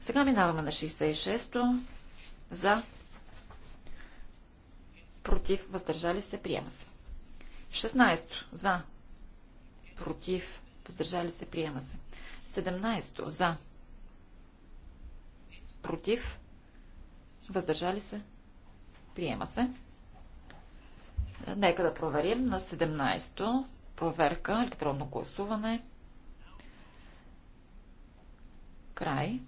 Сега минаваме на 66-то. За против, въздържали се, приема се. 16. За, против, въздържали се, приема се. 17. За, против, въздържали се, приема се. Е, нека да проверим на 17-то. Проверка, електронно гласуване. Край.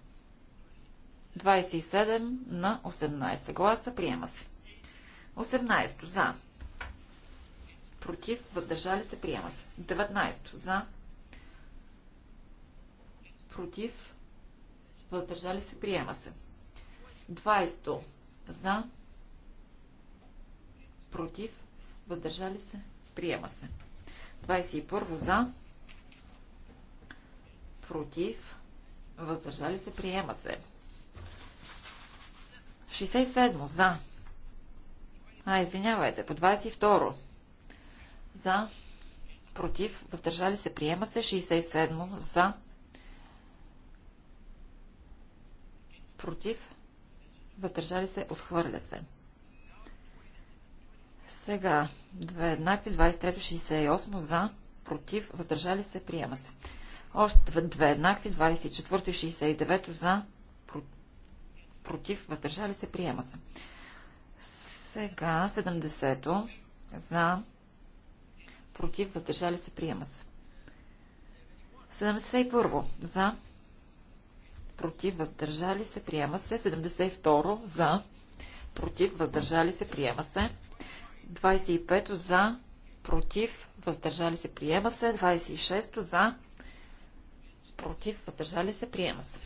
27 на 18 гласа. Приема се. 18 за. Против. Въздържали се. Приема се. 19 за. Против. Въздържали се. Приема се. 20 за. Против. Въздържали се. Приема се. 21 за. Против. Въздържали се. Приема се. 67 за а, извинявайте, по 22. За. Против. Въздържали се. Приема се. 67. За. Против. Въздържали се. Отхвърля се. Сега. Две еднакви. 23. 68. За. Против. Въздържали се. Приема се. Още две еднакви. 24. 69. За. Против. Въздържали се. Приема се. Сега 70-то за против, въздържали се, приема се. 71 за против, въздържали се, приема се. 72 за против, въздържали се, приема се. 25 за против, въздържали се, приема се. 26 за против, въздържали се, приема се.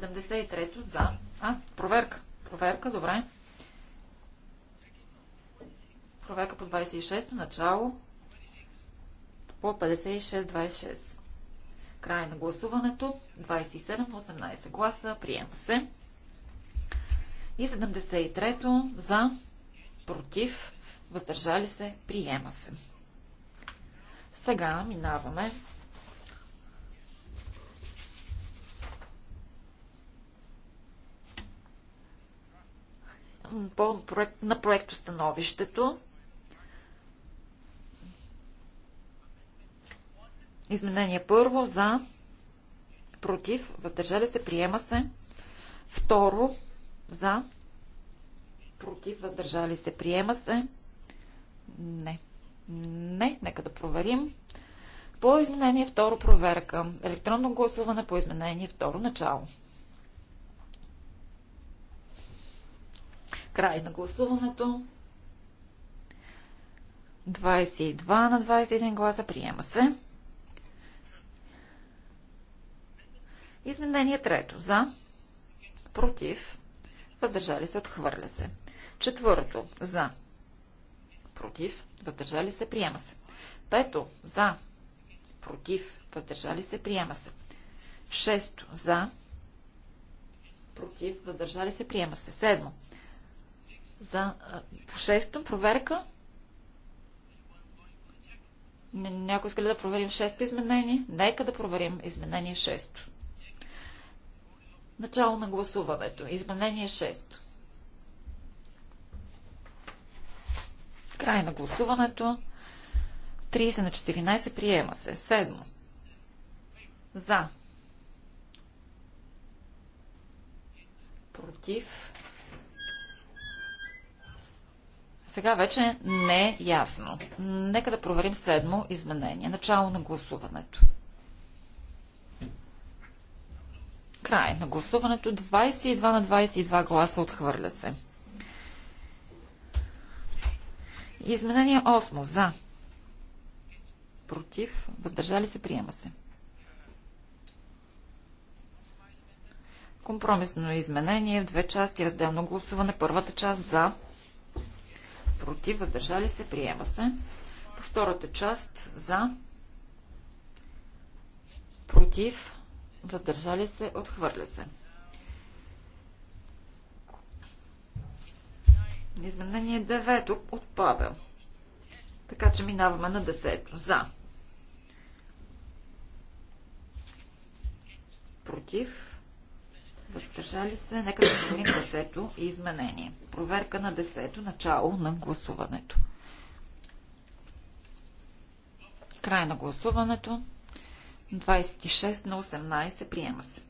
73 за... А, проверка. Проверка, добре. Проверка по 26 начало по 56-26. Край на гласуването. 27-18 гласа. Приема се. И 73-то за, против, въздържали се, приема се. Сега минаваме по проект, на Изменение първо за, против, въздържали се, приема се. Второ за, против, въздържали се, приема се. Не. Не, нека да проверим. По изменение второ проверка. Електронно гласуване по изменение второ начало. Край на гласуването. 22 на 21 гласа приема се. Изменение трето. За. Против. Въздържали се. Отхвърля се. Четвърто. За. Против. Въздържали се. Приема се. Пето. За. Против. Въздържали се. Приема се. Шесто. За. Против. Въздържали се. Приема се. Седмо. За. По шесто. Проверка. Някой иска ли да проверим шесто изменение? Нека да проверим изменение шесто. Начало на гласуването. Изменение 6. Край на гласуването. 30 на 14 приема се. 7. За. Против. Сега вече не е ясно. Нека да проверим седмо изменение. Начало на гласуването. Край на гласуването. 22 на 22 гласа отхвърля се. Изменение 8. За. Против. Въздържали се. Приема се. Компромисно изменение в две части. Разделно гласуване. Първата част за. Против. Въздържали се. Приема се. По втората част за. Против въздържали се, отхвърля се. Изменение 9 отпада. Така че минаваме на 10. За. Против. Въздържали се. Нека да проверим 10 и изменение. Проверка на 10 начало на гласуването. Край на гласуването. 26 на 18 приема се.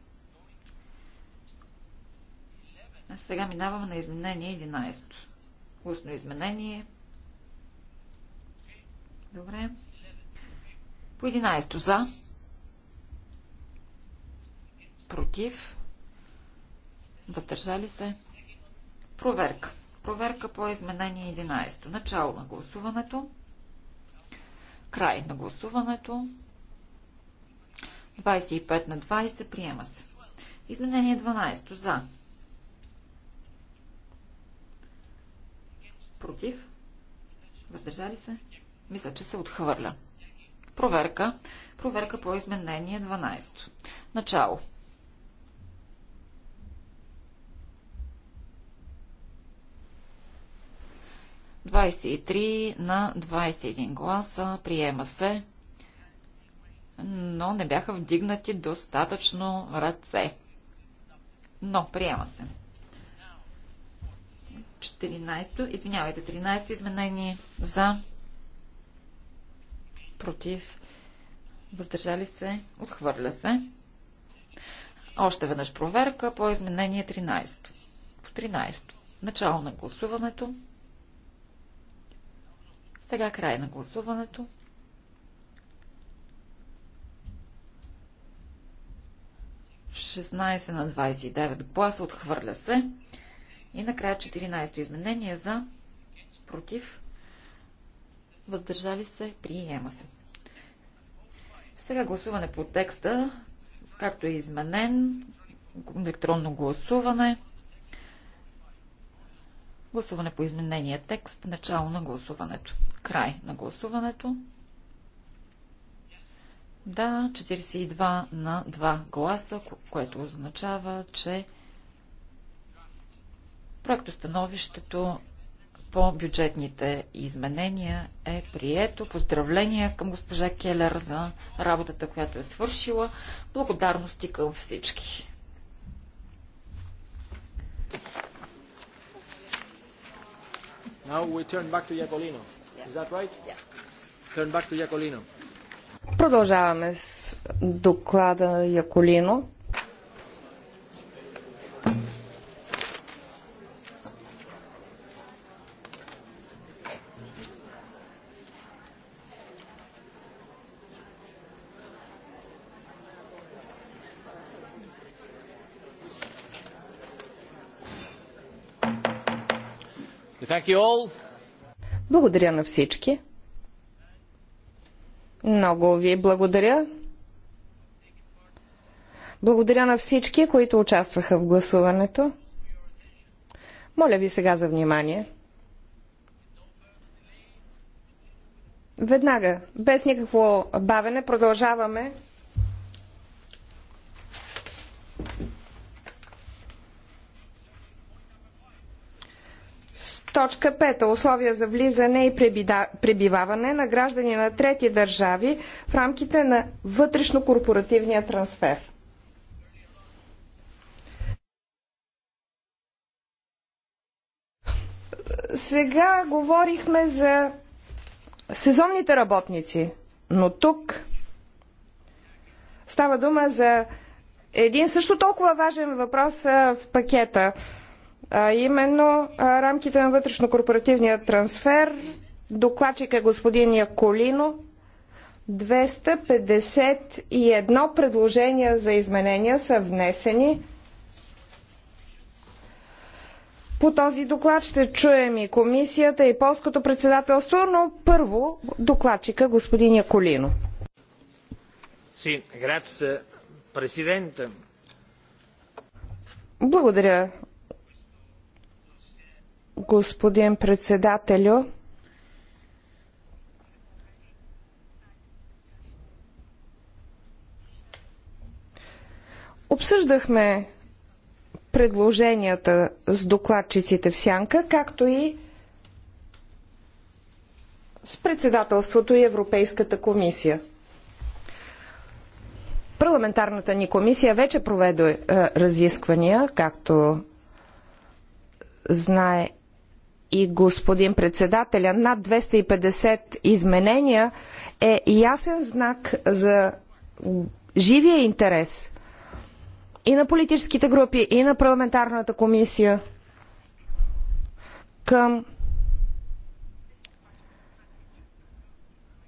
А сега минаваме на изменение 11. Устно изменение. Добре. По 11 за. Против. Въздържали се. Проверка. Проверка по изменение 11. Начало на гласуването. Край на гласуването. 25 на 20 приема се. Изменение 12 за. Против. Въздържали се? Мисля, че се отхвърля. Проверка. Проверка по изменение 12. Начало. Двадесет на 21 гласа. Приема се но не бяха вдигнати достатъчно ръце. Но приема се. 14-то, извинявайте, 13-то изменение за против, въздържали се, отхвърля се. Още веднъж проверка по изменение 13. По 13. то Начало на гласуването. Сега край на гласуването. 16 на 29 гласа, отхвърля се. И накрая 14-то изменение за против, въздържали се, приема се. Сега гласуване по текста, както е изменен, електронно гласуване, гласуване по изменения текст, начало на гласуването, край на гласуването. Да, 42 на 2 гласа, което означава, че проектостановището по бюджетните изменения е прието. Поздравления към госпожа Келер за работата, която е свършила. Благодарности към всички. Now we turn back to Iacolino. Yeah. Is that right? Yeah. Turn back to Iacolino. Продължаваме с доклада Яколино. Благодаря на всички. Много ви благодаря. Благодаря на всички, които участваха в гласуването. Моля ви сега за внимание. Веднага, без никакво бавене, продължаваме Точка 5. Условия за влизане и пребиваване на граждани на трети държави в рамките на вътрешно-корпоративния трансфер. Сега говорихме за сезонните работници, но тук става дума за един също толкова важен въпрос в пакета а именно а, рамките на вътрешно-корпоративния трансфер. Докладчик е господин Яколино. 251 предложения за изменения са внесени. По този доклад ще чуем и комисията, и полското председателство, но първо докладчика господин Яколино. Си, грация, президента. Благодаря, господин председателю. Обсъждахме предложенията с докладчиците в Сянка, както и с председателството и Европейската комисия. Парламентарната ни комисия вече проведе е, разисквания, както знае и господин председателя, над 250 изменения е ясен знак за живия интерес и на политическите групи, и на парламентарната комисия към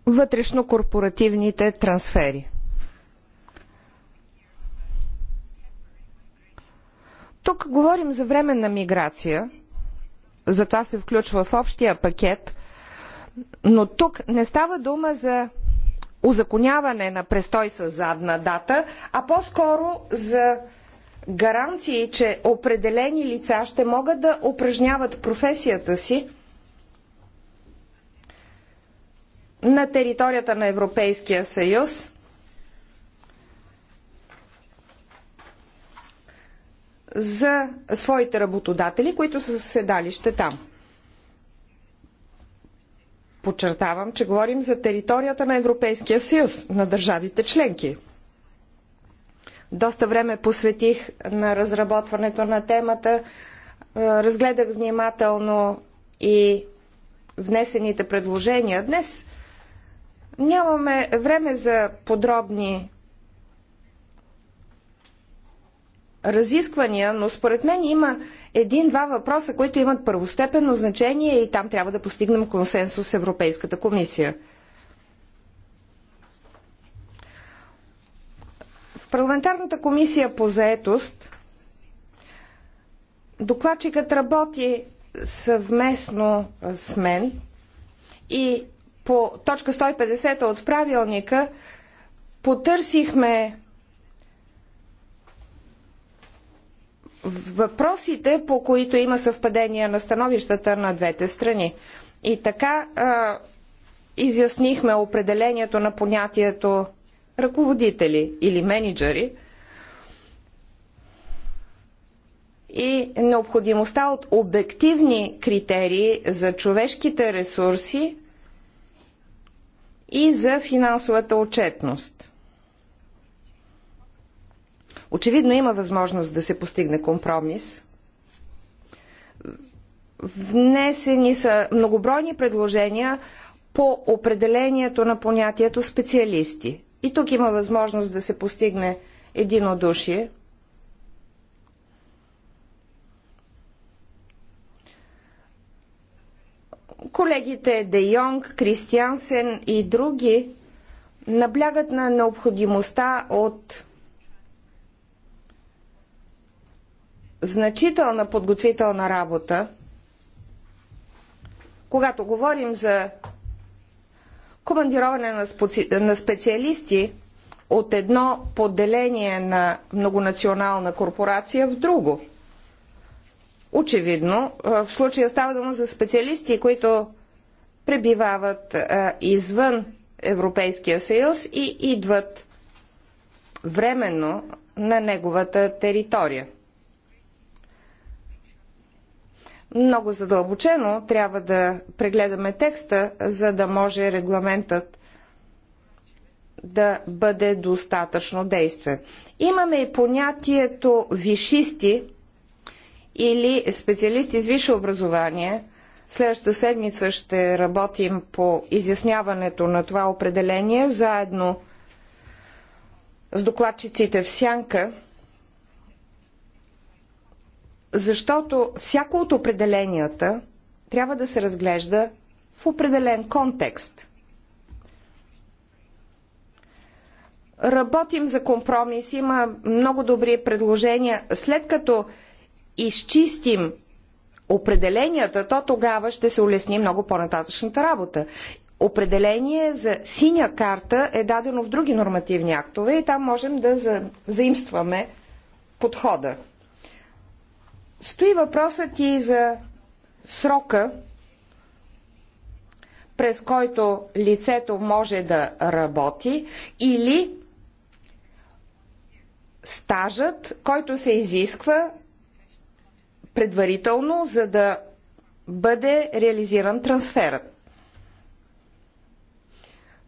вътрешнокорпоративните трансфери. Тук говорим за временна миграция – затова се включва в общия пакет. Но тук не става дума за узаконяване на престой с задна дата, а по-скоро за гаранции, че определени лица ще могат да упражняват професията си на територията на Европейския съюз за своите работодатели, които са седалище там. Подчертавам, че говорим за територията на Европейския съюз, на държавите членки. Доста време посветих на разработването на темата, е, разгледах внимателно и внесените предложения. Днес нямаме време за подробни разисквания, но според мен има един-два въпроса, които имат първостепенно значение и там трябва да постигнем консенсус с Европейската комисия. В парламентарната комисия по заетост докладчикът работи съвместно с мен и по точка 150 от правилника потърсихме въпросите, по които има съвпадение на становищата на двете страни. И така а, изяснихме определението на понятието ръководители или менеджери и необходимостта от обективни критерии за човешките ресурси и за финансовата отчетност. Очевидно има възможност да се постигне компромис. Внесени са многобройни предложения по определението на понятието специалисти. И тук има възможност да се постигне единодушие. Колегите Де Йонг, Кристиансен и други наблягат на необходимостта от значителна подготвителна работа, когато говорим за командироване на, специалисти от едно поделение на многонационална корпорация в друго. Очевидно, в случая става дума за специалисти, които пребивават извън Европейския съюз и идват временно на неговата територия. Много задълбочено трябва да прегледаме текста, за да може регламентът да бъде достатъчно действие. Имаме и понятието вишисти или специалисти с висше образование. Следващата седмица ще работим по изясняването на това определение, заедно с докладчиците в Сянка – защото всяко от определенията трябва да се разглежда в определен контекст. Работим за компромис, има много добри предложения. След като изчистим определенията, то тогава ще се улесни много по-нататъчната работа. Определение за синя карта е дадено в други нормативни актове и там можем да заимстваме подхода стои въпросът и за срока, през който лицето може да работи или стажът, който се изисква предварително, за да бъде реализиран трансферът.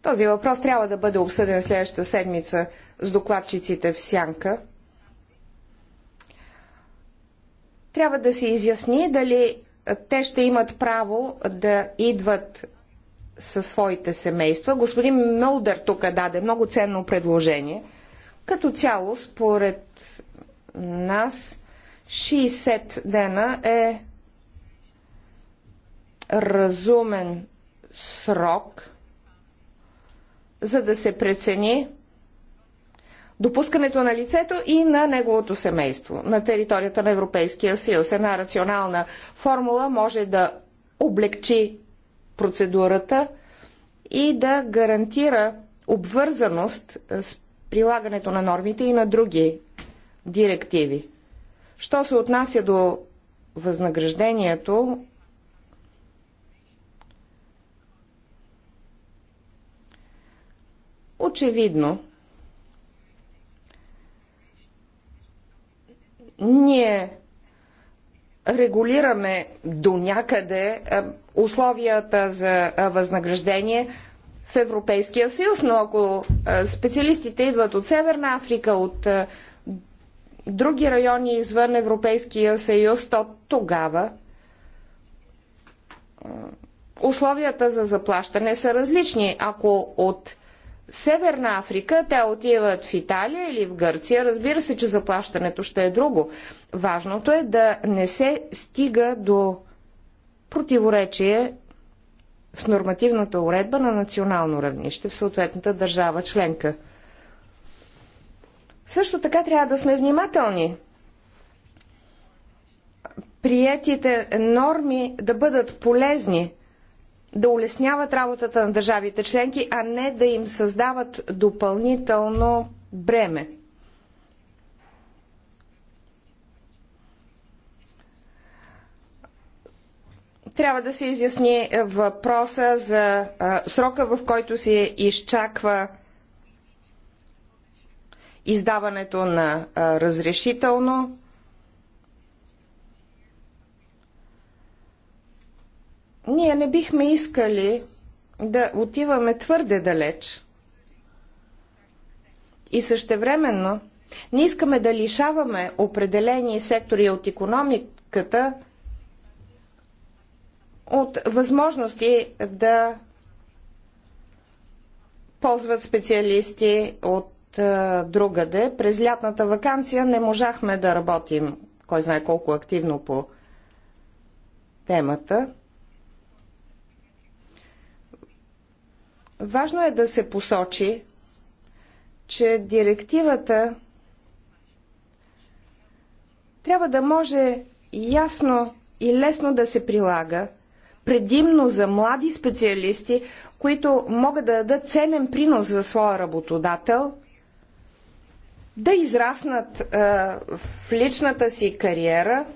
Този въпрос трябва да бъде обсъден следващата седмица с докладчиците в Сянка. трябва да се изясни дали те ще имат право да идват със своите семейства. Господин Мълдър тук даде много ценно предложение. Като цяло, според нас, 60 дена е разумен срок, за да се прецени допускането на лицето и на неговото семейство на територията на Европейския съюз. Една рационална формула може да облегчи процедурата и да гарантира обвързаност е, с прилагането на нормите и на други директиви. Що се отнася до възнаграждението, очевидно, Ние регулираме до някъде условията за възнаграждение в Европейския съюз, но ако специалистите идват от Северна Африка, от други райони извън Европейския съюз, то тогава условията за заплащане са различни. Ако от Северна Африка, те отиват в Италия или в Гърция. Разбира се, че заплащането ще е друго. Важното е да не се стига до противоречие с нормативната уредба на национално равнище в съответната държава членка. Също така трябва да сме внимателни. Приетите норми да бъдат полезни да улесняват работата на държавите членки, а не да им създават допълнително бреме. трябва да се изясни въпроса за срока, в който се изчаква издаването на разрешително. Ние не бихме искали да отиваме твърде далеч. И същевременно не искаме да лишаваме определени сектори от економиката от възможности да ползват специалисти от е, другаде. През лятната вакансия не можахме да работим, кой знае колко активно по темата. Важно е да се посочи, че директивата трябва да може ясно и лесно да се прилага, предимно за млади специалисти, които могат да дадат ценен принос за своя работодател, да израснат е, в личната си кариера –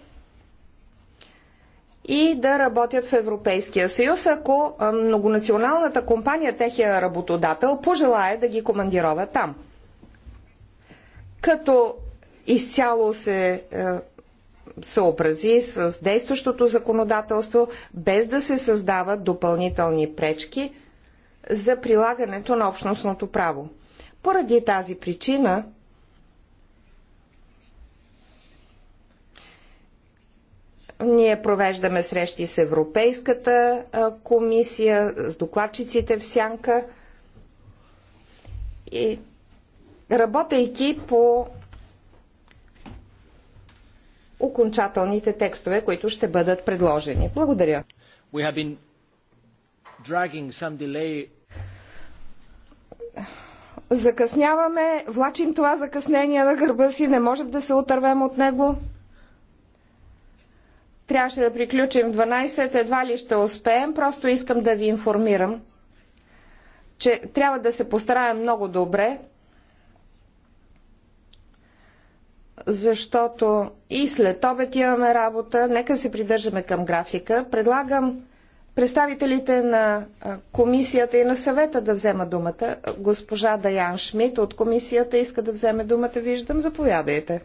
и да работят в Европейския съюз, ако многонационалната компания, техния работодател, пожелая да ги командирова там. Като изцяло се е, съобрази с действащото законодателство, без да се създават допълнителни пречки за прилагането на общностното право. Поради тази причина, Ние провеждаме срещи с Европейската комисия, с докладчиците в Сянка и работейки по окончателните текстове, които ще бъдат предложени. Благодаря. Закъсняваме, влачим това закъснение на гърба си, не можем да се отървем от него. Трябваше да приключим 12, едва ли ще успеем. Просто искам да ви информирам, че трябва да се постараем много добре, защото и след обед имаме работа. Нека се придържаме към графика. Предлагам представителите на комисията и на съвета да взема думата. Госпожа Даян Шмидт от комисията иска да вземе думата. Виждам, заповядайте.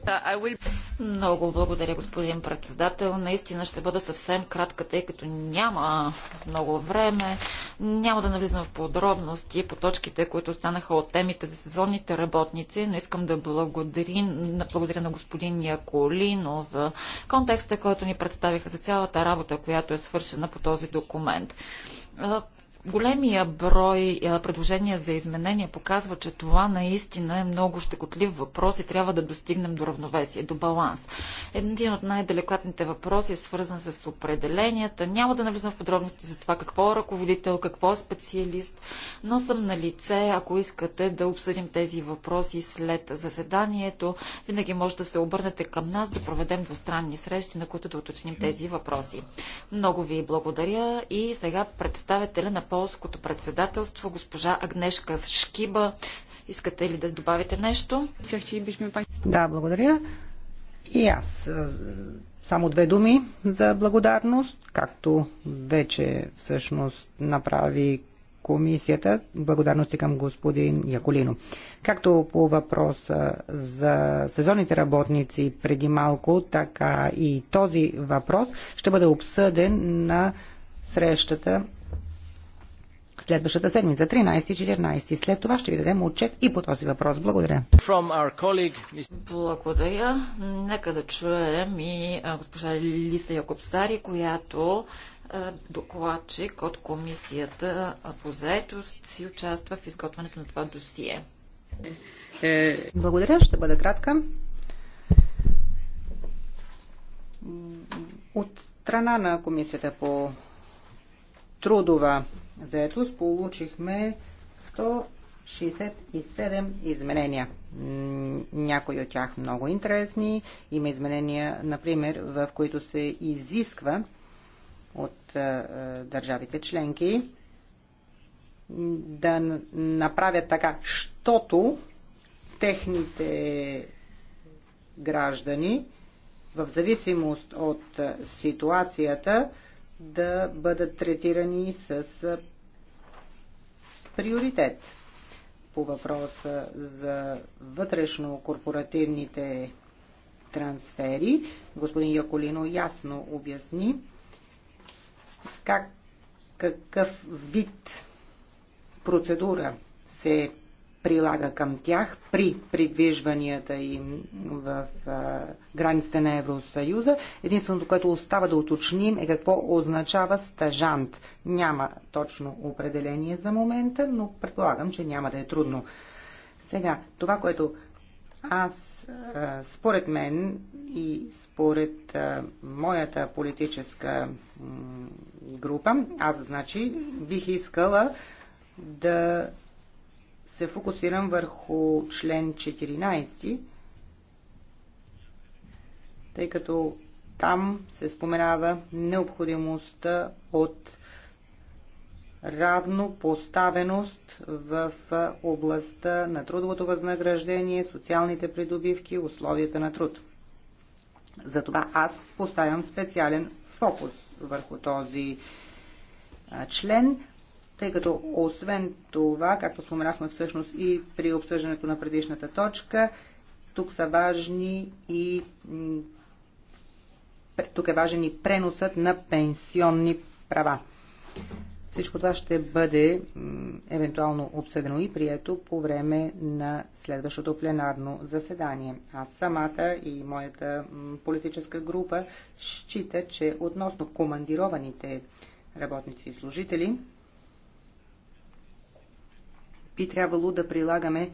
Много благодаря, господин председател. Наистина ще бъда съвсем кратка, тъй като няма много време. Няма да навлизам в подробности по точките, които станаха от темите за сезонните работници, но искам да благодаря, благодаря на господин Яколино за контекста, който ни представиха за цялата работа, която е свършена по този документ документ. Големия брой е, предложения за изменения показва, че това наистина е много щекотлив въпрос и трябва да достигнем до равновесие, до баланс. Един от най-деликатните въпроси е свързан с определенията. Няма да навлизам в подробности за това какво е ръководител, какво е специалист, но съм на лице, ако искате да обсъдим тези въпроси след заседанието. Винаги може да се обърнете към нас, да проведем двустранни срещи, на които да уточним тези въпроси. Много ви благодаря и сега представителя на полското председателство, госпожа Агнешка Шкиба. Искате ли да добавите нещо? Да, благодаря. И аз само две думи за благодарност, както вече всъщност направи комисията. Благодарности към господин Яколино. Както по въпроса за сезонните работници преди малко, така и този въпрос ще бъде обсъден на срещата следващата седмица, 13-14. и След това ще ви дадем отчет и по този въпрос. Благодаря. Colleague... Благодаря. Нека да чуем и госпожа Лиса Якобсари, която докладчик от комисията по заетост и участва в изготвянето на това досие. Е, Благодаря, ще бъда кратка. От страна на комисията по трудова заетост получихме 167 изменения. Някои от тях много интересни. Има изменения, например, в които се изисква от държавите членки да направят така, щото техните граждани в зависимост от ситуацията да бъдат третирани с приоритет. По въпроса за вътрешно-корпоративните трансфери, господин Яколино ясно обясни как, какъв вид процедура се прилага към тях при придвижванията им в а, границите на Евросъюза. Единственото, което остава да уточним е какво означава стажант. Няма точно определение за момента, но предполагам, че няма да е трудно. Сега, това, което аз, а, според мен и според а, моята политическа група, аз, значи, бих искала да се фокусирам върху член 14, тъй като там се споменава необходимостта от равно поставеност в областта на трудовото възнаграждение, социалните придобивки, условията на труд. Затова аз поставям специален фокус върху този член тъй като освен това, както споменахме всъщност и при обсъждането на предишната точка, тук са важни и тук е важен и преносът на пенсионни права. Всичко това ще бъде евентуално обсъдено и прието по време на следващото пленарно заседание. Аз самата и моята политическа група счита, че относно командированите работници и служители, би трябвало да прилагаме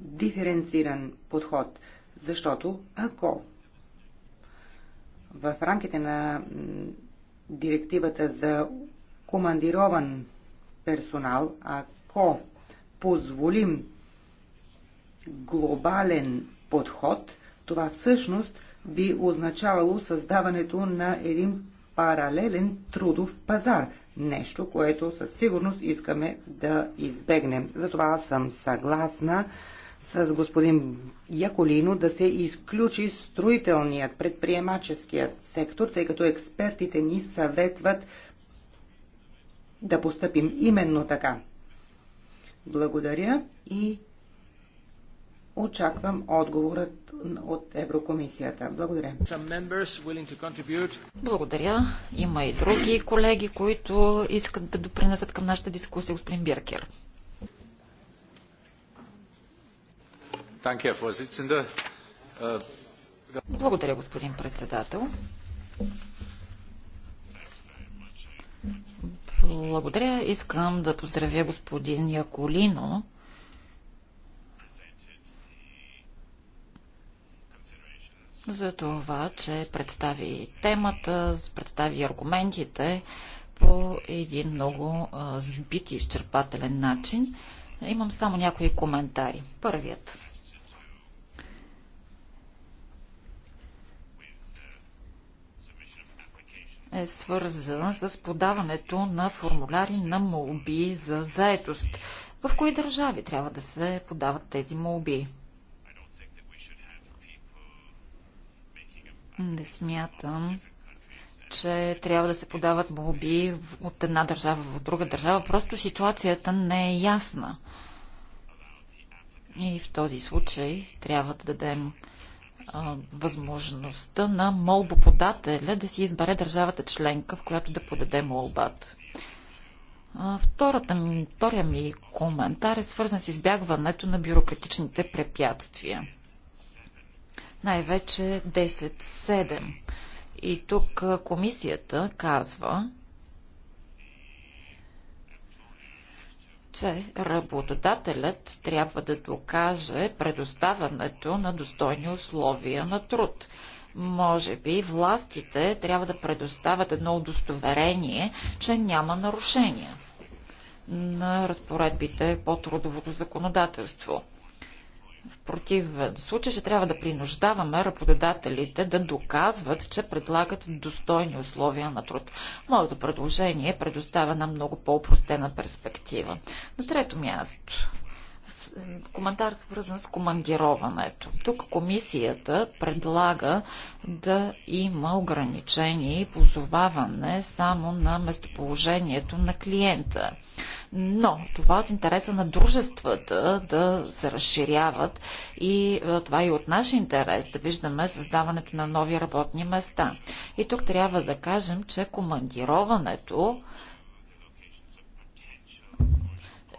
диференциран подход, защото ако в рамките на директивата за командирован персонал, ако позволим глобален подход, това всъщност би означавало създаването на един паралелен трудов пазар, нещо, което със сигурност искаме да избегнем. Затова съм съгласна с господин Яколино да се изключи строителният, предприемаческият сектор, тъй като експертите ни съветват да постъпим именно така. Благодаря и Очаквам отговорът от Еврокомисията. Благодаря. Благодаря. Има и други колеги, които искат да допринесат към нашата дискусия, господин Биркер. Благодаря, господин председател. Благодаря. Искам да поздравя господин Яколино за това, че представи темата, представи аргументите по един много сбит и изчерпателен начин. Имам само някои коментари. Първият. е свързан с подаването на формуляри на молби за заетост. В кои държави трябва да се подават тези молби? Не смятам, че трябва да се подават молби от една държава в друга държава. Просто ситуацията не е ясна. И в този случай трябва да дадем а, възможността на молбоподателя да си избере държавата членка, в която да подаде молбата. Втората ми, втория ми коментар е свързан с избягването на бюрократичните препятствия най-вече 10.7. И тук комисията казва, че работодателят трябва да докаже предоставянето на достойни условия на труд. Може би властите трябва да предоставят едно удостоверение, че няма нарушения на разпоредбите по трудовото законодателство. В противен случай ще трябва да принуждаваме работодателите да доказват, че предлагат достойни условия на труд. Моето предложение предоставя една много по простена перспектива. На трето място, коментар свързан с командироването. Тук комисията предлага да има ограничение и позоваване само на местоположението на клиента. Но това е от интереса на дружествата да се разширяват и това е и от наш интерес да виждаме създаването на нови работни места. И тук трябва да кажем, че командироването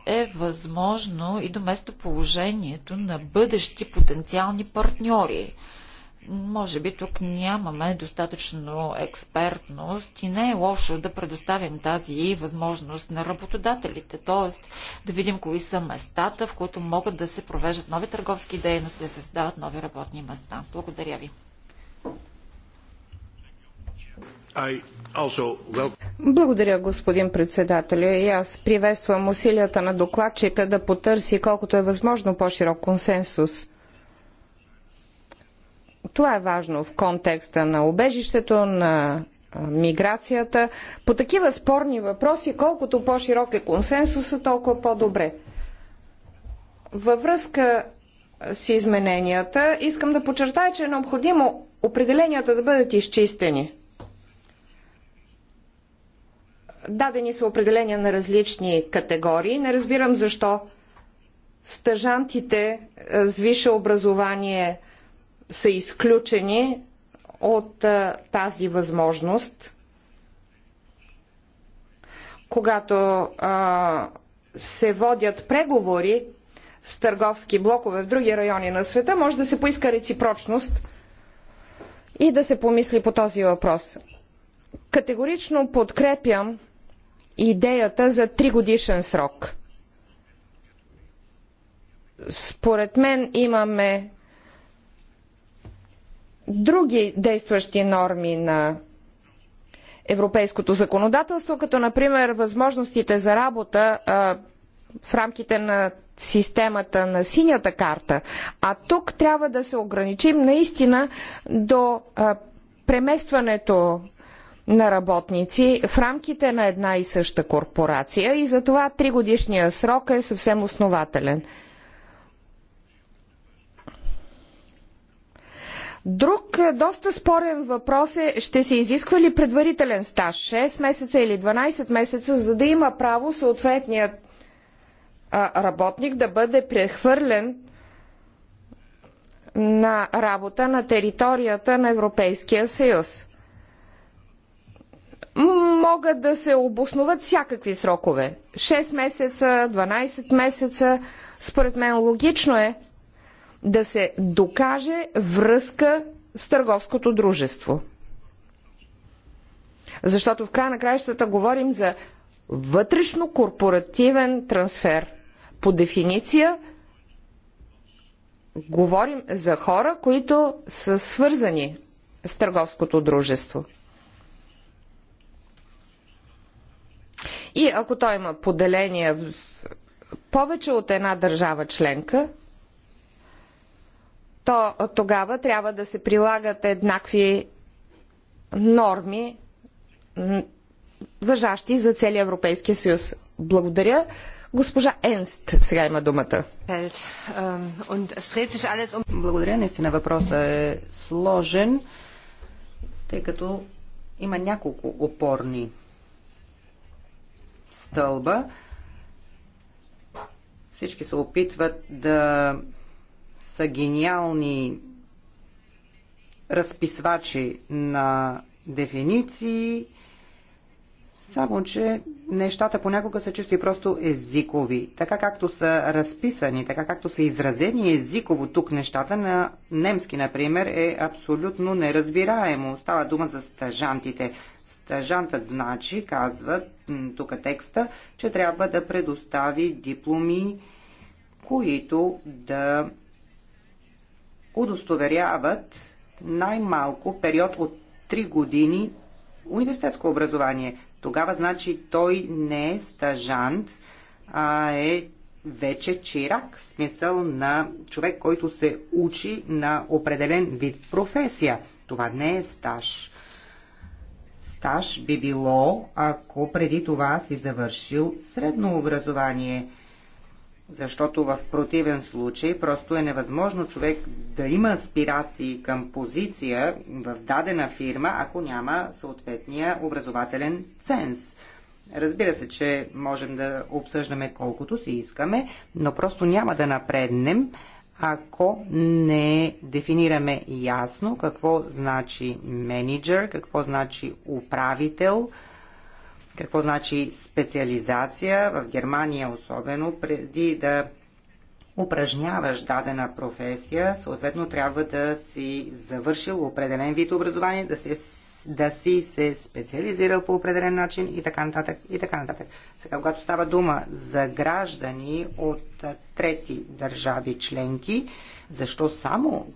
е възможно и до местоположението на бъдещи потенциални партньори. Може би тук нямаме достатъчно експертност и не е лошо да предоставим тази възможност на работодателите, т.е. да видим кои са местата, в които могат да се провеждат нови търговски дейности, да се създават нови работни места. Благодаря ви. I благодаря, господин председател, И аз приветствам усилията на докладчика да потърси колкото е възможно по-широк консенсус. Това е важно в контекста на убежището, на миграцията. По такива спорни въпроси, колкото по-широк е консенсуса, толкова по-добре. Във връзка с измененията, искам да подчертая, че е необходимо определенията да бъдат изчистени. Дадени са определения на различни категории. Не разбирам защо стъжантите е, с висше образование са изключени от е, тази възможност, когато а, е, се водят преговори с търговски блокове в други райони на света, може да се поиска реципрочност и да се помисли по този въпрос. Категорично подкрепям идеята за тригодишен срок. Според мен имаме други действащи норми на европейското законодателство, като например възможностите за работа а, в рамките на системата на синята карта. А тук трябва да се ограничим наистина до а, преместването на работници в рамките на една и съща корпорация и затова тригодишния срок е съвсем основателен. Друг е, доста спорен въпрос е, ще се изисква ли предварителен стаж 6 месеца или 12 месеца, за да има право съответният работник да бъде прехвърлен на работа на територията на Европейския съюз могат да се обосноват всякакви срокове. 6 месеца, 12 месеца. Според мен логично е да се докаже връзка с търговското дружество. Защото в края на краищата говорим за вътрешно корпоративен трансфер. По дефиниция говорим за хора, които са свързани с търговското дружество. И ако той има поделение в повече от една държава членка, то тогава трябва да се прилагат еднакви норми, въжащи за целия Европейския съюз. Благодаря. Госпожа Енст сега има думата. Um- Благодаря. Наистина въпросът е сложен, тъй като има няколко опорни стълба. Всички се опитват да са гениални разписвачи на дефиниции, само че нещата понякога са чисто и просто езикови. Така както са разписани, така както са изразени езиково тук нещата на немски, например, е абсолютно неразбираемо. Става дума за стажантите стажантът значи, казват тук текста, че трябва да предостави дипломи, които да удостоверяват най-малко период от 3 години университетско образование. Тогава значи той не е стажант, а е вече чирак, в смисъл на човек, който се учи на определен вид професия. Това не е стаж стаж би било, ако преди това си завършил средно образование, защото в противен случай просто е невъзможно човек да има аспирации към позиция в дадена фирма, ако няма съответния образователен ценз. Разбира се, че можем да обсъждаме колкото си искаме, но просто няма да напреднем, ако не дефинираме ясно какво значи менеджер, какво значи управител, какво значи специализация. В Германия особено, преди да упражняваш дадена професия, съответно трябва да си завършил определен вид образование, да си да си се специализирал по определен начин и така нататък. И така нататък. Сега, когато става дума за граждани от трети държави членки, защо само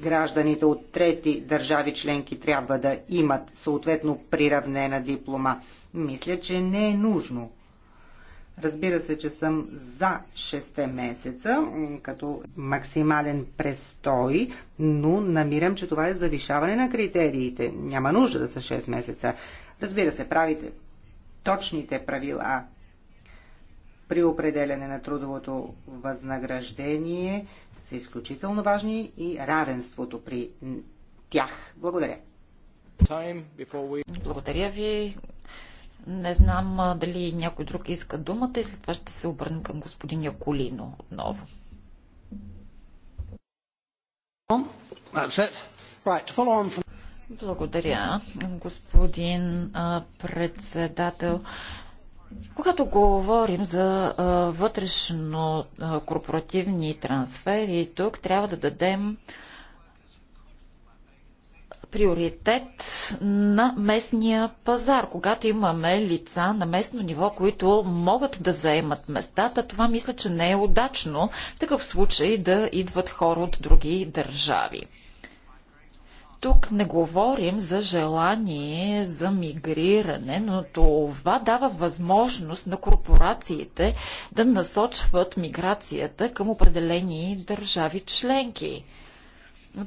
гражданите от трети държави членки трябва да имат съответно приравнена диплома? Мисля, че не е нужно. Разбира се, че съм за 6 месеца като максимален престой, но намирам, че това е завишаване на критериите. Няма нужда да са 6 месеца. Разбира се, правите точните правила при определене на трудовото възнаграждение са изключително важни и равенството при тях. Благодаря. Благодаря ви. Не знам дали някой друг иска думата и след това ще се обърна към господин Яколино отново. Благодаря, господин председател. Когато говорим за вътрешно корпоративни трансфери, тук трябва да дадем приоритет на местния пазар. Когато имаме лица на местно ниво, които могат да заемат местата, това мисля, че не е удачно в такъв случай да идват хора от други държави. Тук не говорим за желание за мигриране, но това дава възможност на корпорациите да насочват миграцията към определени държави членки.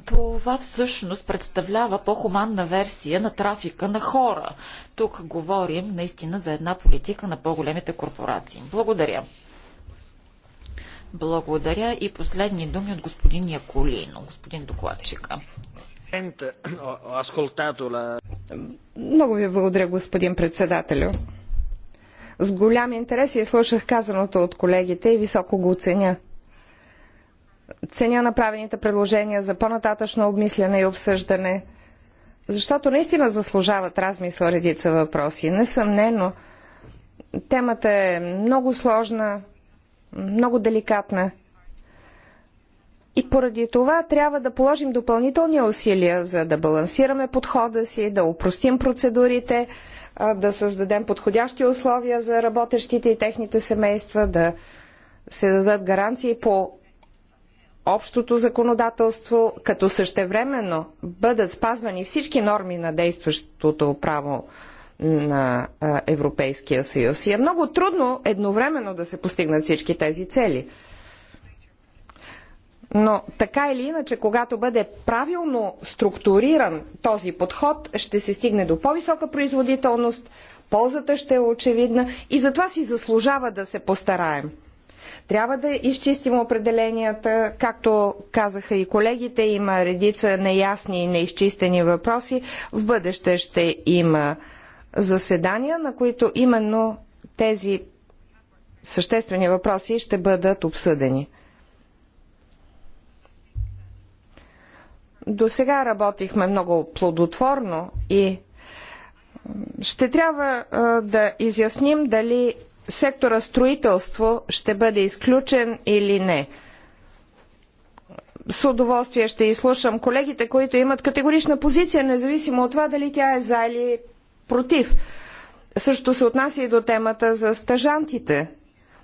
Това всъщност представлява по-хуманна версия на трафика на хора. Тук говорим наистина за една политика на по-големите корпорации. Благодаря. Благодаря и последни думи от господин Яколино, господин докладчика. Много ви благодаря, господин председателю. С голям интерес я слушах казаното от колегите и високо го оценя. Ценя направените предложения за по-нататъчно обмисляне и обсъждане, защото наистина заслужават размисъл редица въпроси. Несъмнено, темата е много сложна, много деликатна. И поради това трябва да положим допълнителни усилия, за да балансираме подхода си, да упростим процедурите, да създадем подходящи условия за работещите и техните семейства, да се дадат гаранции по общото законодателство, като същевременно бъдат спазвани всички норми на действащото право на Европейския съюз. И е много трудно едновременно да се постигнат всички тези цели. Но така или иначе, когато бъде правилно структуриран този подход, ще се стигне до по-висока производителност, ползата ще е очевидна и затова си заслужава да се постараем. Трябва да изчистим определенията, както казаха и колегите, има редица неясни и неизчистени въпроси. В бъдеще ще има заседания, на които именно тези съществени въпроси ще бъдат обсъдени. До сега работихме много плодотворно и ще трябва да изясним дали сектора строителство ще бъде изключен или не. С удоволствие ще изслушам колегите, които имат категорична позиция, независимо от това дали тя е за или против. Също се отнася и до темата за стажантите.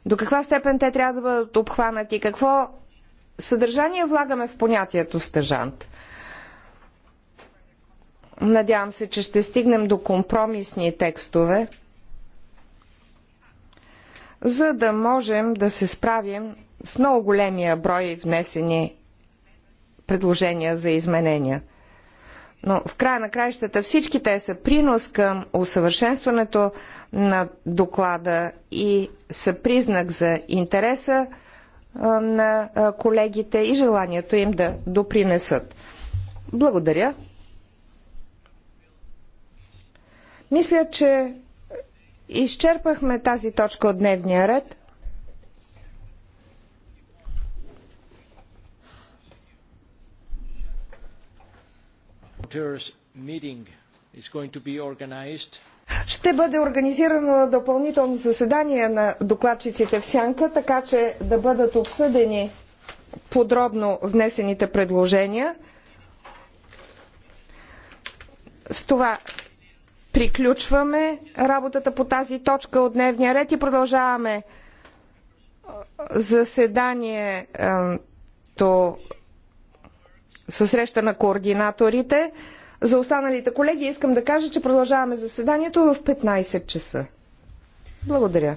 До каква степен те трябва да бъдат обхванати? Какво съдържание влагаме в понятието стажант? Надявам се, че ще стигнем до компромисни текстове за да можем да се справим с много големия брой внесени предложения за изменения. Но в края на краищата всички те са принос към усъвършенстването на доклада и са признак за интереса на колегите и желанието им да допринесат. Благодаря. Мисля, че Изчерпахме тази точка от дневния ред. Ще бъде организирано допълнително заседание на докладчиците в Сянка, така че да бъдат обсъдени подробно внесените предложения. С това Приключваме работата по тази точка от дневния ред и продължаваме заседанието със среща на координаторите. За останалите колеги искам да кажа, че продължаваме заседанието в 15 часа. Благодаря.